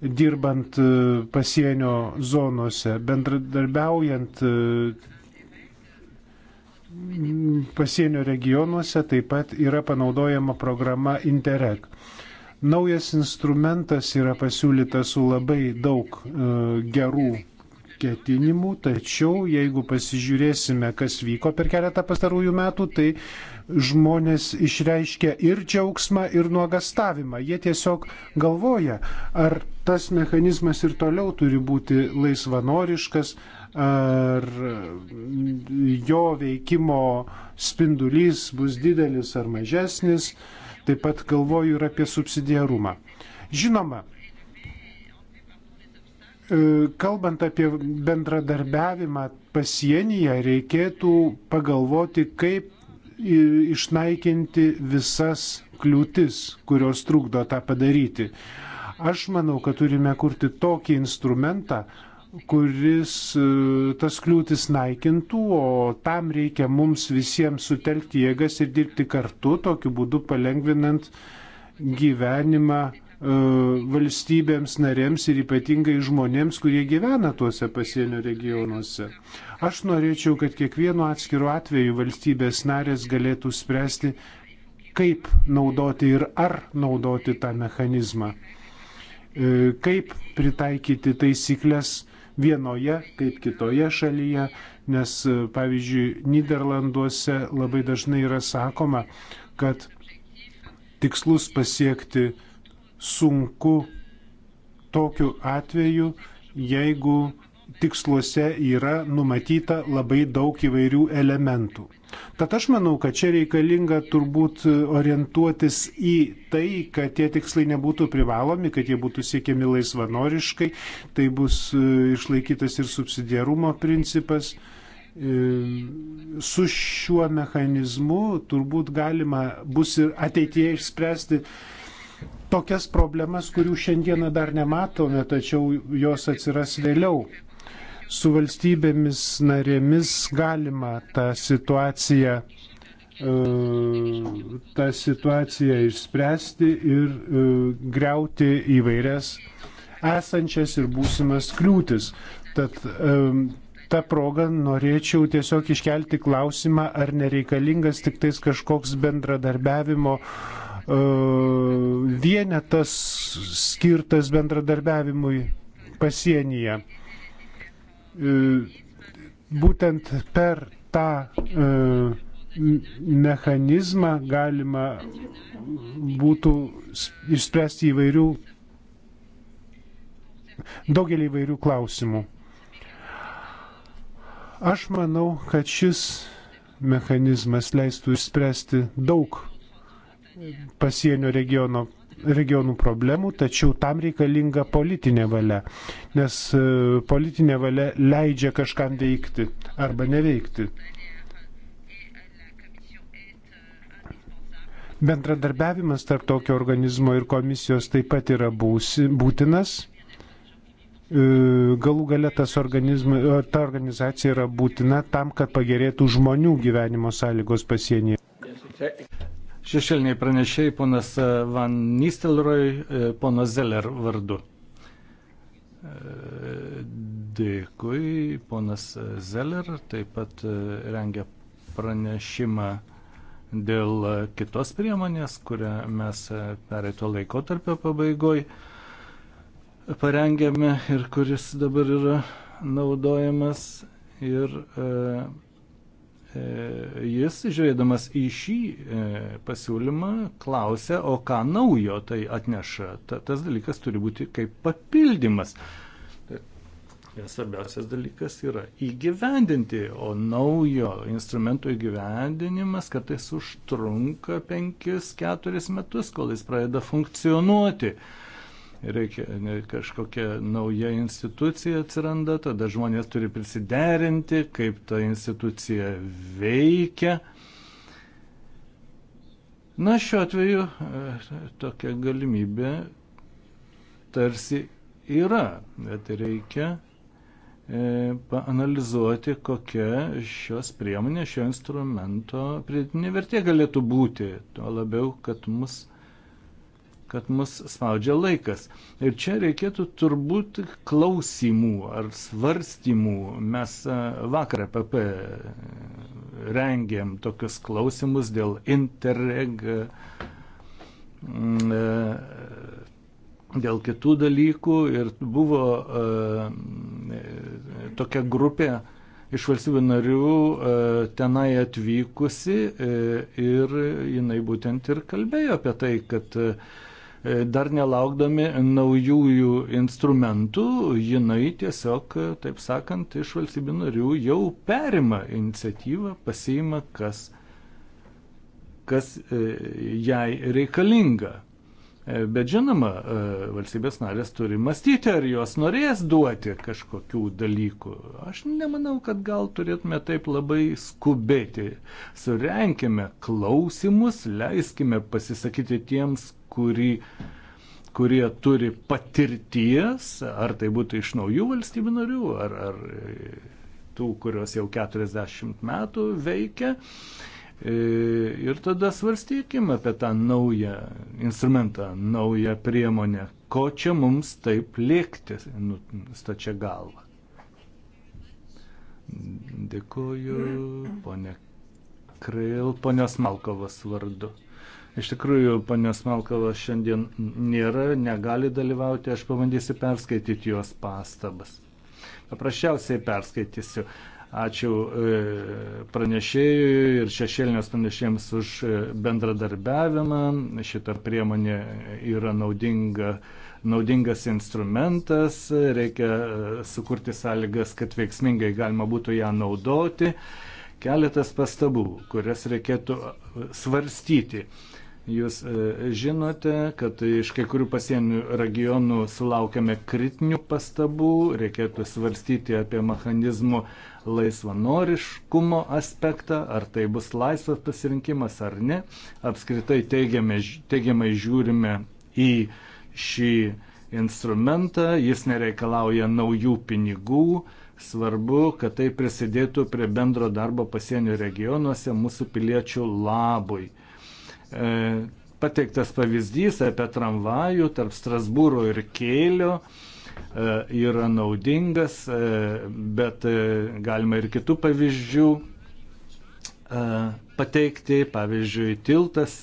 dirbant e, pasienio zonose, bendradarbiaujant e, pasienio regionuose taip pat yra panaudojama programa Interreg. Naujas instrumentas yra pasiūlytas su labai daug e, gerų ketinimų, tačiau jeigu pasižiūrėsime, kas vyko per keletą pastarųjų metų, tai žmonės išreiškia ir džiaugsmą, ir nuogastavimą. Jie tiesiog galvoja, ar tas mechanizmas ir toliau turi būti laisvanoriškas, ar jo veikimo spindulys bus didelis ar mažesnis. Taip pat galvoju ir apie subsidiarumą. Žinoma, kalbant apie bendradarbiavimą pasienyje, reikėtų pagalvoti, kaip išnaikinti visas kliūtis, kurios trukdo tą padaryti. Aš manau, kad turime kurti tokį instrumentą, kuris e, tas kliūtis naikintų, o tam reikia mums visiems sutelkti jėgas ir dirbti kartu, tokiu būdu palengvinant gyvenimą e, valstybėms narėms ir ypatingai žmonėms, kurie gyvena tuose pasienio regionuose. Aš norėčiau, kad kiekvienu atskiru atveju valstybės narės galėtų spręsti, kaip naudoti ir ar naudoti tą mechanizmą. E, kaip pritaikyti taisyklės vienoje kaip kitoje šalyje, nes e, pavyzdžiui, Niderlanduose labai dažnai yra sakoma, kad tikslus pasiekti sunku tokiu atveju, jeigu tiksluose yra numatyta labai daug įvairių elementų. Tad aš manau, kad čia reikalinga turbūt orientuotis į tai, kad tie tikslai nebūtų privalomi, kad jie būtų siekiami laisvanoriškai, tai bus e, išlaikytas ir subsidiarumo principas. E, su šiuo mechanizmu turbūt galima bus ir ateityje išspręsti tokias problemas, kurių šiandieną dar nematome, tačiau jos atsiras vėliau. Su valstybėmis narėmis galima tą situaciją, e, tą situaciją išspręsti ir e, greuti įvairias esančias ir būsimas kliūtis. Tad e, tą progą norėčiau tiesiog iškelti klausimą, ar nereikalingas tik tais kažkoks bendradarbiavimo vienetas skirtas bendradarbiavimui pasienyje. E, būtent per tą e, mechanizmą galima būtų išspręsti įvairių, daugelį įvairių klausimų. Aš manau, kad šis mechanizmas leistų išspręsti daug pasienio regiono regionų problemų, tačiau tam reikalinga politinė valia, nes e, politinė valia leidžia kažkam veikti arba neveikti. Bendradarbiavimas tarp tokio organizmo ir komisijos taip pat yra būsi, būtinas. E, galų gale tas e, ta organizacija yra būtina tam, kad pagerėtų žmonių gyvenimo sąlygos pasienyje šešėliniai pranešėjai ponas e, Van Nistelroj, e, ponas Zeller vardu. E, dėkui, ponas Zeller taip pat rengia pranešimą dėl kitos priemonės, kurią mes pereito laikotarpio pabaigoj parengėme ir kuris dabar yra naudojamas. Ir e, E, jis, žiūrėdamas į šį e, pasiūlymą, klausia, o ką naujo tai atneša. Ta, tas dalykas turi būti kaip papildymas. E, svarbiausias dalykas yra įgyvendinti, o naujo instrumento įgyvendinimas kartais užtrunka 5-4 metus, kol jis pradeda funkcionuoti. E, reikia kažkokia nauja institucija atsiranda, tada žmonės turi prisiderinti, kaip ta institucija veikia. Na, šiuo atveju e, tokia galimybė tarsi yra, bet reikia e, paanalizuoti, kokia šios priemonės, šio instrumento pridėtinė vertė galėtų būti. Tuo labiau, kad mus kad mus spaudžia laikas. Ir čia reikėtų turbūt klausimų ar svarstymų. Mes e, vakar PP e rengėm tokius klausimus dėl Interreg, e, dėl kitų dalykų ir buvo tokia grupė, iš valstybių narių tenai atvykusi ir jinai būtent ir kalbėjo apie tai, kad dar nelaukdami naujųjų instrumentų, jinai tiesiog, taip sakant, iš valstybių narių jau perima iniciatyvą, pasiima kas, kas e, jai reikalinga. E, bet žinoma, e, valstybės narės turi mąstyti, ar jos norės duoti kažkokių dalykų. Aš nemanau, kad gal turėtume taip labai skubėti. Surenkime klausimus, leiskime pasisakyti tiems, kuri, kurie turi patirties, ar tai būtų iš naujų valstybių narių, ar, ar tų, kurios jau 40 metų veikia. E, ir tada svarstykime apie tą naują instrumentą, naują priemonę, ko čia mums taip lėkti nu, stačia galva. Dėkuoju, ponė Krail, ponios Malkovas vardu. Iš tikrųjų, ponios Malkovas šiandien nėra, negali dalyvauti, aš pabandysiu perskaityti jos pastabas. Paprasčiausiai perskaitysiu. Ačiū e, pranešėjui ir šešėlinės pranešėjams už e, bendradarbiavimą. Šita priemonė yra naudinga, naudingas instrumentas, reikia e, sukurti sąlygas, kad veiksmingai galima būtų ją naudoti. Keletas pastabų, kurias reikėtų svarstyti. Jūs žinote, kad iš kai kurių pasienio regionų sulaukėme kritinių pastabų, reikėtų svarstyti apie mechanizmų laisvanoriškumo aspektą, ar tai bus laisvas pasirinkimas ar ne. Apskritai teigiamai, teigiamai žiūrime į šį instrumentą, jis nereikalauja naujų pinigų, svarbu, kad tai prisidėtų prie bendro darbo pasienio regionuose mūsų piliečių labui. E, pateiktas pavyzdys apie tramvajų tarp Strasbūro ir Kėlio. E, E, yra naudingas, e, bet e, galima ir kitų pavyzdžių pateikti, pavyzdžiui, tiltas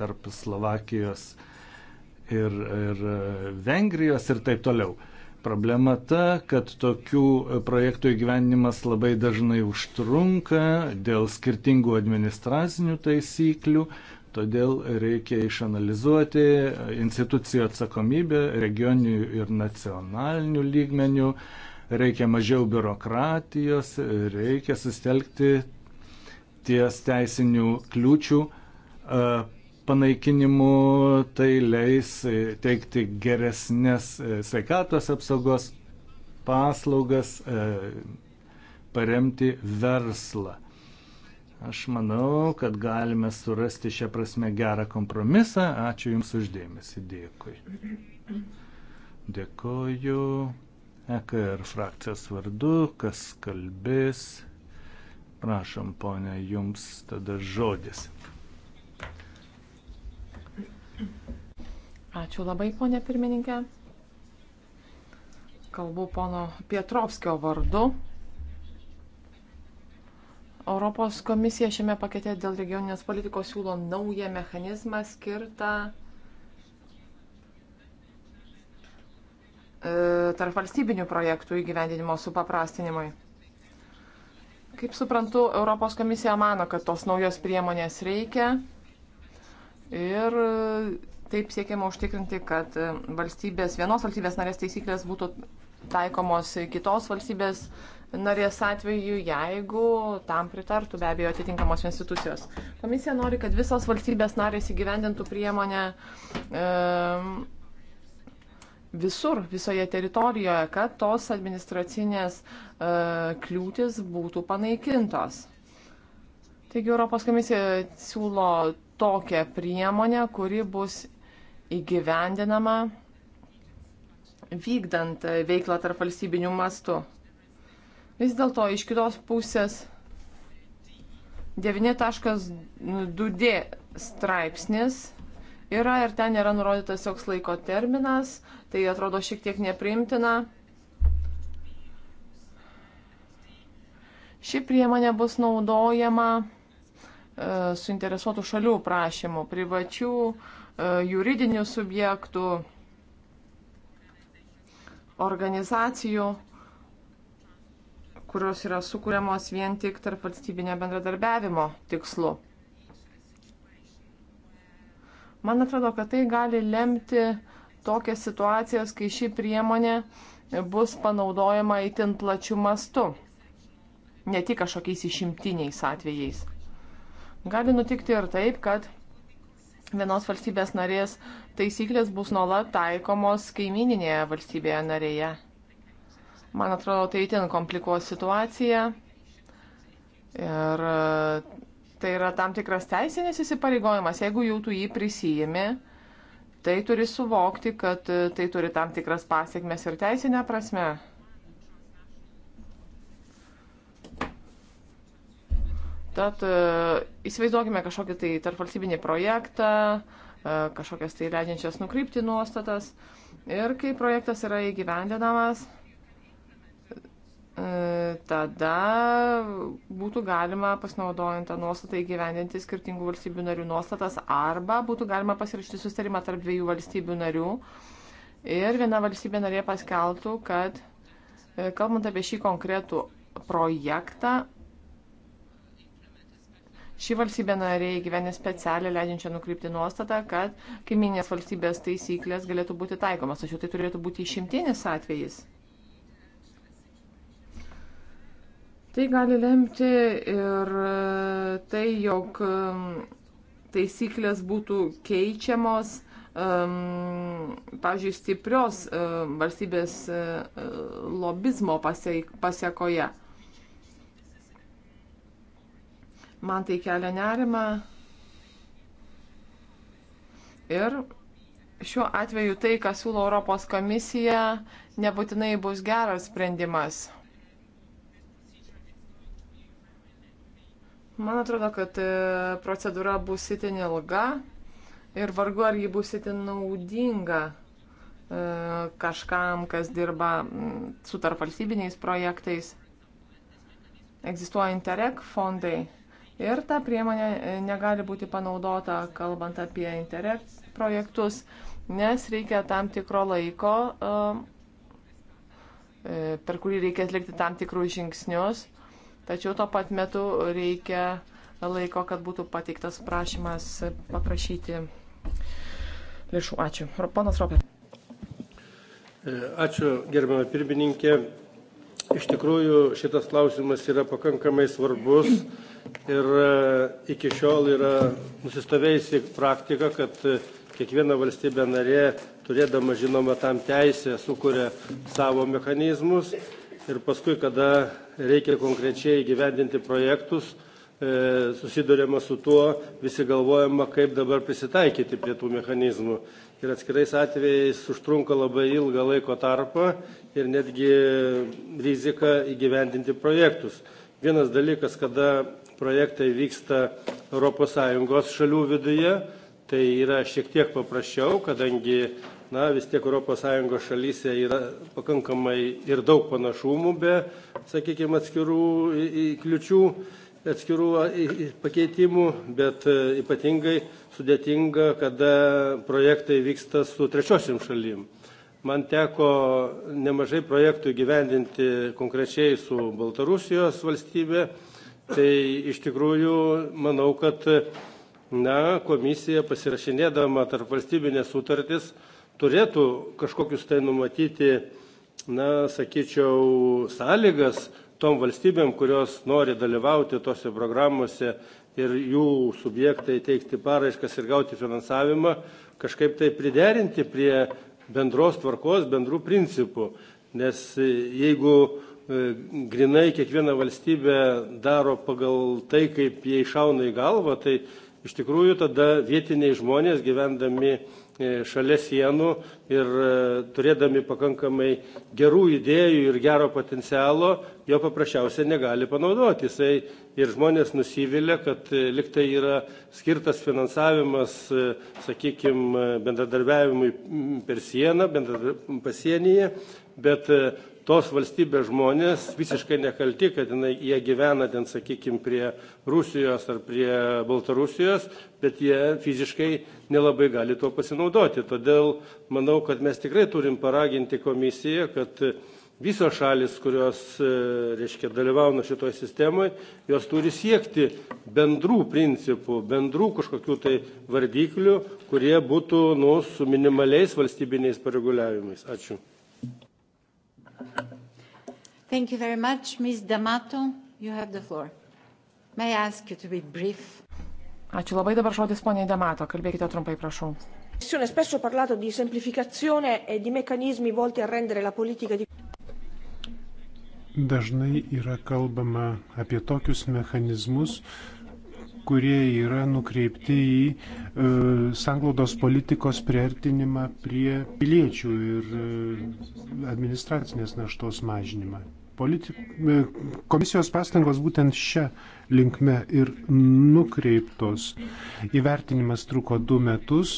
tarp Slovakijos ir, ir Vengrijos ir taip toliau. Problema ta, kad tokių projektų įgyvenimas labai dažnai užtrunka dėl skirtingų administracinių taisyklių, Todėl reikia išanalizuoti institucijų atsakomybę regioninių ir nacionalinių lygmenių, reikia mažiau biurokratijos, reikia sustelkti ties teisinių kliūčių e, panaikinimu, tai leis e, teikti geresnės e, sveikatos apsaugos paslaugas, paremti verslą. Aš manau, kad galime surasti šią prasme gerą kompromisą. Ačiū Jums uždėmesi. Dėkui. Dėkoju. EKR frakcijos vardu, kas kalbės. Prašom, ponė, jums tada žodis. Ačiū labai, ponė pirmininkė. Kalbu pono Pietrovskio vardu. Europos komisija šiame pakete dėl regioninės politikos siūlo naują mechanizmą skirtą e, tarp valstybinių projektų įgyvendinimo supaprastinimui. Kaip suprantu, Europos komisija mano, kad tos naujos priemonės reikia ir e, taip siekiama užtikrinti, kad e, valstybės, vienos valstybės narės taisyklės būtų taikomos kitos valstybės narės atveju, jeigu tam pritartų be abejo atitinkamos institucijos. Komisija nori, kad visos valstybės narės įgyvendintų priemonę e, visur, visoje teritorijoje, kad tos administracinės e, kliūtis būtų panaikintos. Taigi Europos komisija siūlo tokią priemonę, kuri bus įgyvendinama vykdant veiklą tarp valstybinių mastų. Vis dėlto iš kitos pusės 9.2d straipsnis yra ir ten yra nurodytas joks laiko terminas, tai atrodo šiek tiek nepriimtina. Ši priemonė bus naudojama e, suinteresuotų šalių prašymų, privačių, e, juridinių subjektų, organizacijų kurios yra sukūriamos vien tik tarp valstybinio bendradarbiavimo tikslu. Man atrodo, kad tai gali lemti tokias situacijas, kai ši priemonė bus panaudojama įtin plačių mastų, ne tik kažkokiais išimtiniais atvejais. Gali nutikti ir taip, kad vienos valstybės narės taisyklės bus nuolat taikomos kaimininėje valstybėje narėje. Man atrodo, tai itin komplikuos situaciją. Ir e, tai yra tam tikras teisinės įsipareigojimas. Jeigu jau tu jį prisijimi, tai turi suvokti, kad e, tai turi tam tikras pasiekmes ir teisinę prasme. Tad e, įsivaizduokime kažkokį tai tarpvalstybinį projektą, kažkokias tai leidžiančias nukrypti nuostatas. Ir kai projektas yra įgyvendinamas, E, tada būtų galima pasinaudojant tą nuostatą įgyvendinti skirtingų valstybių narių nuostatas arba būtų galima pasirašyti sustarimą tarp dviejų valstybių narių ir viena valstybė narė paskeltų, kad e, kalbant apie šį konkretų projektą, ši valstybė narė įgyvendė specialią leidžiančią nukrypti nuostatą, kad kaiminės valstybės taisyklės galėtų būti taikomas, tačiau tai turėtų būti išimtinis atvejis. Tai gali lemti ir e, tai, jog taisyklės būtų keičiamos, pavyzdžiui, stiprios e, valstybės e, lobizmo pasiekoje. Man tai kelia nerima. Ir šiuo atveju tai, ką siūlo Europos komisija, nebūtinai bus geras sprendimas. Man atrodo, kad e, procedūra bus itin ilga ir vargu ar ji bus itin naudinga e, kažkam, kas dirba mm, su tarpvalstybiniais projektais. Egzistuoja Interreg fondai ir ta priemonė e, negali būti panaudota, kalbant apie Interreg projektus, nes reikia tam tikro laiko, per kurį reikia atlikti tam tikrus žingsnius Tačiau tuo pat metu reikia laiko, kad būtų pateiktas prašymas paprašyti lėšų. Ačiū. Ponas Ropė. E, ačiū, gerbama pirmininkė. Iš tikrųjų, šitas klausimas yra pakankamai svarbus ir e, iki šiol yra nusistovėjusi praktika, kad e, kiekviena valstybė narė, turėdama žinoma tam teisę, sukuria savo mechanizmus ir paskui, kada reikia konkrečiai gyvendinti projektus, e, susidurėma su tuo, visi galvojama, kaip dabar prisitaikyti prie tų mechanizmų. Ir atskirais atvejais užtrunka labai ilgą laiko tarpą ir netgi rizika įgyvendinti projektus. Vienas dalykas, kada projektai vyksta ES šalių viduje, tai yra šiek tiek paprasčiau, kadangi na vis tiek europos sąjungos šalyse yra pakankamai ir daug panašumų be sakykime atskirų kliūčių atskirų pakeitimų bet e, ypatingai sudėtinga kada projektai vyksta su trečiosiom šalim man teko nemažai projektų įgyvendinti konkrečiai su baltarusijos valstybe tai iš tikrųjų manau kad na komisija pasirašinėdama tarpvalstybines sutartis turėtų kažkokius tai numatyti, na, sakyčiau, sąlygas tom valstybėm, kurios nori dalyvauti tose programuose ir jų subjektai teikti paraiškas ir gauti finansavimą, kažkaip tai priderinti prie bendros tvarkos, bendrų principų. Nes e, jeigu e, grinai kiekviena valstybė daro pagal tai, kaip jie išauna į galvą, tai iš tikrųjų tada vietiniai žmonės gyvendami E, šalia sienų ir e, turėdami pakankamai gerų idėjų ir gero potencialo jo paprasčiausiai negali panaudoti. Jisai ir žmonės nusivylė, kad e, liktai yra skirtas finansavimas, sakykime, bendradarbiavimui per sieną, bendradar... pasienyje, bet tos valstybės žmonės visiškai nekalti, kad jinai, jie gyvena ten, sakykime, prie Rusijos ar prie Baltarusijos, bet jie fiziškai nelabai gali tuo pasinaudoti. Todėl manau, kad mes tikrai turim paraginti komisiją, kad visos šalis, kurios, e, reiškia, dalyvauna šitoje sistemoje, jos turi siekti bendrų principų, bendrų kažkokių tai vardiklių, kurie būtų nu, su minimaliais valstybiniais pareguliavimais. Ačiū. [LAUGHS] Thank you very much. Ms. D'Amato, you have the floor. May I ask you to be brief? Ačiū labai dabar žodis poniai D'Amato. Kalbėkite trumpai, prašau. Commissione spesso ha parlato di semplificazione e di meccanismi volti a rendere la politica di. Dažnai yra kalbama apie tokius mechanizmus, kurie yra nukreipti į e, sanglaudos politikos priartinimą prie piliečių ir e, administracinės naštos mažinimą. Politik, e, komisijos pastangos būtent šią linkme ir nukreiptos. Įvertinimas truko du metus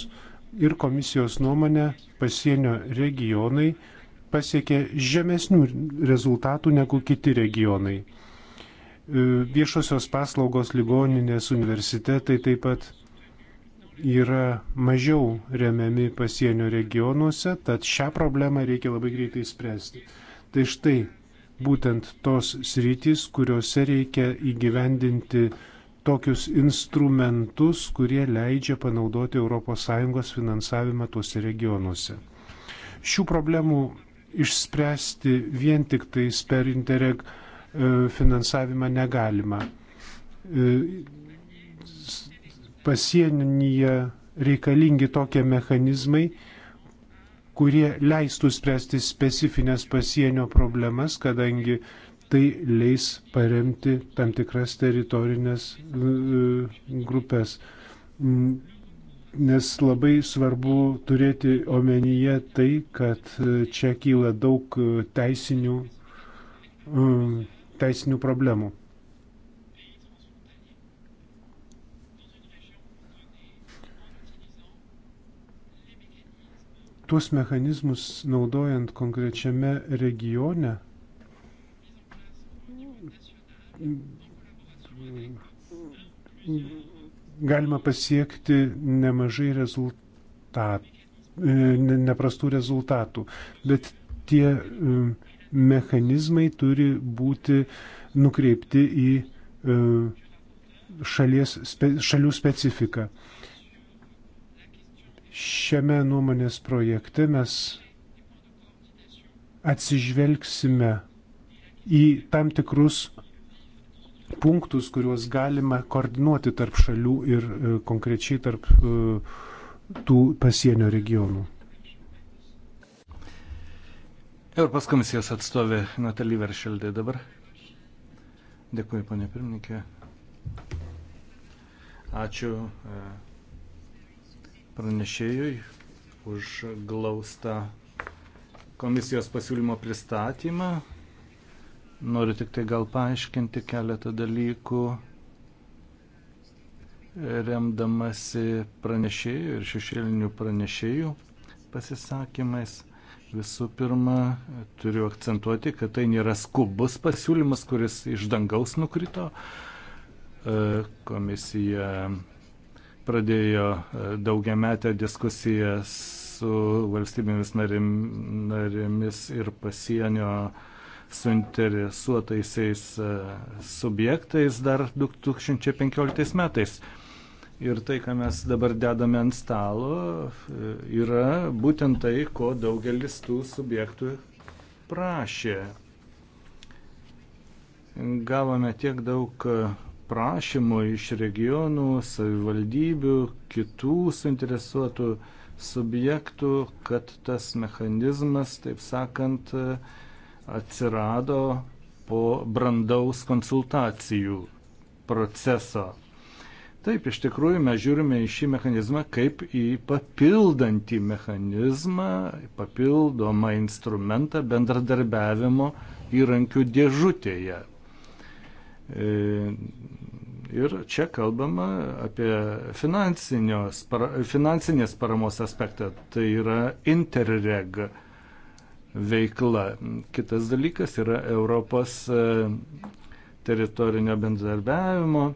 ir komisijos nuomonė pasienio regionai pasiekė žemesnių rezultatų negu kiti regionai. E, viešosios paslaugos ligoninės universitetai taip pat yra mažiau remiami pasienio regionuose, tad šią problemą reikia labai greitai spręsti. Tai štai būtent tos sritys, kuriuose reikia įgyvendinti tokius instrumentus, kurie leidžia panaudoti ES finansavimą tuose regionuose. Šių problemų išspręsti vien tik tais per Interreg E, finansavimą negalima. E, pasienyje reikalingi tokie mechanizmai, kurie leistų spręsti specifines pasienio problemas, kadangi tai leis paremti tam tikras teritorinės e, grupės. Mm, nes labai svarbu turėti omenyje tai, kad čia kyla daug teisinių teisinių problemų. Tuos mechanizmus naudojant konkrečiame regione galima pasiekti nemažai rezultatų, neprastų rezultatų, bet tie mechanizmai turi būti nukreipti į e, šalies, šalių specifiką. Šiame nuomonės projekte mes atsižvelgsime į tam tikrus punktus, kuriuos galima koordinuoti tarp šalių ir e, konkrečiai tarp e, tų pasienio regionų. Europos komisijos atstovė Natalija Veršeldė dabar. Dėkuoju, ponė pirmininkė. Ačiū e, pranešėjui už glaustą komisijos pasiūlymo pristatymą. Noriu tik tai gal paaiškinti keletą dalykų, remdamasi pranešėjų ir šešėlinių pranešėjų pasisakymais. Visų pirma, turiu akcentuoti, kad tai nėra skubus pasiūlymas, kuris iš dangaus nukrito. E, komisija pradėjo e, daugiametę diskusiją su valstybėmis narim, narėmis ir pasienio suinteresuotaisiais e, subjektais dar 2015 metais. Ir tai, ką mes dabar dedame ant stalo, yra būtent tai, ko daugelis tų subjektų prašė. Gavome tiek daug prašymų iš regionų, savivaldybių, kitų suinteresuotų subjektų, kad tas mechanizmas, taip sakant, atsirado po brandaus konsultacijų proceso Taip, iš tikrųjų mes žiūrime į šį mechanizmą kaip į papildantį mechanizmą, papildomą instrumentą bendradarbiavimo įrankių dėžutėje. E, ir čia kalbama apie finansinės paramos aspektą, tai yra interreg veikla. Kitas dalykas yra Europos e, teritorinio bendradarbiavimo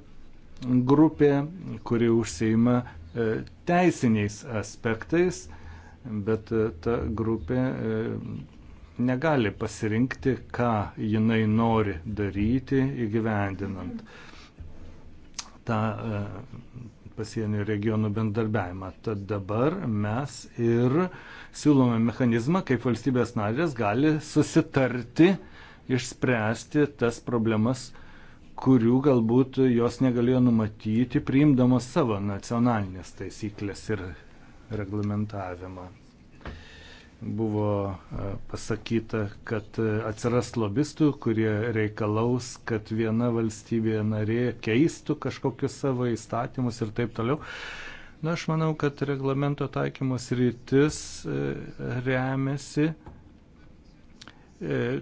grupė, kuri užseima e, teisiniais aspektais, bet e, ta grupė e, negali pasirinkti, ką jinai nori daryti įgyvendinant tą pasienio regionų bendarbiavimą. Tad dabar mes ir siūlome mechanizmą, kaip valstybės narės gali susitarti, išspręsti tas problemas, kurių galbūt jos negalėjo numatyti, priimdamos savo nacionalinės taisyklės ir reglamentavimą. Buvo e, pasakyta, kad atsiras lobistų, kurie reikalaus, kad viena valstybė narė keistų kažkokius savo įstatymus ir taip toliau. Na, aš manau, kad reglamento taikymos rytis e, remiasi e,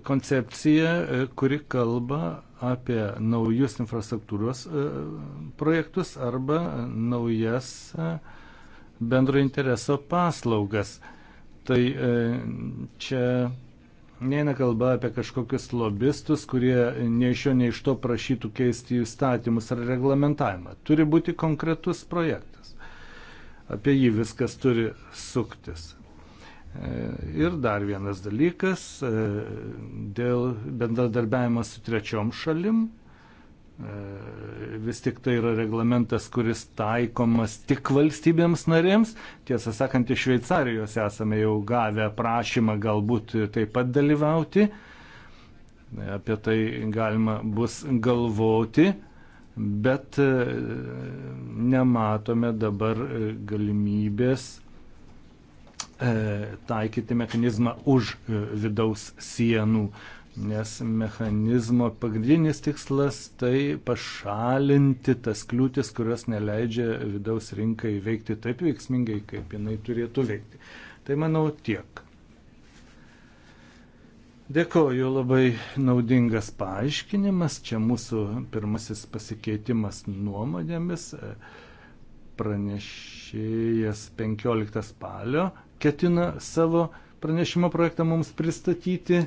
koncepcija, kuri kalba apie naujus infrastruktūros e, projektus arba naujas e, bendro intereso paslaugas. Tai e, čia neina kalba apie kažkokius lobistus, kurie nei iš jo, nei iš to prašytų keisti įstatymus ar reglamentavimą. Turi būti konkretus projektas. Apie jį viskas turi suktis. E, ir dar vienas dalykas e, dėl bendradarbiavimo su trečiom šalim. E, vis tik tai yra reglamentas, kuris taikomas tik valstybėms narėms. Tiesą sakant, iš Šveicarijos esame jau gavę prašymą galbūt taip pat dalyvauti. Apie tai galima bus galvoti, bet nematome dabar galimybės E, taikyti mechanizmą už e, vidaus sienų, nes mechanizmo pagrindinis tikslas tai pašalinti tas kliūtis, kurios neleidžia vidaus rinkai veikti taip veiksmingai, kaip jinai turėtų veikti. Tai manau tiek. Dėkoju, labai naudingas paaiškinimas. Čia mūsų pirmasis pasikeitimas nuomonėmis. Pranešėjas 15 spalio ketina savo pranešimo projektą mums pristatyti.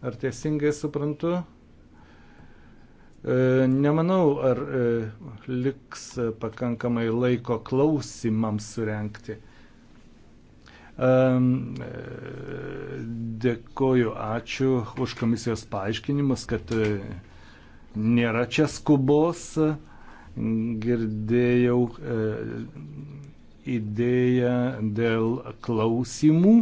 Ar teisingai suprantu? E, nemanau, ar e, liks pakankamai laiko klausimams surenkti. E, dėkoju, ačiū už komisijos paaiškinimus, kad nėra čia skubos. Girdėjau idėją dėl klausimų,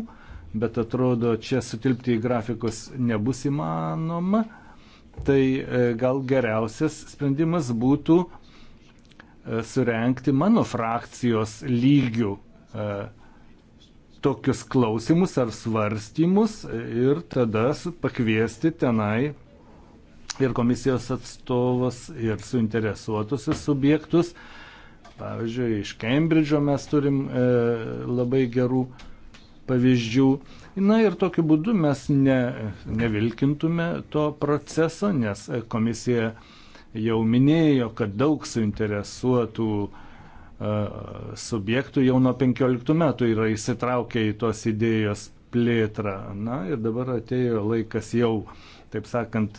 bet atrodo, čia sutilpti į grafikus nebus įmanoma. Tai e, gal geriausias sprendimas būtų e, surenkti mano frakcijos lygių e, tokius klausimus ar svarstymus ir tada pakviesti tenai ir komisijos atstovas, ir suinteresuotusius subjektus, Pavyzdžiui, iš Kembridžo mes turim e, labai gerų pavyzdžių. Na ir tokiu būdu mes ne, nevilkintume to proceso, nes e, komisija jau minėjo, kad daug suinteresuotų e, subjektų jau nuo 15 metų yra įsitraukę į tos idėjos plėtrą. Na ir dabar atėjo laikas jau, taip sakant,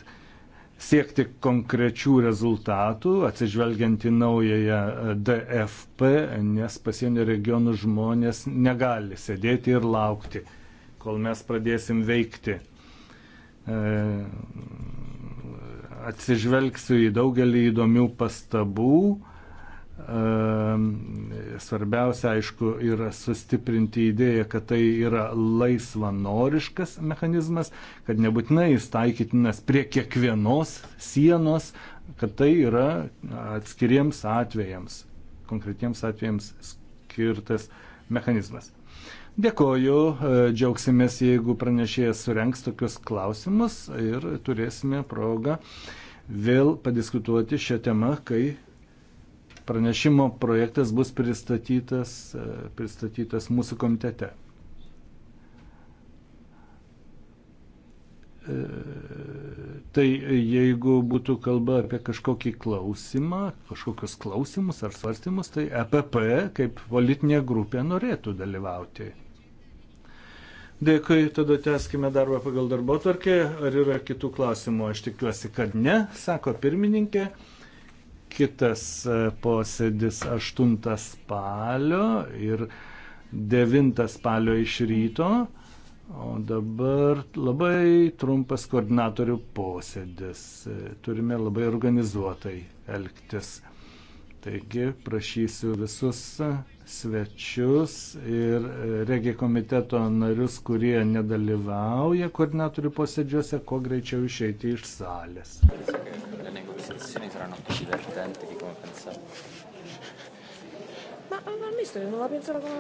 siekti konkrečių rezultatų, atsižvelgiant į naująją e, DFP, nes pasienio regionų žmonės negali sėdėti ir laukti, kol mes pradėsim veikti. E, atsižvelgsiu į daugelį įdomių pastabų Ehm, svarbiausia, aišku, yra sustiprinti idėją, kad tai yra laisvanoriškas mechanizmas, kad nebūtinai jis taikytinas prie kiekvienos sienos, kad tai yra atskiriems atvejams, konkretiems atvejams skirtas mechanizmas. Dėkoju, e, džiaugsimės, jeigu pranešėjas surenks tokius klausimus ir turėsime progą vėl padiskutuoti šią temą, kai Pranešimo projektas bus pristatytas, e, pristatytas mūsų komitete. E, tai jeigu būtų kalba apie kažkokį klausimą, kažkokius klausimus ar svarstymus, tai EPP kaip politinė grupė norėtų dalyvauti. Dėkui, tada tęskime darbą pagal darbo tvarkę. Ar yra kitų klausimų? Aš tikiuosi, kad ne, sako pirmininkė kitas e, posėdis 8 spalio ir 9 spalio iš ryto, o dabar labai trumpas koordinatorių posėdis. E, turime labai organizuotai elgtis. Taigi prašysiu visus svečius ir regė komiteto narius, kurie nedalyvauja koordinatorių posėdžiuose, kuo greičiau išeiti iš salės. Ma, ma il mistero non la penso come